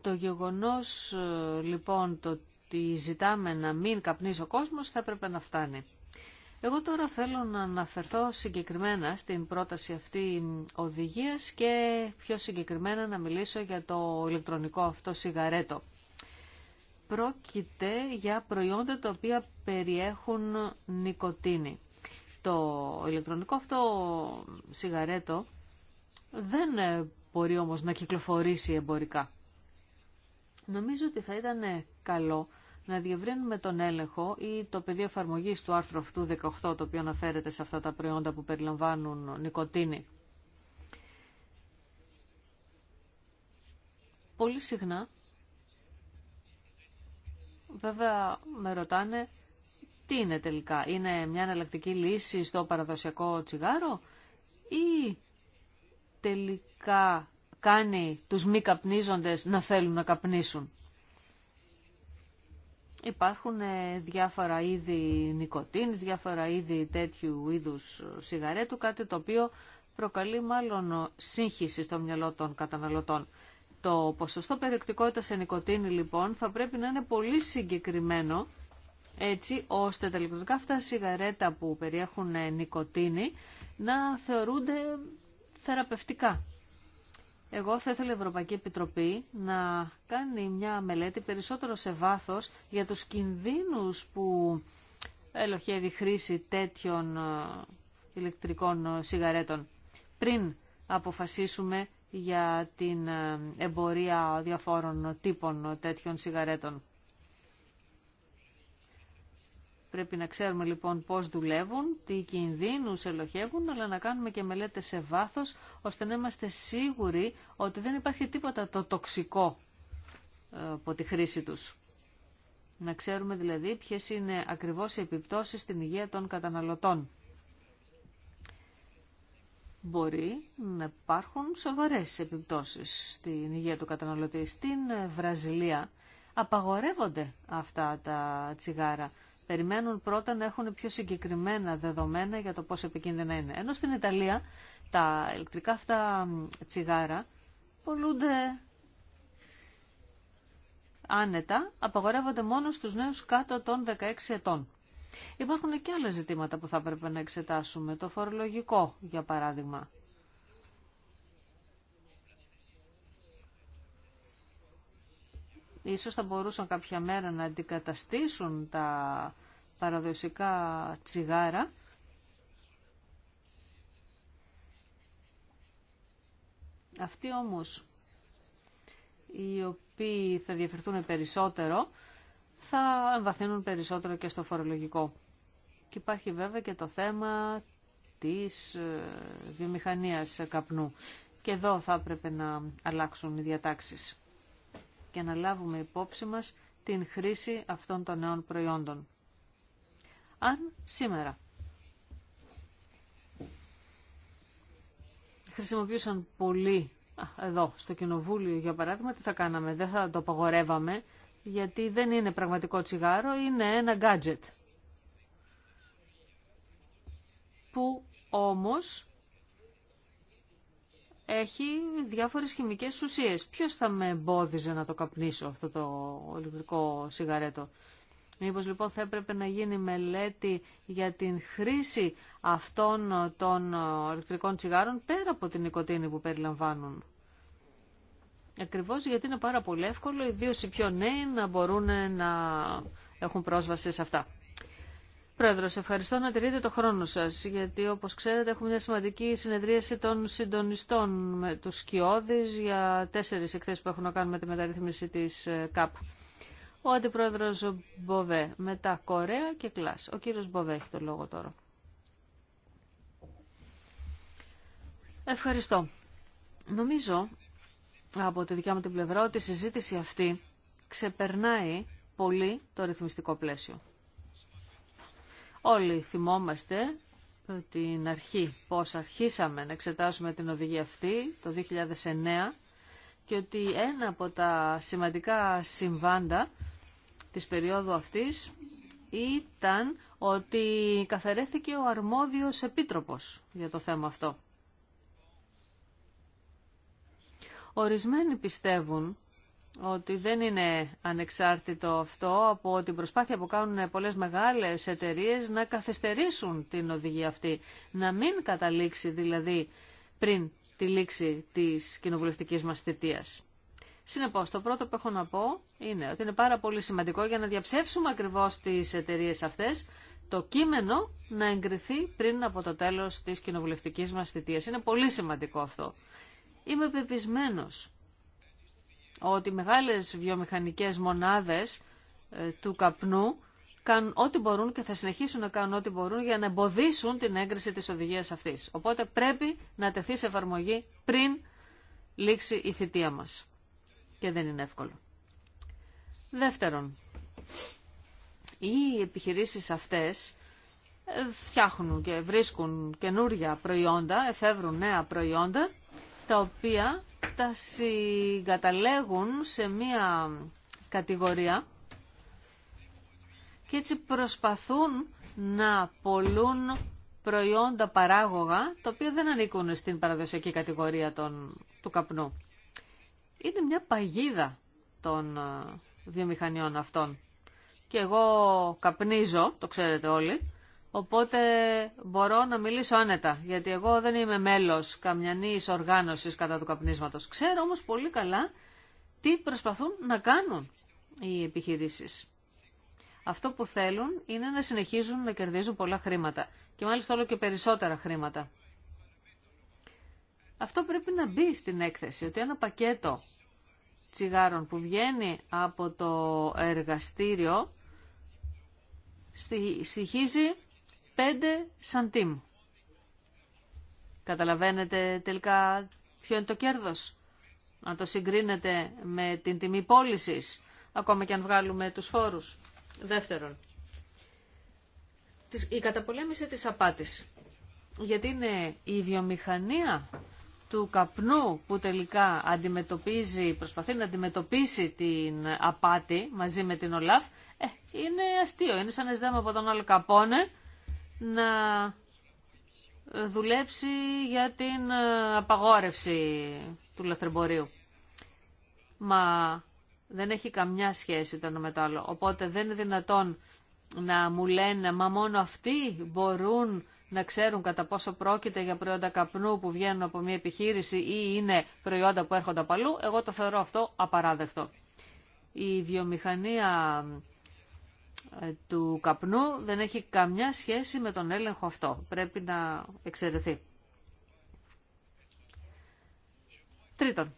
Το γεγονός ε, λοιπόν το ότι ζητάμε να μην καπνίζει ο κόσμος θα έπρεπε να φτάνει. Εγώ τώρα θέλω να αναφερθώ συγκεκριμένα στην πρόταση αυτή οδηγίας και πιο συγκεκριμένα να μιλήσω για το ηλεκτρονικό αυτό σιγαρέτο. Πρόκειται για προϊόντα τα οποία περιέχουν νικοτίνη. Το ηλεκτρονικό αυτό σιγαρέτο δεν μπορεί όμως να κυκλοφορήσει εμπορικά. Νομίζω ότι θα ήταν καλό να διευρύνουμε τον έλεγχο ή το πεδίο εφαρμογή του άρθρου αυτού 18, το οποίο αναφέρεται σε αυτά τα προϊόντα που περιλαμβάνουν νοικοτίνη. Πολύ συχνά, βέβαια με ρωτάνε τι είναι τελικά. Είναι μια εναλλακτική λύση στο παραδοσιακό τσιγάρο ή τελικά κάνει τους μη καπνίζοντες να θέλουν να καπνίσουν. Υπάρχουν ε, διάφορα είδη νικοτίνης, διάφορα είδη τέτοιου είδους σιγαρέτου, κάτι το οποίο προκαλεί μάλλον ε, σύγχυση στο μυαλό των καταναλωτών. Το ποσοστό περιεκτικότητας σε νοικοτήνη λοιπόν θα πρέπει να είναι πολύ συγκεκριμένο έτσι ώστε τα ηλεκτρονικά αυτά σιγαρέτα που περιέχουν ε, νικοτίνη, να θεωρούνται θεραπευτικά. Εγώ θα ήθελα η Ευρωπαϊκή Επιτροπή να κάνει μια μελέτη περισσότερο σε βάθος για τους κινδύνους που ελοχεύει η χρήση τέτοιων ε, ηλεκτρικών ε, σιγαρέτων πριν αποφασίσουμε για την ε, εμπορία διαφόρων τύπων τέτοιων σιγαρέτων. Πρέπει να ξέρουμε λοιπόν πώς δουλεύουν, τι κινδύνους ελοχεύουν, αλλά να κάνουμε και μελέτε σε βάθος, ώστε να είμαστε σίγουροι ότι δεν υπάρχει τίποτα το τοξικό ε, από τη χρήση τους. Να ξέρουμε δηλαδή ποιες είναι ακριβώς οι επιπτώσεις στην υγεία των καταναλωτών. Μπορεί να υπάρχουν σοβαρές επιπτώσεις στην υγεία του καταναλωτή. Στην Βραζιλία απαγορεύονται αυτά τα τσιγάρα περιμένουν πρώτα να έχουν πιο συγκεκριμένα δεδομένα για το πόσο επικίνδυνα είναι. Ενώ στην Ιταλία τα ηλεκτρικά αυτά τσιγάρα πολλούνται άνετα, απαγορεύονται μόνο στους νέους κάτω των 16 ετών. Υπάρχουν και άλλα ζητήματα που θα έπρεπε να εξετάσουμε, το φορολογικό για παράδειγμα. Ίσως θα μπορούσαν κάποια μέρα να αντικαταστήσουν τα παραδοσιακά τσιγάρα Αυτοί όμως οι οποίοι θα διαφερθούν περισσότερο θα εμβαθύνουν περισσότερο και στο φορολογικό. Και υπάρχει βέβαια και το θέμα της ε, βιομηχανίας καπνού. Και εδώ θα έπρεπε να αλλάξουν οι διατάξεις και να λάβουμε υπόψη μας την χρήση αυτών των νέων προϊόντων αν σήμερα χρησιμοποιούσαν πολύ εδώ στο Κοινοβούλιο για παράδειγμα, τι θα κάναμε, δεν θα το απαγορεύαμε, γιατί δεν είναι πραγματικό τσιγάρο, είναι ένα gadget. Που όμως έχει διάφορες χημικές ουσίες. Ποιος θα με εμπόδιζε να το καπνίσω αυτό το ηλεκτρικό σιγαρέτο. Μήπως λοιπόν θα έπρεπε να γίνει μελέτη για την χρήση αυτών των ε, ηλεκτρικών τσιγάρων πέρα από την νοικοτήνη που περιλαμβάνουν. Ακριβώς γιατί είναι πάρα πολύ εύκολο, ιδίως οι πιο νέοι να μπορούν να έχουν πρόσβαση σε αυτά. Πρόεδρο, ευχαριστώ να τηρείτε το χρόνο σα, γιατί όπω ξέρετε έχουμε μια σημαντική συνεδρίαση των συντονιστών με του Σκιώδη για τέσσερι εκθέσει που έχουν να κάνουν με τη μεταρρύθμιση τη ε, ΚΑΠ ο αντιπρόεδρος Μποβέ, μετά Κορέα και Κλάς. Ο κύριος Μποβέ έχει το λόγο τώρα. Ευχαριστώ. Νομίζω από τη δικιά μου την πλευρά ότι η συζήτηση αυτή ξεπερνάει πολύ το ρυθμιστικό πλαίσιο. Όλοι θυμόμαστε την αρχή, πώς αρχίσαμε να εξετάσουμε την οδηγία αυτή το 2009 και ότι ένα από τα σημαντικά συμβάντα της περίοδου αυτής ήταν ότι καθαρέθηκε ο αρμόδιος επίτροπος για το θέμα αυτό. Ορισμένοι πιστεύουν ότι δεν είναι ανεξάρτητο αυτό από την προσπάθεια που κάνουν πολλές μεγάλες εταιρείες να καθυστερήσουν την οδηγία αυτή. Να μην καταλήξει δηλαδή πριν τη λήξη της κοινοβουλευτικής μας Συνεπώς, το πρώτο που έχω να πω είναι ότι είναι πάρα πολύ σημαντικό για να διαψεύσουμε ακριβώς τις εταιρείε αυτές το κείμενο να εγκριθεί πριν από το τέλος της κοινοβουλευτικής μας θητείας. Είναι πολύ σημαντικό αυτό. Είμαι πεπισμένο ότι μεγάλες βιομηχανικές μονάδες ε, του καπνού κάνουν ό,τι μπορούν και θα συνεχίσουν να κάνουν ό,τι μπορούν για να εμποδίσουν την έγκριση της οδηγίας αυτής. Οπότε πρέπει να τεθεί σε εφαρμογή πριν λήξει η θητεία μας. Και δεν είναι εύκολο. Δεύτερον, οι επιχειρήσεις αυτές ε, φτιάχνουν και βρίσκουν καινούρια προϊόντα, εφεύρουν νέα προϊόντα, τα οποία τα συγκαταλέγουν σε μία κατηγορία και έτσι προσπαθούν να πολλούν προϊόντα παράγωγα τα οποία δεν ανήκουν στην παραδοσιακή κατηγορία των, του καπνού. Είναι μια παγίδα των ε, βιομηχανιών αυτών. Και εγώ καπνίζω, το ξέρετε όλοι, οπότε μπορώ να μιλήσω άνετα, γιατί εγώ δεν είμαι μέλος καμιανής οργάνωσης κατά του καπνίσματος. Ξέρω όμως πολύ καλά τι προσπαθούν να κάνουν οι επιχειρήσεις. Αυτό που θέλουν είναι να συνεχίζουν να κερδίζουν πολλά χρήματα και μάλιστα όλο και περισσότερα χρήματα. Αυτό πρέπει να μπει στην έκθεση, ότι ένα πακέτο τσιγάρων που βγαίνει από το εργαστήριο στοιχίζει 5 σαντίμ. Καταλαβαίνετε τελικά ποιο είναι το κέρδος. Αν το συγκρίνετε με την τιμή πώληση, ακόμα και αν βγάλουμε τους φόρους. Δεύτερον, η καταπολέμηση της απάτης. Γιατί είναι η βιομηχανία του καπνού που τελικά αντιμετωπίζει, προσπαθεί να αντιμετωπίσει την απάτη μαζί με την ΟΛΑΦ, ε, είναι αστείο. Είναι σαν να ζητάμε από τον άλλο Καπόνε να δουλέψει για την ε, απαγόρευση του λαθρεμπορίου. Μα δεν έχει καμιά σχέση το ένα με Οπότε δεν είναι δυνατόν να μου λένε, μα μόνο αυτοί μπορούν να ξέρουν κατά πόσο πρόκειται για προϊόντα καπνού που βγαίνουν από μια επιχείρηση ή είναι προϊόντα που έρχονται από αλλού, εγώ το θεωρώ αυτό απαράδεκτο. Η βιομηχανία ε, του καπνού δεν έχει καμιά σχέση με τον έλεγχο αυτό. Πρέπει να εξαιρεθεί. Τρίτον,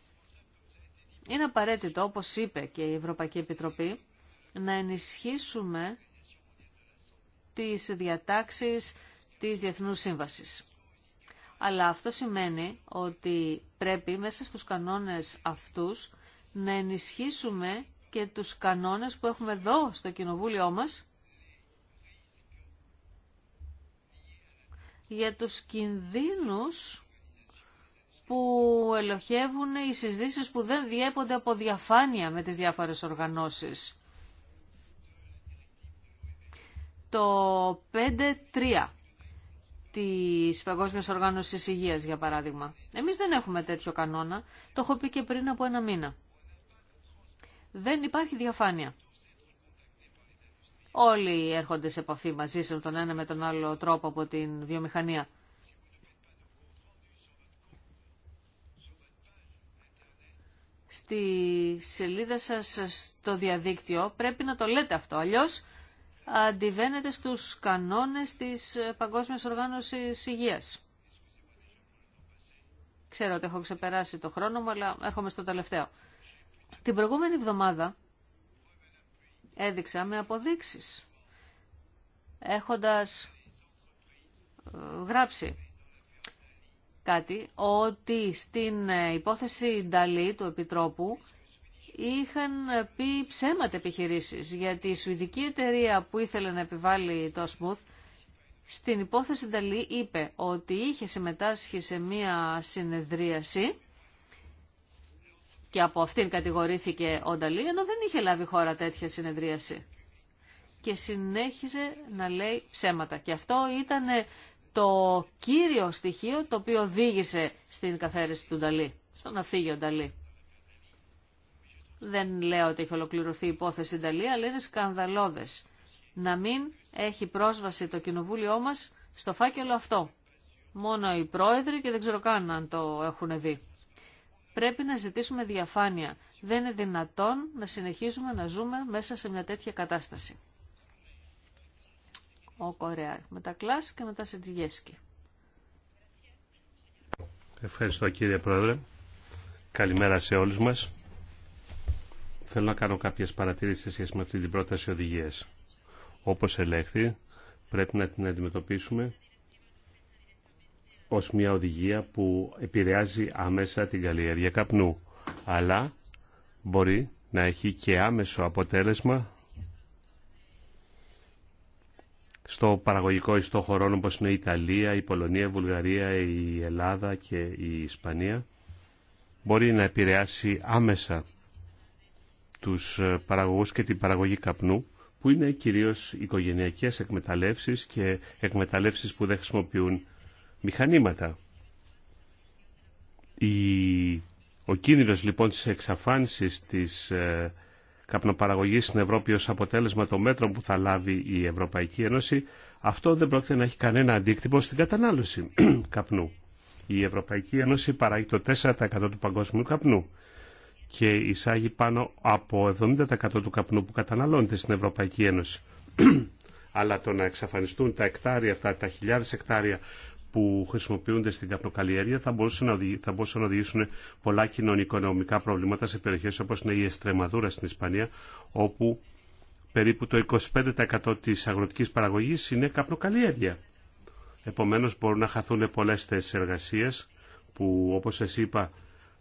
είναι απαραίτητο, όπως είπε και η Ευρωπαϊκή Επιτροπή, να ενισχύσουμε τις διατάξεις της Διεθνούς Σύμβασης. Αλλά αυτό σημαίνει ότι πρέπει μέσα στους κανόνες αυτούς να ενισχύσουμε και τους κανόνες που έχουμε εδώ στο κοινοβούλιο μας για τους κινδύνους που ελοχεύουν οι συζητήσεις που δεν διέπονται από διαφάνεια με τις διάφορες οργανώσεις. Το 5-3 της Παγκόσμιας Οργάνωσης Υγείας, για παράδειγμα. Εμείς δεν έχουμε τέτοιο κανόνα. Το έχω πει και πριν από ένα μήνα. Δεν υπάρχει διαφάνεια. Όλοι έρχονται σε επαφή μαζί σε τον ένα με τον άλλο τρόπο από την βιομηχανία. στη σελίδα σας στο διαδίκτυο, πρέπει να το λέτε αυτό, αλλιώς αντιβαίνετε στους κανόνες της Παγκόσμιας Οργάνωσης Υγείας. Ξέρω ότι έχω ξεπεράσει το χρόνο μου, αλλά έρχομαι στο τελευταίο. Την προηγούμενη εβδομάδα έδειξα με αποδείξεις, έχοντας ε, γράψει κάτι ότι στην ε, υπόθεση Νταλή του Επιτρόπου είχαν πει ψέματα επιχειρήσεις γιατί η σουηδική εταιρεία που ήθελε να επιβάλλει το Σμουθ στην υπόθεση Νταλή είπε ότι είχε συμμετάσχει σε μία συνεδρίαση και από αυτήν κατηγορήθηκε ο Νταλή ενώ δεν είχε λάβει χώρα τέτοια συνεδρίαση και συνέχιζε να λέει ψέματα και αυτό ήταν το κύριο στοιχείο το οποίο οδήγησε στην καθαίρεση του Νταλή, στο να φύγει ο Νταλή. Δεν λέω ότι έχει ολοκληρωθεί η υπόθεση Νταλή, αλλά είναι σκανδαλώδες να μην έχει πρόσβαση το κοινοβούλιο μας στο φάκελο αυτό. Μόνο οι πρόεδροι και δεν ξέρω καν αν το έχουν δει. Πρέπει να ζητήσουμε διαφάνεια. Δεν είναι δυνατόν να συνεχίζουμε να ζούμε μέσα σε μια τέτοια κατάσταση ο Κορεάρ. Μετά Κλάς και μετά Σετζιέσκι. Ευχαριστώ κύριε Πρόεδρε. Καλημέρα σε όλους μας. Θέλω να κάνω κάποιες παρατηρήσεις σε σχέση με αυτή την πρόταση οδηγίας. Όπως ελέγχθη, πρέπει να την αντιμετωπίσουμε ως μια οδηγία που επηρεάζει άμεσα την καλλιέργεια καπνού, αλλά μπορεί να έχει και άμεσο αποτέλεσμα στο παραγωγικό ιστό χωρών όπως είναι η Ιταλία, η Πολωνία, η Βουλγαρία, η Ελλάδα και η Ισπανία μπορεί να επηρεάσει άμεσα τους ε, παραγωγούς και την παραγωγή καπνού που είναι κυρίως οικογενειακές εκμεταλλεύσεις και εκμεταλλεύσεις που δεν χρησιμοποιούν μηχανήματα. Ο κίνδυνος λοιπόν της εξαφάνισης της ε, καπνοπαραγωγή στην Ευρώπη ως αποτέλεσμα των μέτρων που θα λάβει η Ευρωπαϊκή Ένωση, αυτό δεν πρόκειται να έχει κανένα αντίκτυπο στην κατανάλωση καπνού. Η Ευρωπαϊκή Ένωση παράγει το 4% του παγκόσμιου καπνού και εισάγει πάνω από 70% του καπνού που καταναλώνεται στην Ευρωπαϊκή Ένωση. Αλλά το να εξαφανιστούν τα εκτάρια αυτά, τα χιλιάδες εκτάρια που χρησιμοποιούνται στην καπνοκαλλιέργεια θα μπορούσαν, να οδηγήσουν, θα μπορούσαν να οδηγήσουν πολλά κοινωνικονομικά προβλήματα σε περιοχές όπως είναι η Εστρεμαδούρα στην Ισπανία, όπου περίπου το 25% της αγροτικής παραγωγής είναι καπνοκαλλιέργεια. Επομένως μπορούν να χαθούν πολλές θέσεις εργασίας που όπως σας είπα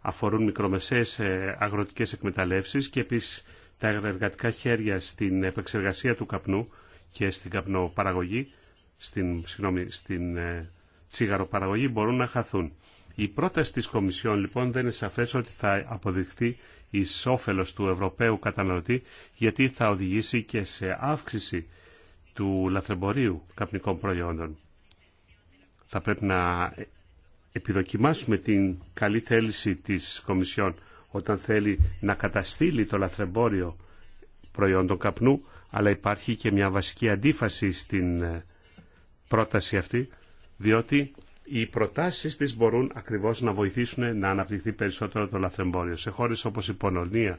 αφορούν μικρομεσαίες ε, αγροτικές εκμεταλλεύσεις και επίσης τα εργατικά χέρια στην επεξεργασία του καπνού και στην καπνοπαραγωγή, στην, συγγνώμη, στην ε, τσιγαροπαραγωγή μπορούν να χαθούν. Η πρόταση της Κομισιόν λοιπόν δεν είναι σαφές ότι θα αποδειχθεί εις όφελος του Ευρωπαίου καταναλωτή γιατί θα οδηγήσει και σε αύξηση του λαθρεμπορίου καπνικών προϊόντων. Θα πρέπει να επιδοκιμάσουμε την καλή θέληση της Κομισιόν όταν θέλει να καταστήλει το λαθρεμπόριο προϊόντων καπνού, αλλά υπάρχει και μια βασική αντίφαση στην ε, πρόταση αυτή διότι οι προτάσεις τη μπορούν ακριβώς να βοηθήσουν να αναπτυχθεί περισσότερο το λαθρεμπόριο. Σε χώρε όπως η Πολωνία,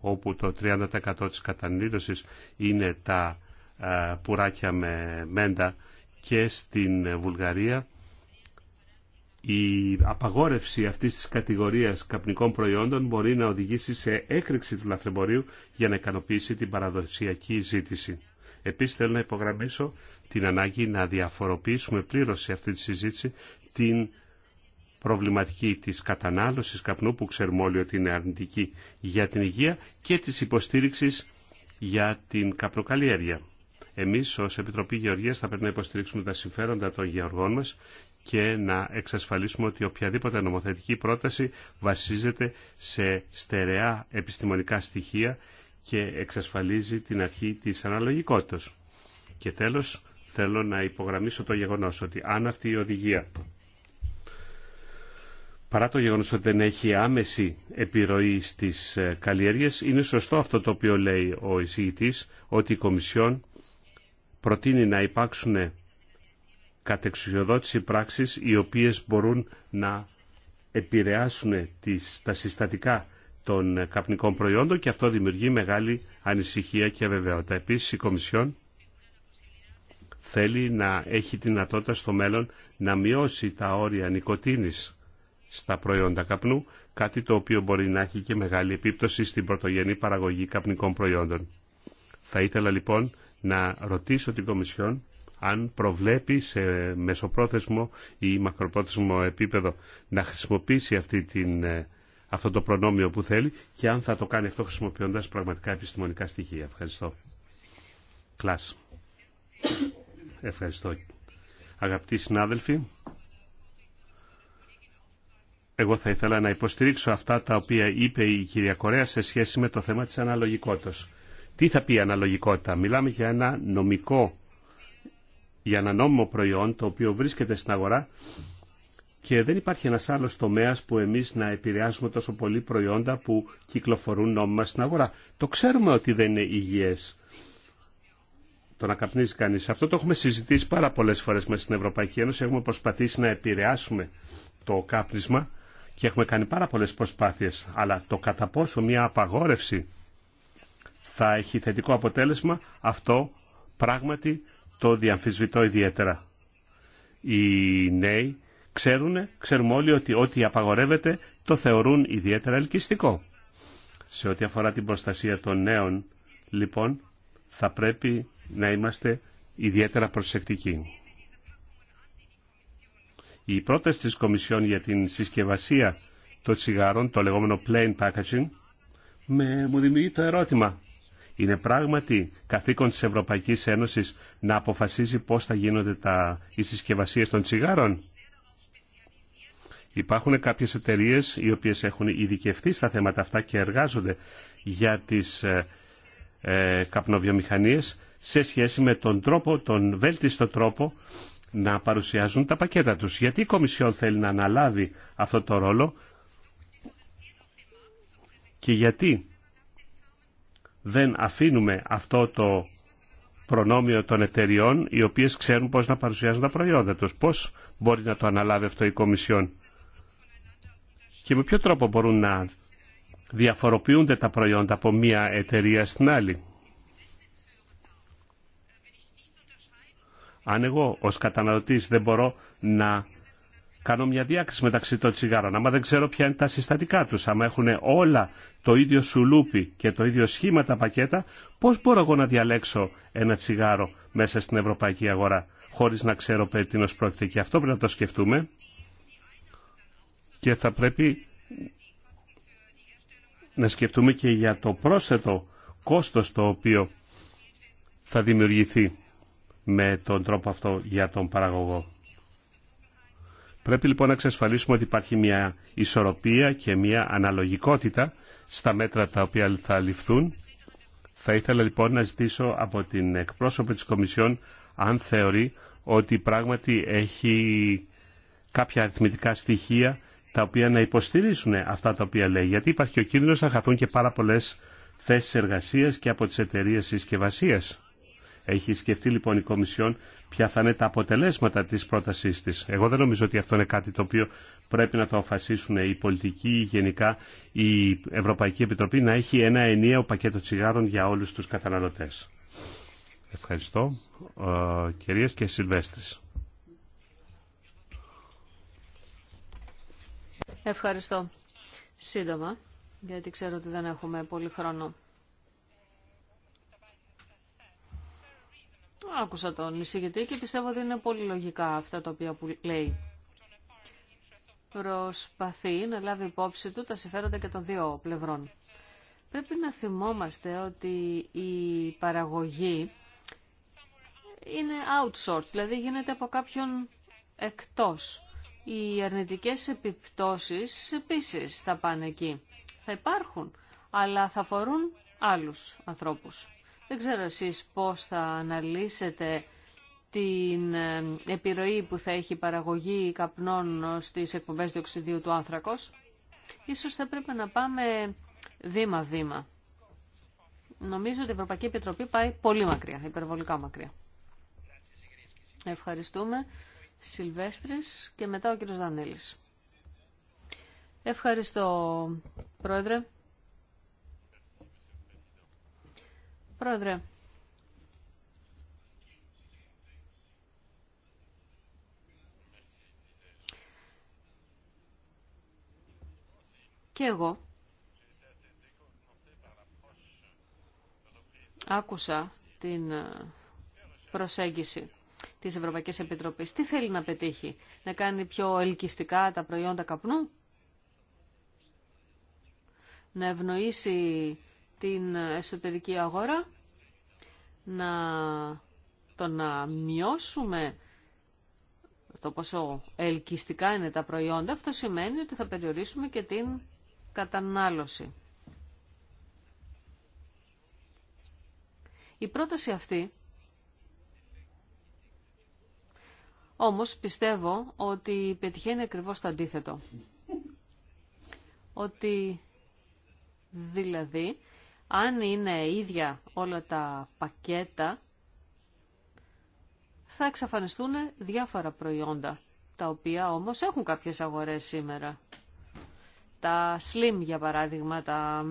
όπου το 30% της κατανήλωση είναι τα ε, πουράκια με μέντα και στην Βουλγαρία, η απαγόρευση αυτής της κατηγορίας καπνικών προϊόντων μπορεί να οδηγήσει σε έκρηξη του λαθρεμπορίου για να ικανοποιήσει την παραδοσιακή ζήτηση. Επίση, θέλω να υπογραμμίσω την ανάγκη να διαφοροποιήσουμε πλήρω σε αυτή τη συζήτηση την προβληματική της κατανάλωσης καπνού που ξέρουμε όλοι ότι είναι αρνητική για την υγεία και της υποστήριξη για την καπνοκαλλιέργεια. Εμείς ως Επιτροπή Γεωργίας θα πρέπει να υποστηρίξουμε τα συμφέροντα των γεωργών μας και να εξασφαλίσουμε ότι οποιαδήποτε νομοθετική πρόταση βασίζεται σε στερεά επιστημονικά στοιχεία και εξασφαλίζει την αρχή της αναλογικότητας. Και τέλος, θέλω να υπογραμμίσω το γεγονός ότι αν αυτή η οδηγία, παρά το γεγονός ότι δεν έχει άμεση επιρροή στις ε, καλλιέργειες, είναι σωστό αυτό το οποίο λέει ο εισηγητής, ότι η Κομισιόν προτείνει να υπάρξουν κατεξουσιοδότηση πράξεις οι οποίες μπορούν να επηρεάσουν τις, τα συστατικά των καπνικών προϊόντων και αυτό δημιουργεί μεγάλη ανησυχία και αβεβαιότητα. Επίσης η Κομισιόν θέλει να έχει τη δυνατότητα στο μέλλον να μειώσει τα όρια νοικοτήνης στα προϊόντα καπνού, κάτι το οποίο μπορεί να έχει και μεγάλη επίπτωση στην πρωτογενή παραγωγή καπνικών προϊόντων. Θα ήθελα λοιπόν να ρωτήσω την Κομισιόν αν προβλέπει σε μεσοπρόθεσμο ή μακροπρόθεσμο επίπεδο να χρησιμοποιήσει αυτή την ε, αυτό το προνόμιο που θέλει και αν θα το κάνει αυτό χρησιμοποιώντας πραγματικά επιστημονικά στοιχεία. Ευχαριστώ. Κλάς. Ευχαριστώ. Αγαπητοί συνάδελφοι, εγώ θα ήθελα να υποστηρίξω αυτά τα οποία είπε η κυρία Κορέα σε σχέση με το θέμα της αναλογικότητας. Τι θα πει η αναλογικότητα. Μιλάμε για ένα νομικό, για ένα νόμιμο προϊόν το οποίο βρίσκεται στην αγορά και δεν υπάρχει ένας άλλος τομέας που εμείς να επηρεάζουμε τόσο πολύ προϊόντα που κυκλοφορούν νόμιμα στην αγορά. Το ξέρουμε ότι δεν είναι υγιές το να καπνίζει κανείς. Αυτό το έχουμε συζητήσει πάρα πολλές φορές μέσα στην Ευρωπαϊκή Ένωση. Έχουμε προσπαθήσει να επηρεάσουμε το κάπνισμα και έχουμε κάνει πάρα πολλές προσπάθειες. Αλλά το κατά πόσο μια απαγόρευση θα έχει θετικό αποτέλεσμα, αυτό πράγματι το διαμφισβητώ ιδιαίτερα. Οι νέοι ξέρουν, ξέρουμε όλοι ότι ό,τι απαγορεύεται το θεωρούν ιδιαίτερα ελκυστικό. Σε ό,τι αφορά την προστασία των νέων, λοιπόν, θα πρέπει να είμαστε ιδιαίτερα προσεκτικοί. Η πρόταση της Κομισιόν για την συσκευασία των τσιγάρων, το λεγόμενο plain packaging, με, μου δημιουργεί το ερώτημα. Είναι πράγματι καθήκον της Ευρωπαϊκής Ένωσης να αποφασίζει πώς θα γίνονται τα, οι συσκευασίες των τσιγάρων. Υπάρχουν κάποιες εταιρείε οι οποίες έχουν ειδικευτεί στα θέματα αυτά και εργάζονται για τις ε, ε, καπνοβιομηχανίες σε σχέση με τον τρόπο, τον βέλτιστο τρόπο να παρουσιάζουν τα πακέτα τους. Γιατί η Κομισιόν θέλει να αναλάβει αυτό το ρόλο και γιατί δεν αφήνουμε αυτό το προνόμιο των εταιριών οι οποίες ξέρουν πώς να παρουσιάζουν τα προϊόντα τους. Πώς μπορεί να το αναλάβει αυτό η Κομισιόν και με ποιο τρόπο μπορούν να διαφοροποιούνται τα προϊόντα από μία εταιρεία στην άλλη. Αν εγώ ως καταναλωτής δεν μπορώ να κάνω μια διάκριση μεταξύ των τσιγάρων, άμα δεν ξέρω ποια είναι τα συστατικά τους, άμα έχουν όλα το ίδιο σουλούπι και το ίδιο σχήμα τα πακέτα, πώς μπορώ εγώ να διαλέξω ένα τσιγάρο μέσα στην ευρωπαϊκή αγορά χωρίς να ξέρω περί πρόκειται. Και αυτό πρέπει να το σκεφτούμε και θα πρέπει να σκεφτούμε και για το πρόσθετο κόστος το οποίο θα δημιουργηθεί με τον τρόπο αυτό για τον παραγωγό. Πρέπει λοιπόν να εξασφαλίσουμε ότι υπάρχει μια ισορροπία και μια αναλογικότητα στα μέτρα τα οποία θα ληφθούν. Θα ήθελα λοιπόν να ζητήσω από την εκπρόσωπη της Κομισιόν αν θεωρεί ότι πράγματι έχει κάποια αριθμητικά στοιχεία τα οποία να υποστηρίζουν αυτά τα οποία λέει. Γιατί υπάρχει ο κίνδυνο να χαθούν και πάρα πολλέ θέσει εργασία και από τι εταιρείε συσκευασία. Έχει σκεφτεί λοιπόν η Κομισιόν ποια θα είναι τα αποτελέσματα τη πρότασή τη. Εγώ δεν νομίζω ότι αυτό είναι κάτι το οποίο πρέπει να το αποφασίσουν οι πολιτικοί ή γενικά η Ευρωπαϊκή Επιτροπή να έχει ένα ενιαίο πακέτο τσιγάρων για όλου του καταναλωτέ. Ευχαριστώ. Ε, κυρίες και Σιλβέστρης. Ευχαριστώ. Σύντομα, γιατί ξέρω ότι δεν έχουμε πολύ χρόνο. Άκουσα τον εισηγητή και πιστεύω ότι είναι πολύ λογικά αυτά τα οποία που λέει. Προσπαθεί να λάβει υπόψη του τα συμφέροντα και των δύο πλευρών. Πρέπει να θυμόμαστε ότι η παραγωγή είναι outsourced, δηλαδή γίνεται από κάποιον εκτός οι αρνητικές επιπτώσεις επίσης θα πάνε εκεί. Θα υπάρχουν, αλλά θα φορούν άλλους ανθρώπους. Δεν ξέρω εσείς πώς θα αναλύσετε την ε, επιρροή που θα έχει η παραγωγή καπνών στις εκπομπές διοξιδίου του άνθρακος. Ίσως θα πρέπει να πάμε βήμα-βήμα. Νομίζω ότι η Ευρωπαϊκή Επιτροπή πάει πολύ μακριά, υπερβολικά μακριά. Ευχαριστούμε. Σιλβέστρης και μετά ο κύριος Δανέλης. Ευχαριστώ, Πρόεδρε. Πρόεδρε, και εγώ άκουσα την προσέγγιση της Ευρωπαϊκής Επιτροπής. Τι θέλει να πετύχει, να κάνει πιο ελκυστικά τα προϊόντα καπνού, να ευνοήσει την εσωτερική αγορά, να το να μειώσουμε το πόσο ελκυστικά είναι τα προϊόντα, αυτό σημαίνει ότι θα περιορίσουμε και την κατανάλωση. Η πρόταση αυτή Όμως πιστεύω ότι πετυχαίνει ακριβώς το αντίθετο. Ότι δηλαδή, αν είναι ίδια όλα τα πακέτα, θα εξαφανιστούν διάφορα προϊόντα, τα οποία όμως έχουν κάποιες αγορές σήμερα. Τα slim, για παράδειγμα, τα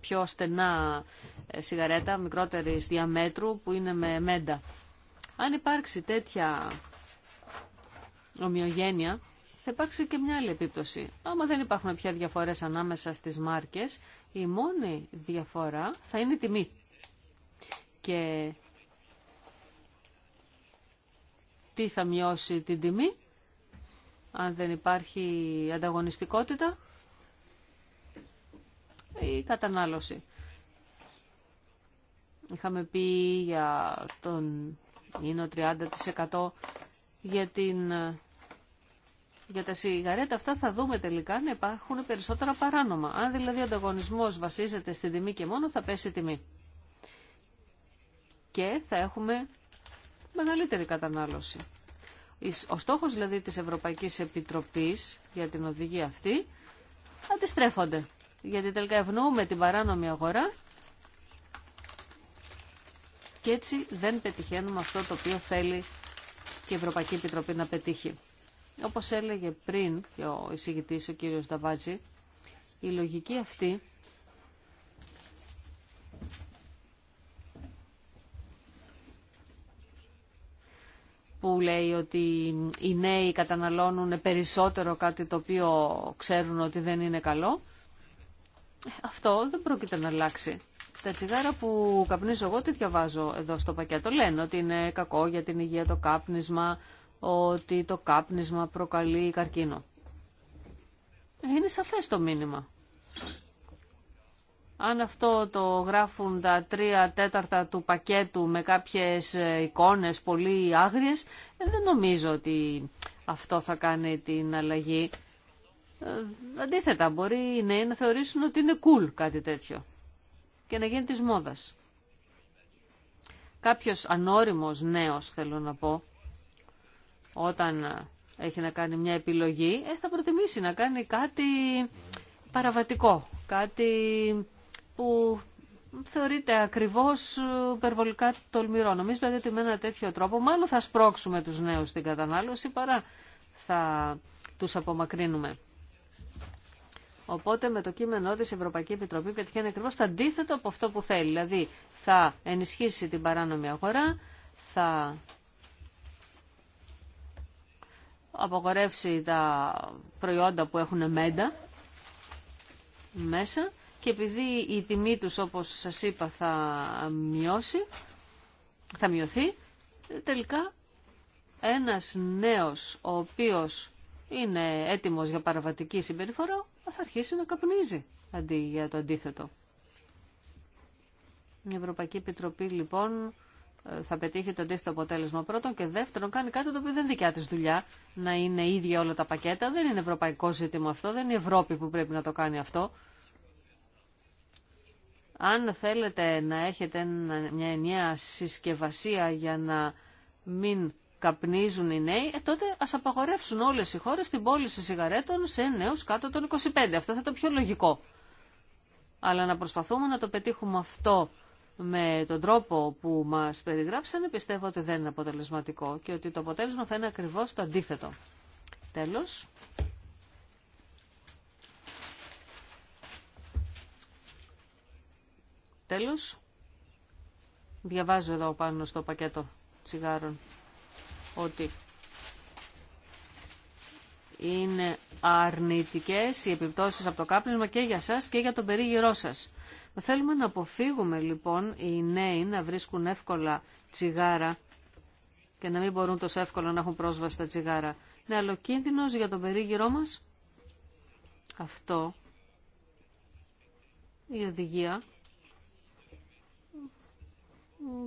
πιο στενά ε, σιγαρέτα μικρότερης διαμέτρου που είναι με μέντα. Αν υπάρξει τέτοια ομοιογένεια, θα υπάρξει και μια άλλη επίπτωση. Άμα δεν υπάρχουν πια διαφορές ανάμεσα στις μάρκες, η μόνη διαφορά θα είναι η τιμή. Και τι θα μειώσει την τιμή, αν δεν υπάρχει ανταγωνιστικότητα ή κατανάλωση. Είχαμε πει για τον ίνο 30% για, την... για τα σιγαρέτα αυτά θα δούμε τελικά να υπάρχουν περισσότερα παράνομα. Αν δηλαδή ο ανταγωνισμός βασίζεται στην τιμή και μόνο θα πέσει η τιμή. Και θα έχουμε μεγαλύτερη κατανάλωση. Ο στόχος δηλαδή της Ευρωπαϊκής Επιτροπής για την οδηγία αυτή αντιστρέφονται. Γιατί τελικά ευνοούμε την παράνομη αγορά και έτσι δεν πετυχαίνουμε αυτό το οποίο θέλει και η Ευρωπαϊκή Επιτροπή να πετύχει. Όπως έλεγε πριν και ο εισηγητής ο κύριος Νταβάτζη, η λογική αυτή που λέει ότι οι νέοι καταναλώνουν περισσότερο κάτι το οποίο ξέρουν ότι δεν είναι καλό, αυτό δεν πρόκειται να αλλάξει. Τα τσιγάρα που καπνίζω εγώ τι διαβάζω εδώ στο πακέτο. Λένε ότι είναι κακό για την υγεία το κάπνισμα, ότι το κάπνισμα προκαλεί καρκίνο. Είναι σαφές το μήνυμα. Αν αυτό το γράφουν τα τρία τέταρτα του πακέτου με κάποιες εικόνες πολύ άγριες, ε, δεν νομίζω ότι αυτό θα κάνει την αλλαγή. Ε, αντίθετα, μπορεί οι νέοι να θεωρήσουν ότι είναι cool κάτι τέτοιο και να γίνει της μόδας. Κάποιος ανώριμος νέος, θέλω να πω, όταν έχει να κάνει μια επιλογή, ε, θα προτιμήσει να κάνει κάτι παραβατικό, κάτι που θεωρείται ακριβώς ε, υπερβολικά τολμηρό. Νομίζω δηλαδή ότι με ένα τέτοιο τρόπο μάλλον θα σπρώξουμε τους νέους στην κατανάλωση παρά θα τους απομακρύνουμε. Οπότε με το κείμενό της Ευρωπαϊκή Επιτροπή πετυχαίνει ακριβώ το αντίθετο από αυτό που θέλει. Δηλαδή θα ενισχύσει την παράνομη αγορά, θα απογορεύσει τα προϊόντα που έχουν μέντα μέσα και επειδή η τιμή τους όπως σας είπα θα μειώσει, θα μειωθεί, τελικά ένας νέος ο οποίος είναι έτοιμος για παραβατική συμπεριφορά θα αρχίσει να καπνίζει αντί για το αντίθετο. Η Ευρωπαϊκή Επιτροπή λοιπόν θα πετύχει το αντίθετο αποτέλεσμα πρώτον και δεύτερον κάνει κάτι το οποίο δεν δικιά της δουλειά να είναι ίδια όλα τα πακέτα. Δεν είναι ευρωπαϊκό ζήτημα αυτό, δεν είναι η Ευρώπη που πρέπει να το κάνει αυτό. Αν θέλετε να έχετε μια ενιαία συσκευασία για να μην καπνίζουν οι νέοι, ε, τότε α απαγορεύσουν όλε οι χώρε την πώληση σιγαρέτων σε νέου κάτω των 25. Αυτό θα ήταν πιο λογικό. Αλλά να προσπαθούμε να το πετύχουμε αυτό με τον τρόπο που μας περιγράψανε, πιστεύω ότι δεν είναι αποτελεσματικό και ότι το αποτέλεσμα θα είναι ακριβώς το αντίθετο. Τέλος. Τέλος. Διαβάζω εδώ πάνω στο πακέτο τσιγάρων ότι είναι αρνητικές οι επιπτώσεις από το κάπνισμα και για σας και για τον περίγυρό σας. Θέλουμε να αποφύγουμε λοιπόν οι νέοι να βρίσκουν εύκολα τσιγάρα και να μην μπορούν τόσο εύκολα να έχουν πρόσβαση στα τσιγάρα. Είναι άλλο για τον περίγυρό μας. Αυτό η οδηγία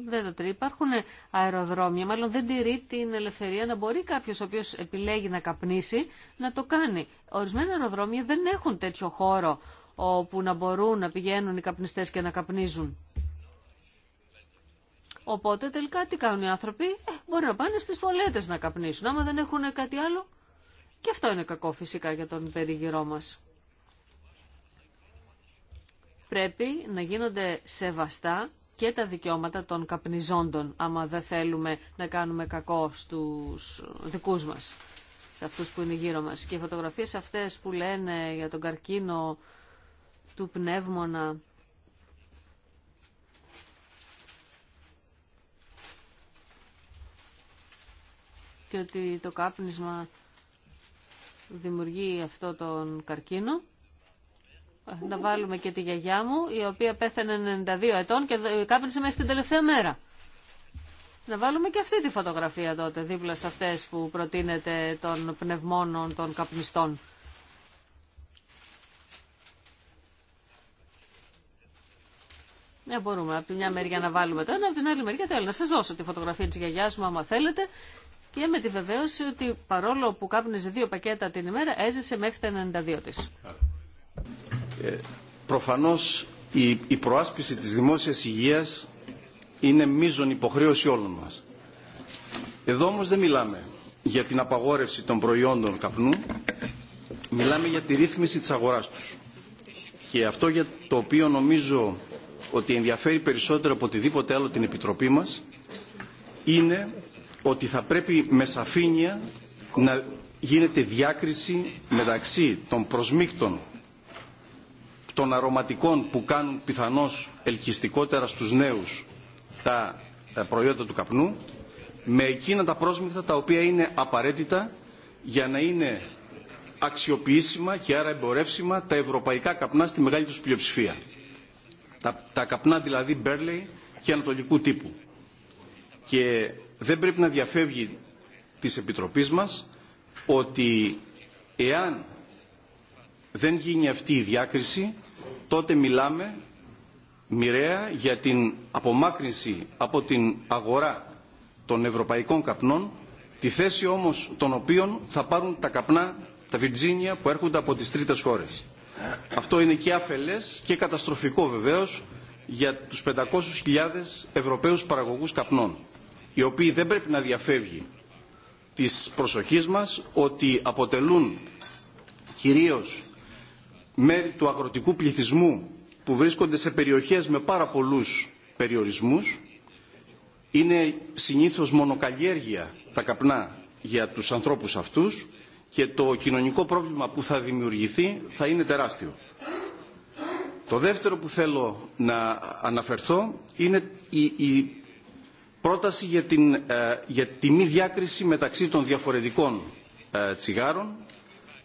δεν το τρει. Υπάρχουν αεροδρόμια, μάλλον δεν τηρεί την ελευθερία να μπορεί κάποιο ο οποίο επιλέγει να καπνίσει να το κάνει. Ορισμένα αεροδρόμια δεν έχουν τέτοιο χώρο όπου να μπορούν να πηγαίνουν οι καπνιστές και να καπνίζουν. Οπότε τελικά τι κάνουν οι άνθρωποι, ε, μπορεί να πάνε στις τουαλέτες να καπνίσουν, άμα δεν έχουν κάτι άλλο. Και αυτό είναι κακό φυσικά για τον περιγυρό μας. Πρέπει να γίνονται σεβαστά και τα δικαιώματα των καπνιζόντων, άμα δεν θέλουμε να κάνουμε κακό στους δικούς μας, σε αυτούς που είναι γύρω μας. Και οι φωτογραφίες αυτές που λένε για τον καρκίνο του πνεύμονα, και ότι το κάπνισμα δημιουργεί αυτό τον καρκίνο να βάλουμε και τη γιαγιά μου, η οποία πέθανε 92 ετών και κάπνισε μέχρι την τελευταία μέρα. Να βάλουμε και αυτή τη φωτογραφία τότε, δίπλα σε αυτές που προτείνεται των πνευμόνων των καπνιστών. Ναι, μπορούμε από τη μια μεριά να βάλουμε το ένα, από την άλλη μεριά θέλω Να σας δώσω τη φωτογραφία της γιαγιάς μου, άμα θέλετε, και με τη βεβαίωση ότι παρόλο που κάπνιζε δύο πακέτα την ημέρα, έζησε μέχρι τα 92 της. Ε, προφανώς η, η προάσπιση της δημόσιας υγείας είναι μείζον υποχρέωση όλων μας. Εδώ όμως δεν μιλάμε για την απαγόρευση των προϊόντων καπνού, μιλάμε για τη ρύθμιση της αγοράς τους. Και αυτό για το οποίο νομίζω ότι ενδιαφέρει περισσότερο από οτιδήποτε άλλο την Επιτροπή μας είναι ότι θα πρέπει με σαφήνεια να γίνεται διάκριση μεταξύ των προσμίκτων των αρωματικών που κάνουν πιθανώς ελκυστικότερα στους νέους τα ε, προϊόντα του καπνού με εκείνα τα πρόσμητα τα οποία είναι απαραίτητα για να είναι αξιοποιήσιμα και άρα εμπορεύσιμα τα ευρωπαϊκά καπνά στη μεγάλη τους πλειοψηφία. Τα, τα καπνά δηλαδή Μπέρλεϊ και ανατολικού τύπου. Και δεν πρέπει να διαφεύγει της Επιτροπής μας ότι εάν δεν γίνει αυτή η διάκριση τότε μιλάμε μοιραία για την απομάκρυνση από την αγορά των ευρωπαϊκών καπνών, τη θέση όμως των οποίων θα πάρουν τα καπνά, τα Βιρτζίνια που έρχονται από τις τρίτες χώρες. Αυτό είναι και αφελές και καταστροφικό βεβαίως για τους 500.000 Ευρωπαίους παραγωγούς καπνών, οι οποίοι δεν πρέπει να διαφεύγει της προσοχής μας ότι αποτελούν κυρίως μέρη του αγροτικού πληθυσμού που βρίσκονται σε περιοχές με πάρα πολλούς περιορισμούς. Είναι συνήθως μονοκαλλιέργεια τα καπνά για τους ανθρώπους αυτούς και το κοινωνικό πρόβλημα που θα δημιουργηθεί θα είναι τεράστιο. Το δεύτερο που θέλω να αναφερθώ είναι η, πρόταση για, την, ε, για τη μη διάκριση μεταξύ των διαφορετικών ε, τσιγάρων,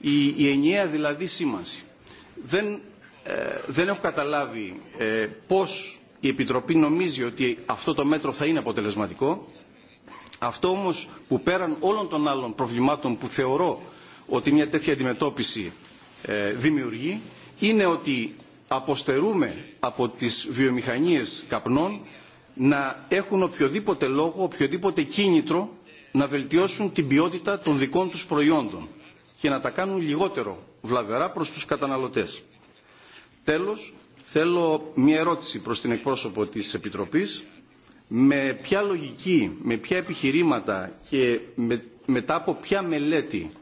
η, η ενιαία δηλαδή σήμανση δεν, ε, δεν έχω καταλάβει ε, πώς η Επιτροπή νομίζει ότι αυτό το μέτρο θα είναι αποτελεσματικό. Αυτό όμως που πέραν όλων των άλλων προβλημάτων που θεωρώ ότι μια τέτοια αντιμετώπιση ε, δημιουργεί είναι ότι αποστερούμε από τις βιομηχανίες καπνών να έχουν οποιοδήποτε λόγο, οποιοδήποτε κίνητρο να βελτιώσουν την ποιότητα των δικών τους προϊόντων και να τα κάνουν λιγότερο βλαβερά προς τους καταναλωτές. Τέλος, θέλω μία ερώτηση προς την εκπρόσωπο της Επιτροπής. Με ποια λογική, με ποια επιχειρήματα και μετά από ποια μελέτη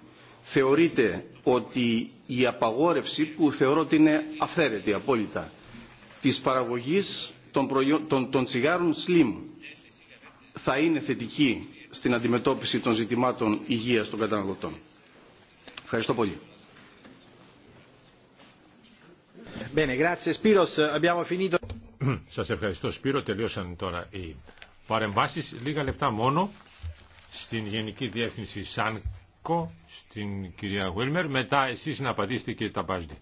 θεωρείτε ότι η απαγόρευση που θεωρώ ότι είναι αυθαίρετη απόλυτα της παραγωγής των, των τσιγάρων slim θα είναι θετική στην αντιμετώπιση των ζητημάτων υγείας των καταναλωτών. Ευχαριστώ πολύ. Σας ευχαριστώ Σπύρο. Τελείωσαν τώρα οι παρεμβάσεις. Λίγα λεπτά μόνο στην Γενική Διεύθυνση ΣΑΝΚΟ, στην κυρία Γουέλμερ. Μετά εσεί να απαντήσετε κύριε Ταμπάζνη.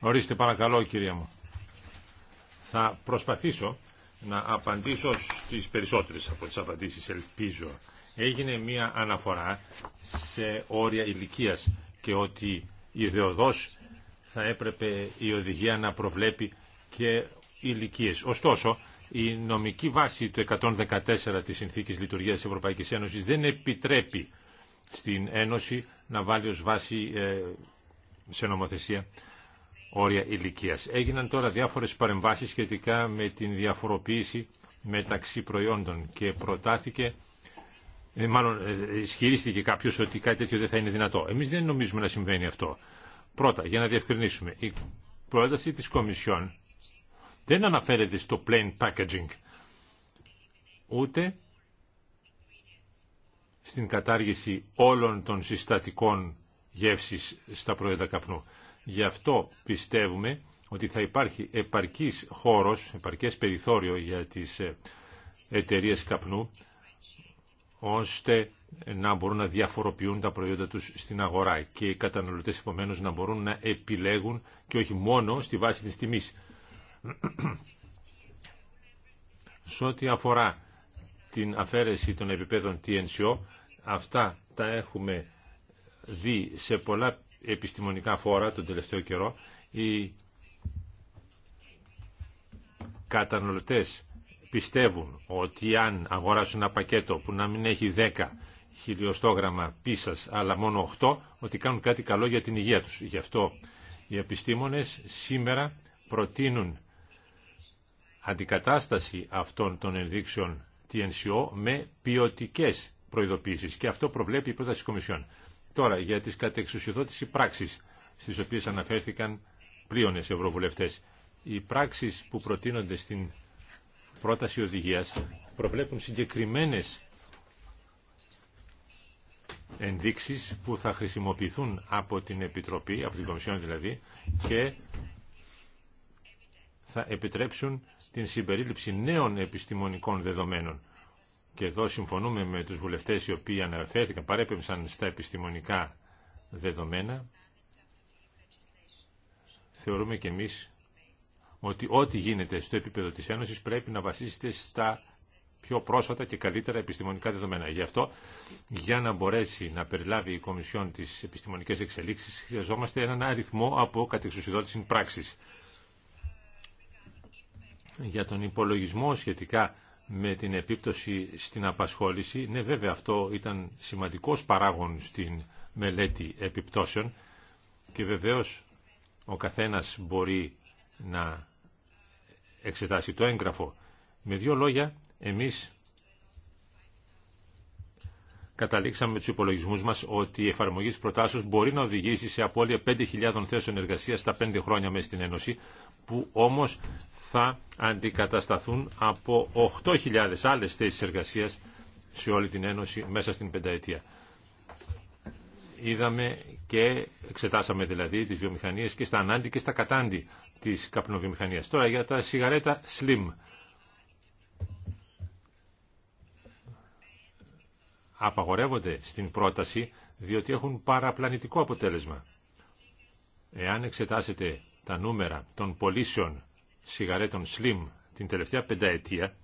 Ορίστε παρακαλώ κυρία μου. Θα προσπαθήσω να απαντήσω στις περισσότερες από τις απαντήσεις ελπίζω έγινε μία αναφορά σε όρια ηλικίας και ότι ιδεοδός θα έπρεπε η οδηγία να προβλέπει και ηλικίες. Ωστόσο, η νομική βάση του 114 της Συνθήκης Λειτουργίας της Ευρωπαϊκής Ένωσης δεν επιτρέπει στην Ένωση να βάλει ως βάση ε, σε νομοθεσία όρια ηλικίας. Έγιναν τώρα διάφορες παρεμβάσεις σχετικά με την διαφοροποίηση μεταξύ προϊόντων και προτάθηκε ε, μάλλον ε, ισχυρίστηκε κάποιο ότι κάτι τέτοιο δεν θα είναι δυνατό. Εμεί δεν νομίζουμε να συμβαίνει αυτό. Πρώτα, για να διευκρινίσουμε, η πρόταση τη Κομισιόν δεν αναφέρεται στο plain packaging, ούτε στην κατάργηση όλων των συστατικών γεύσης στα προϊόντα καπνού. Γι' αυτό πιστεύουμε ότι θα υπάρχει επαρκής χώρος, επαρκές περιθώριο για τις ε, εταιρείες καπνού ώστε να μπορούν να διαφοροποιούν τα προϊόντα τους στην αγορά και οι καταναλωτές επομένως να μπορούν να επιλέγουν και όχι μόνο στη βάση της τιμής. Σε ό,τι αφορά την αφαίρεση των επιπέδων TNCO, αυτά τα έχουμε δει σε πολλά επιστημονικά φόρα τον τελευταίο καιρό. Οι καταναλωτές πιστεύουν ότι αν αγοράσουν ένα πακέτο που να μην έχει 10 χιλιοστόγραμμα πίσας αλλά μόνο 8 ότι κάνουν κάτι καλό για την υγεία τους. Γι' αυτό οι επιστήμονες σήμερα προτείνουν αντικατάσταση αυτών των ενδείξεων TNCO με ποιοτικέ προειδοποίησεις και αυτό προβλέπει η πρόταση Κομισιόν. Τώρα για τις κατεξουσιοδότηση πράξεις στις οποίες αναφέρθηκαν πλήρωνες ευρωβουλευτές. Οι πράξεις που προτείνονται στην πρόταση οδηγίας προβλέπουν συγκεκριμένες ενδείξεις που θα χρησιμοποιηθούν από την Επιτροπή, από την Κομισιόν δηλαδή, και θα επιτρέψουν την συμπερίληψη νέων επιστημονικών δεδομένων. Και εδώ συμφωνούμε με τους βουλευτές οι οποίοι αναφέρθηκαν, παρέπεμψαν στα επιστημονικά δεδομένα. Θεωρούμε και εμείς ότι ό,τι γίνεται στο επίπεδο της Ένωσης πρέπει να βασίζεται στα πιο πρόσφατα και καλύτερα επιστημονικά δεδομένα. Γι' αυτό, για να μπορέσει να περιλάβει η Κομισιόν τις επιστημονικές εξελίξεις, χρειαζόμαστε έναν αριθμό από κατεξουσιδότηση πράξης. Για τον υπολογισμό σχετικά με την επίπτωση στην απασχόληση, ναι βέβαια αυτό ήταν σημαντικός παράγον στην μελέτη επιπτώσεων και βεβαίως ο καθένας μπορεί να εξετάσει το έγγραφο. Με δύο λόγια, εμείς καταλήξαμε με τους υπολογισμούς μας ότι η εφαρμογή της προτάσεως μπορεί να οδηγήσει σε απώλεια 5.000 θέσεων εργασίας στα 5 χρόνια μέσα στην Ένωση, που όμως θα αντικατασταθούν από 8.000 άλλες θέσεις εργασίας σε όλη την Ένωση μέσα στην πενταετία. Είδαμε και εξετάσαμε δηλαδή τις βιομηχανίες και στα ανάντι και στα κατάντι της καπνοβιομηχανίας. Τώρα για τα σιγαρέτα Slim. Απαγορεύονται στην πρόταση διότι έχουν παραπλανητικό αποτέλεσμα. Εάν εξετάσετε τα νούμερα των πωλήσεων σιγαρέτων Slim την τελευταία πενταετία,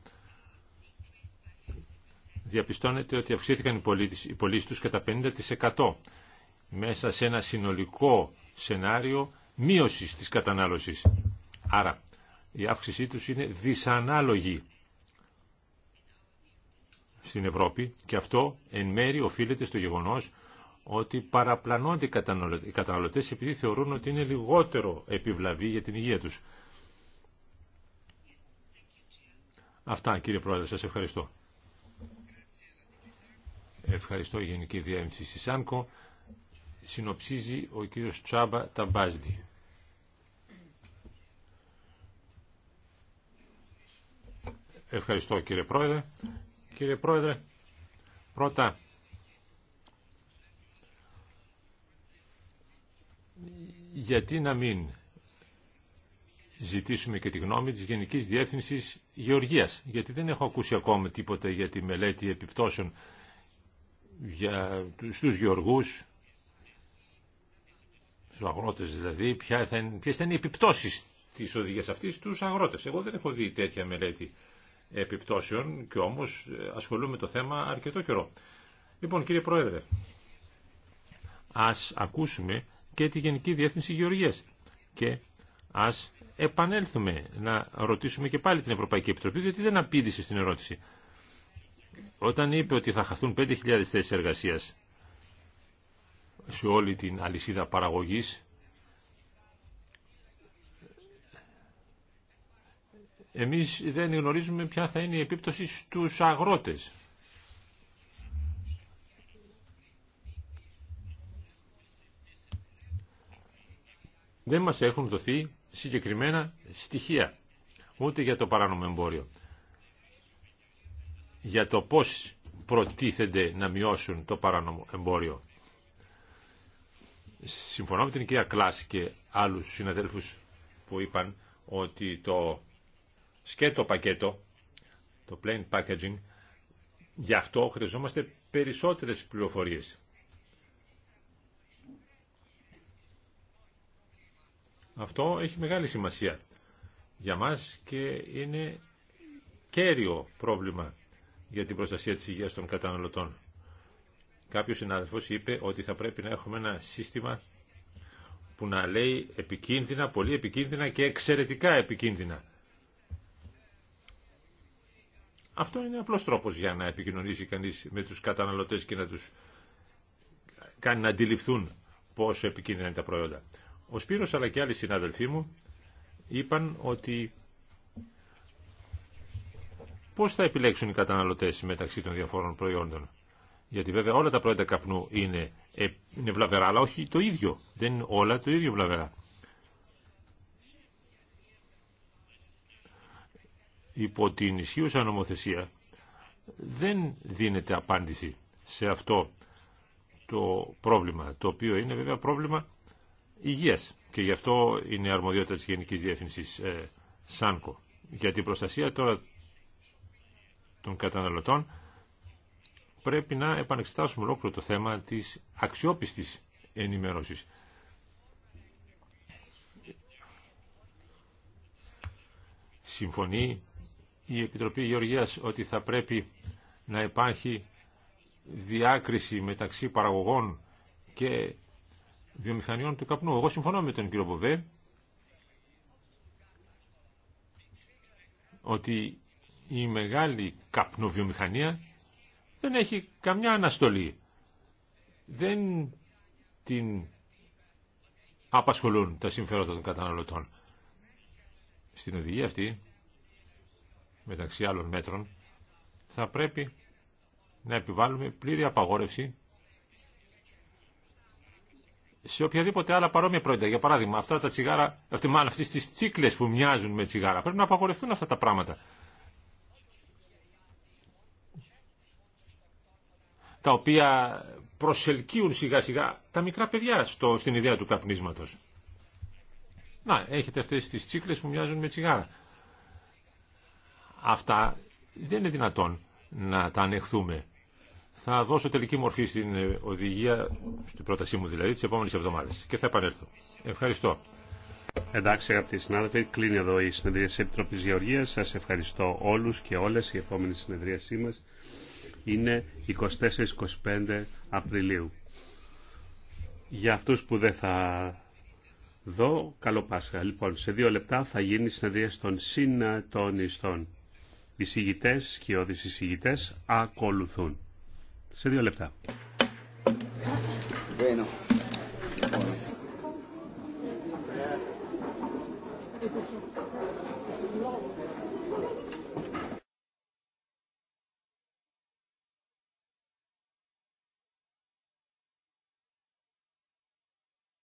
διαπιστώνεται ότι αυξήθηκαν οι πωλήσει τους κατά 50% μέσα σε ένα συνολικό σενάριο μείωση της κατανάλωσης. Άρα η αύξησή τους είναι δυσανάλογη στην Ευρώπη και αυτό εν μέρη οφείλεται στο γεγονός ότι παραπλανώνται οι καταναλωτές επειδή θεωρούν ότι είναι λιγότερο επιβλαβή για την υγεία τους. Αυτά κύριε Πρόεδρε, σας ευχαριστώ. Ευχαριστώ η Γενική Διεύθυνση Σάνκο. Συνοψίζει ο κύριος Τσάμπα Ταμπάζδη. Ευχαριστώ κύριε Πρόεδρε. Κύριε Πρόεδρε, πρώτα γιατί να μην ζητήσουμε και τη γνώμη της Γενικής Διεύθυνσης Γεωργίας, γιατί δεν έχω ακούσει ακόμα τίποτα για τη μελέτη επιπτώσεων για, στους γεωργούς, στους αγρότες δηλαδή, ποια θα είναι, ποιες θα οι επιπτώσεις της οδηγίας αυτής στους αγρότες. Εγώ δεν έχω δει τέτοια μελέτη επιπτώσεων και όμως ε, ασχολούμαι το θέμα αρκετό καιρό. Λοιπόν κύριε Πρόεδρε, ας ακούσουμε και τη Γενική Διεύθυνση Γεωργίας και ας επανέλθουμε να ρωτήσουμε και πάλι την Ευρωπαϊκή Επιτροπή διότι δεν απήντησε στην ερώτηση. Όταν είπε ότι θα χαθούν 5.000 θέσεις εργασίας σε όλη την αλυσίδα παραγωγής εμείς δεν γνωρίζουμε ποια θα είναι η επίπτωση στους αγρότες. Δεν μας έχουν δοθεί συγκεκριμένα στοιχεία, ούτε για το παράνομο εμπόριο. Για το πώς προτίθενται να μειώσουν το παράνομο εμπόριο. Συμφωνώ με την κυρία Κλάς και άλλους συναδέλφους που είπαν ότι το σκέτο πακέτο, το plain packaging, γι' αυτό χρειαζόμαστε περισσότερες πληροφορίες. Αυτό έχει μεγάλη σημασία για μας και είναι κέριο πρόβλημα για την προστασία της υγείας των καταναλωτών. Κάποιος συνάδελφος είπε ότι θα πρέπει να έχουμε ένα σύστημα που να λέει επικίνδυνα, πολύ επικίνδυνα και εξαιρετικά επικίνδυνα. Αυτό είναι απλός τρόπος για να επικοινωνήσει κανείς με τους καταναλωτές και να τους κάνει να αντιληφθούν πόσο επικίνδυνα είναι τα προϊόντα. Ο Σπύρος αλλά και άλλοι συναδελφοί μου είπαν ότι πώς θα επιλέξουν οι καταναλωτές μεταξύ των διαφόρων προϊόντων. Γιατί βέβαια όλα τα προϊόντα καπνού είναι, ε, είναι βλαβερά, αλλά όχι το ίδιο. Δεν είναι όλα το ίδιο βλαβερά. υπό την ισχύουσα νομοθεσία δεν δίνεται απάντηση σε αυτό το πρόβλημα, το οποίο είναι βέβαια πρόβλημα υγείας και γι' αυτό είναι αρμοδιότητα της Γενικής Διεύθυνσης ε, ΣΑΝΚΟ. Για την προστασία τώρα των καταναλωτών πρέπει να επανεξετάσουμε ολόκληρο το θέμα της αξιόπιστης ενημέρωσης. Συμφωνεί η Επιτροπή Γεωργίας ότι θα πρέπει να υπάρχει διάκριση μεταξύ παραγωγών και βιομηχανιών του καπνού. Εγώ συμφωνώ με τον κύριο Μποβέ ότι η μεγάλη καπνοβιομηχανία δεν έχει καμιά αναστολή. Δεν την απασχολούν τα συμφέροντα των καταναλωτών. Στην οδηγία αυτή μεταξύ άλλων μέτρων, θα πρέπει να επιβάλλουμε πλήρη απαγόρευση σε οποιαδήποτε άλλα παρόμοια προϊόντα. Για παράδειγμα, αυτά τα τσιγάρα, αυτή, μάλλον αυτές τις τσίκλες που μοιάζουν με τσιγάρα, πρέπει να απαγορευτούν αυτά τα πράγματα. Τα οποία προσελκύουν σιγά σιγά τα μικρά παιδιά στο, στην ιδέα του καπνίσματος. Να, έχετε αυτές τις τσίκλες που μοιάζουν με τσιγάρα. Αυτά δεν είναι δυνατόν να τα ανεχθούμε. Θα δώσω τελική μορφή στην οδηγία, στην πρότασή μου δηλαδή, τις επόμενες εβδομάδες και θα επανέλθω. Ευχαριστώ. Εντάξει αγαπητοί συνάδελφοι, κλείνει εδώ η συνεδρία της Επιτροπής Γεωργίας. Σας ευχαριστώ όλους και όλες. Η επόμενη συνεδρίασή μας είναι 24-25 Απριλίου. Για αυτούς που δεν θα δω, καλό Πάσχα. Λοιπόν, σε δύο λεπτά θα γίνει η συνεδρία των συνατονιστών. Οι και οι συγητές ακολουθούν. Σε δύο λεπτά.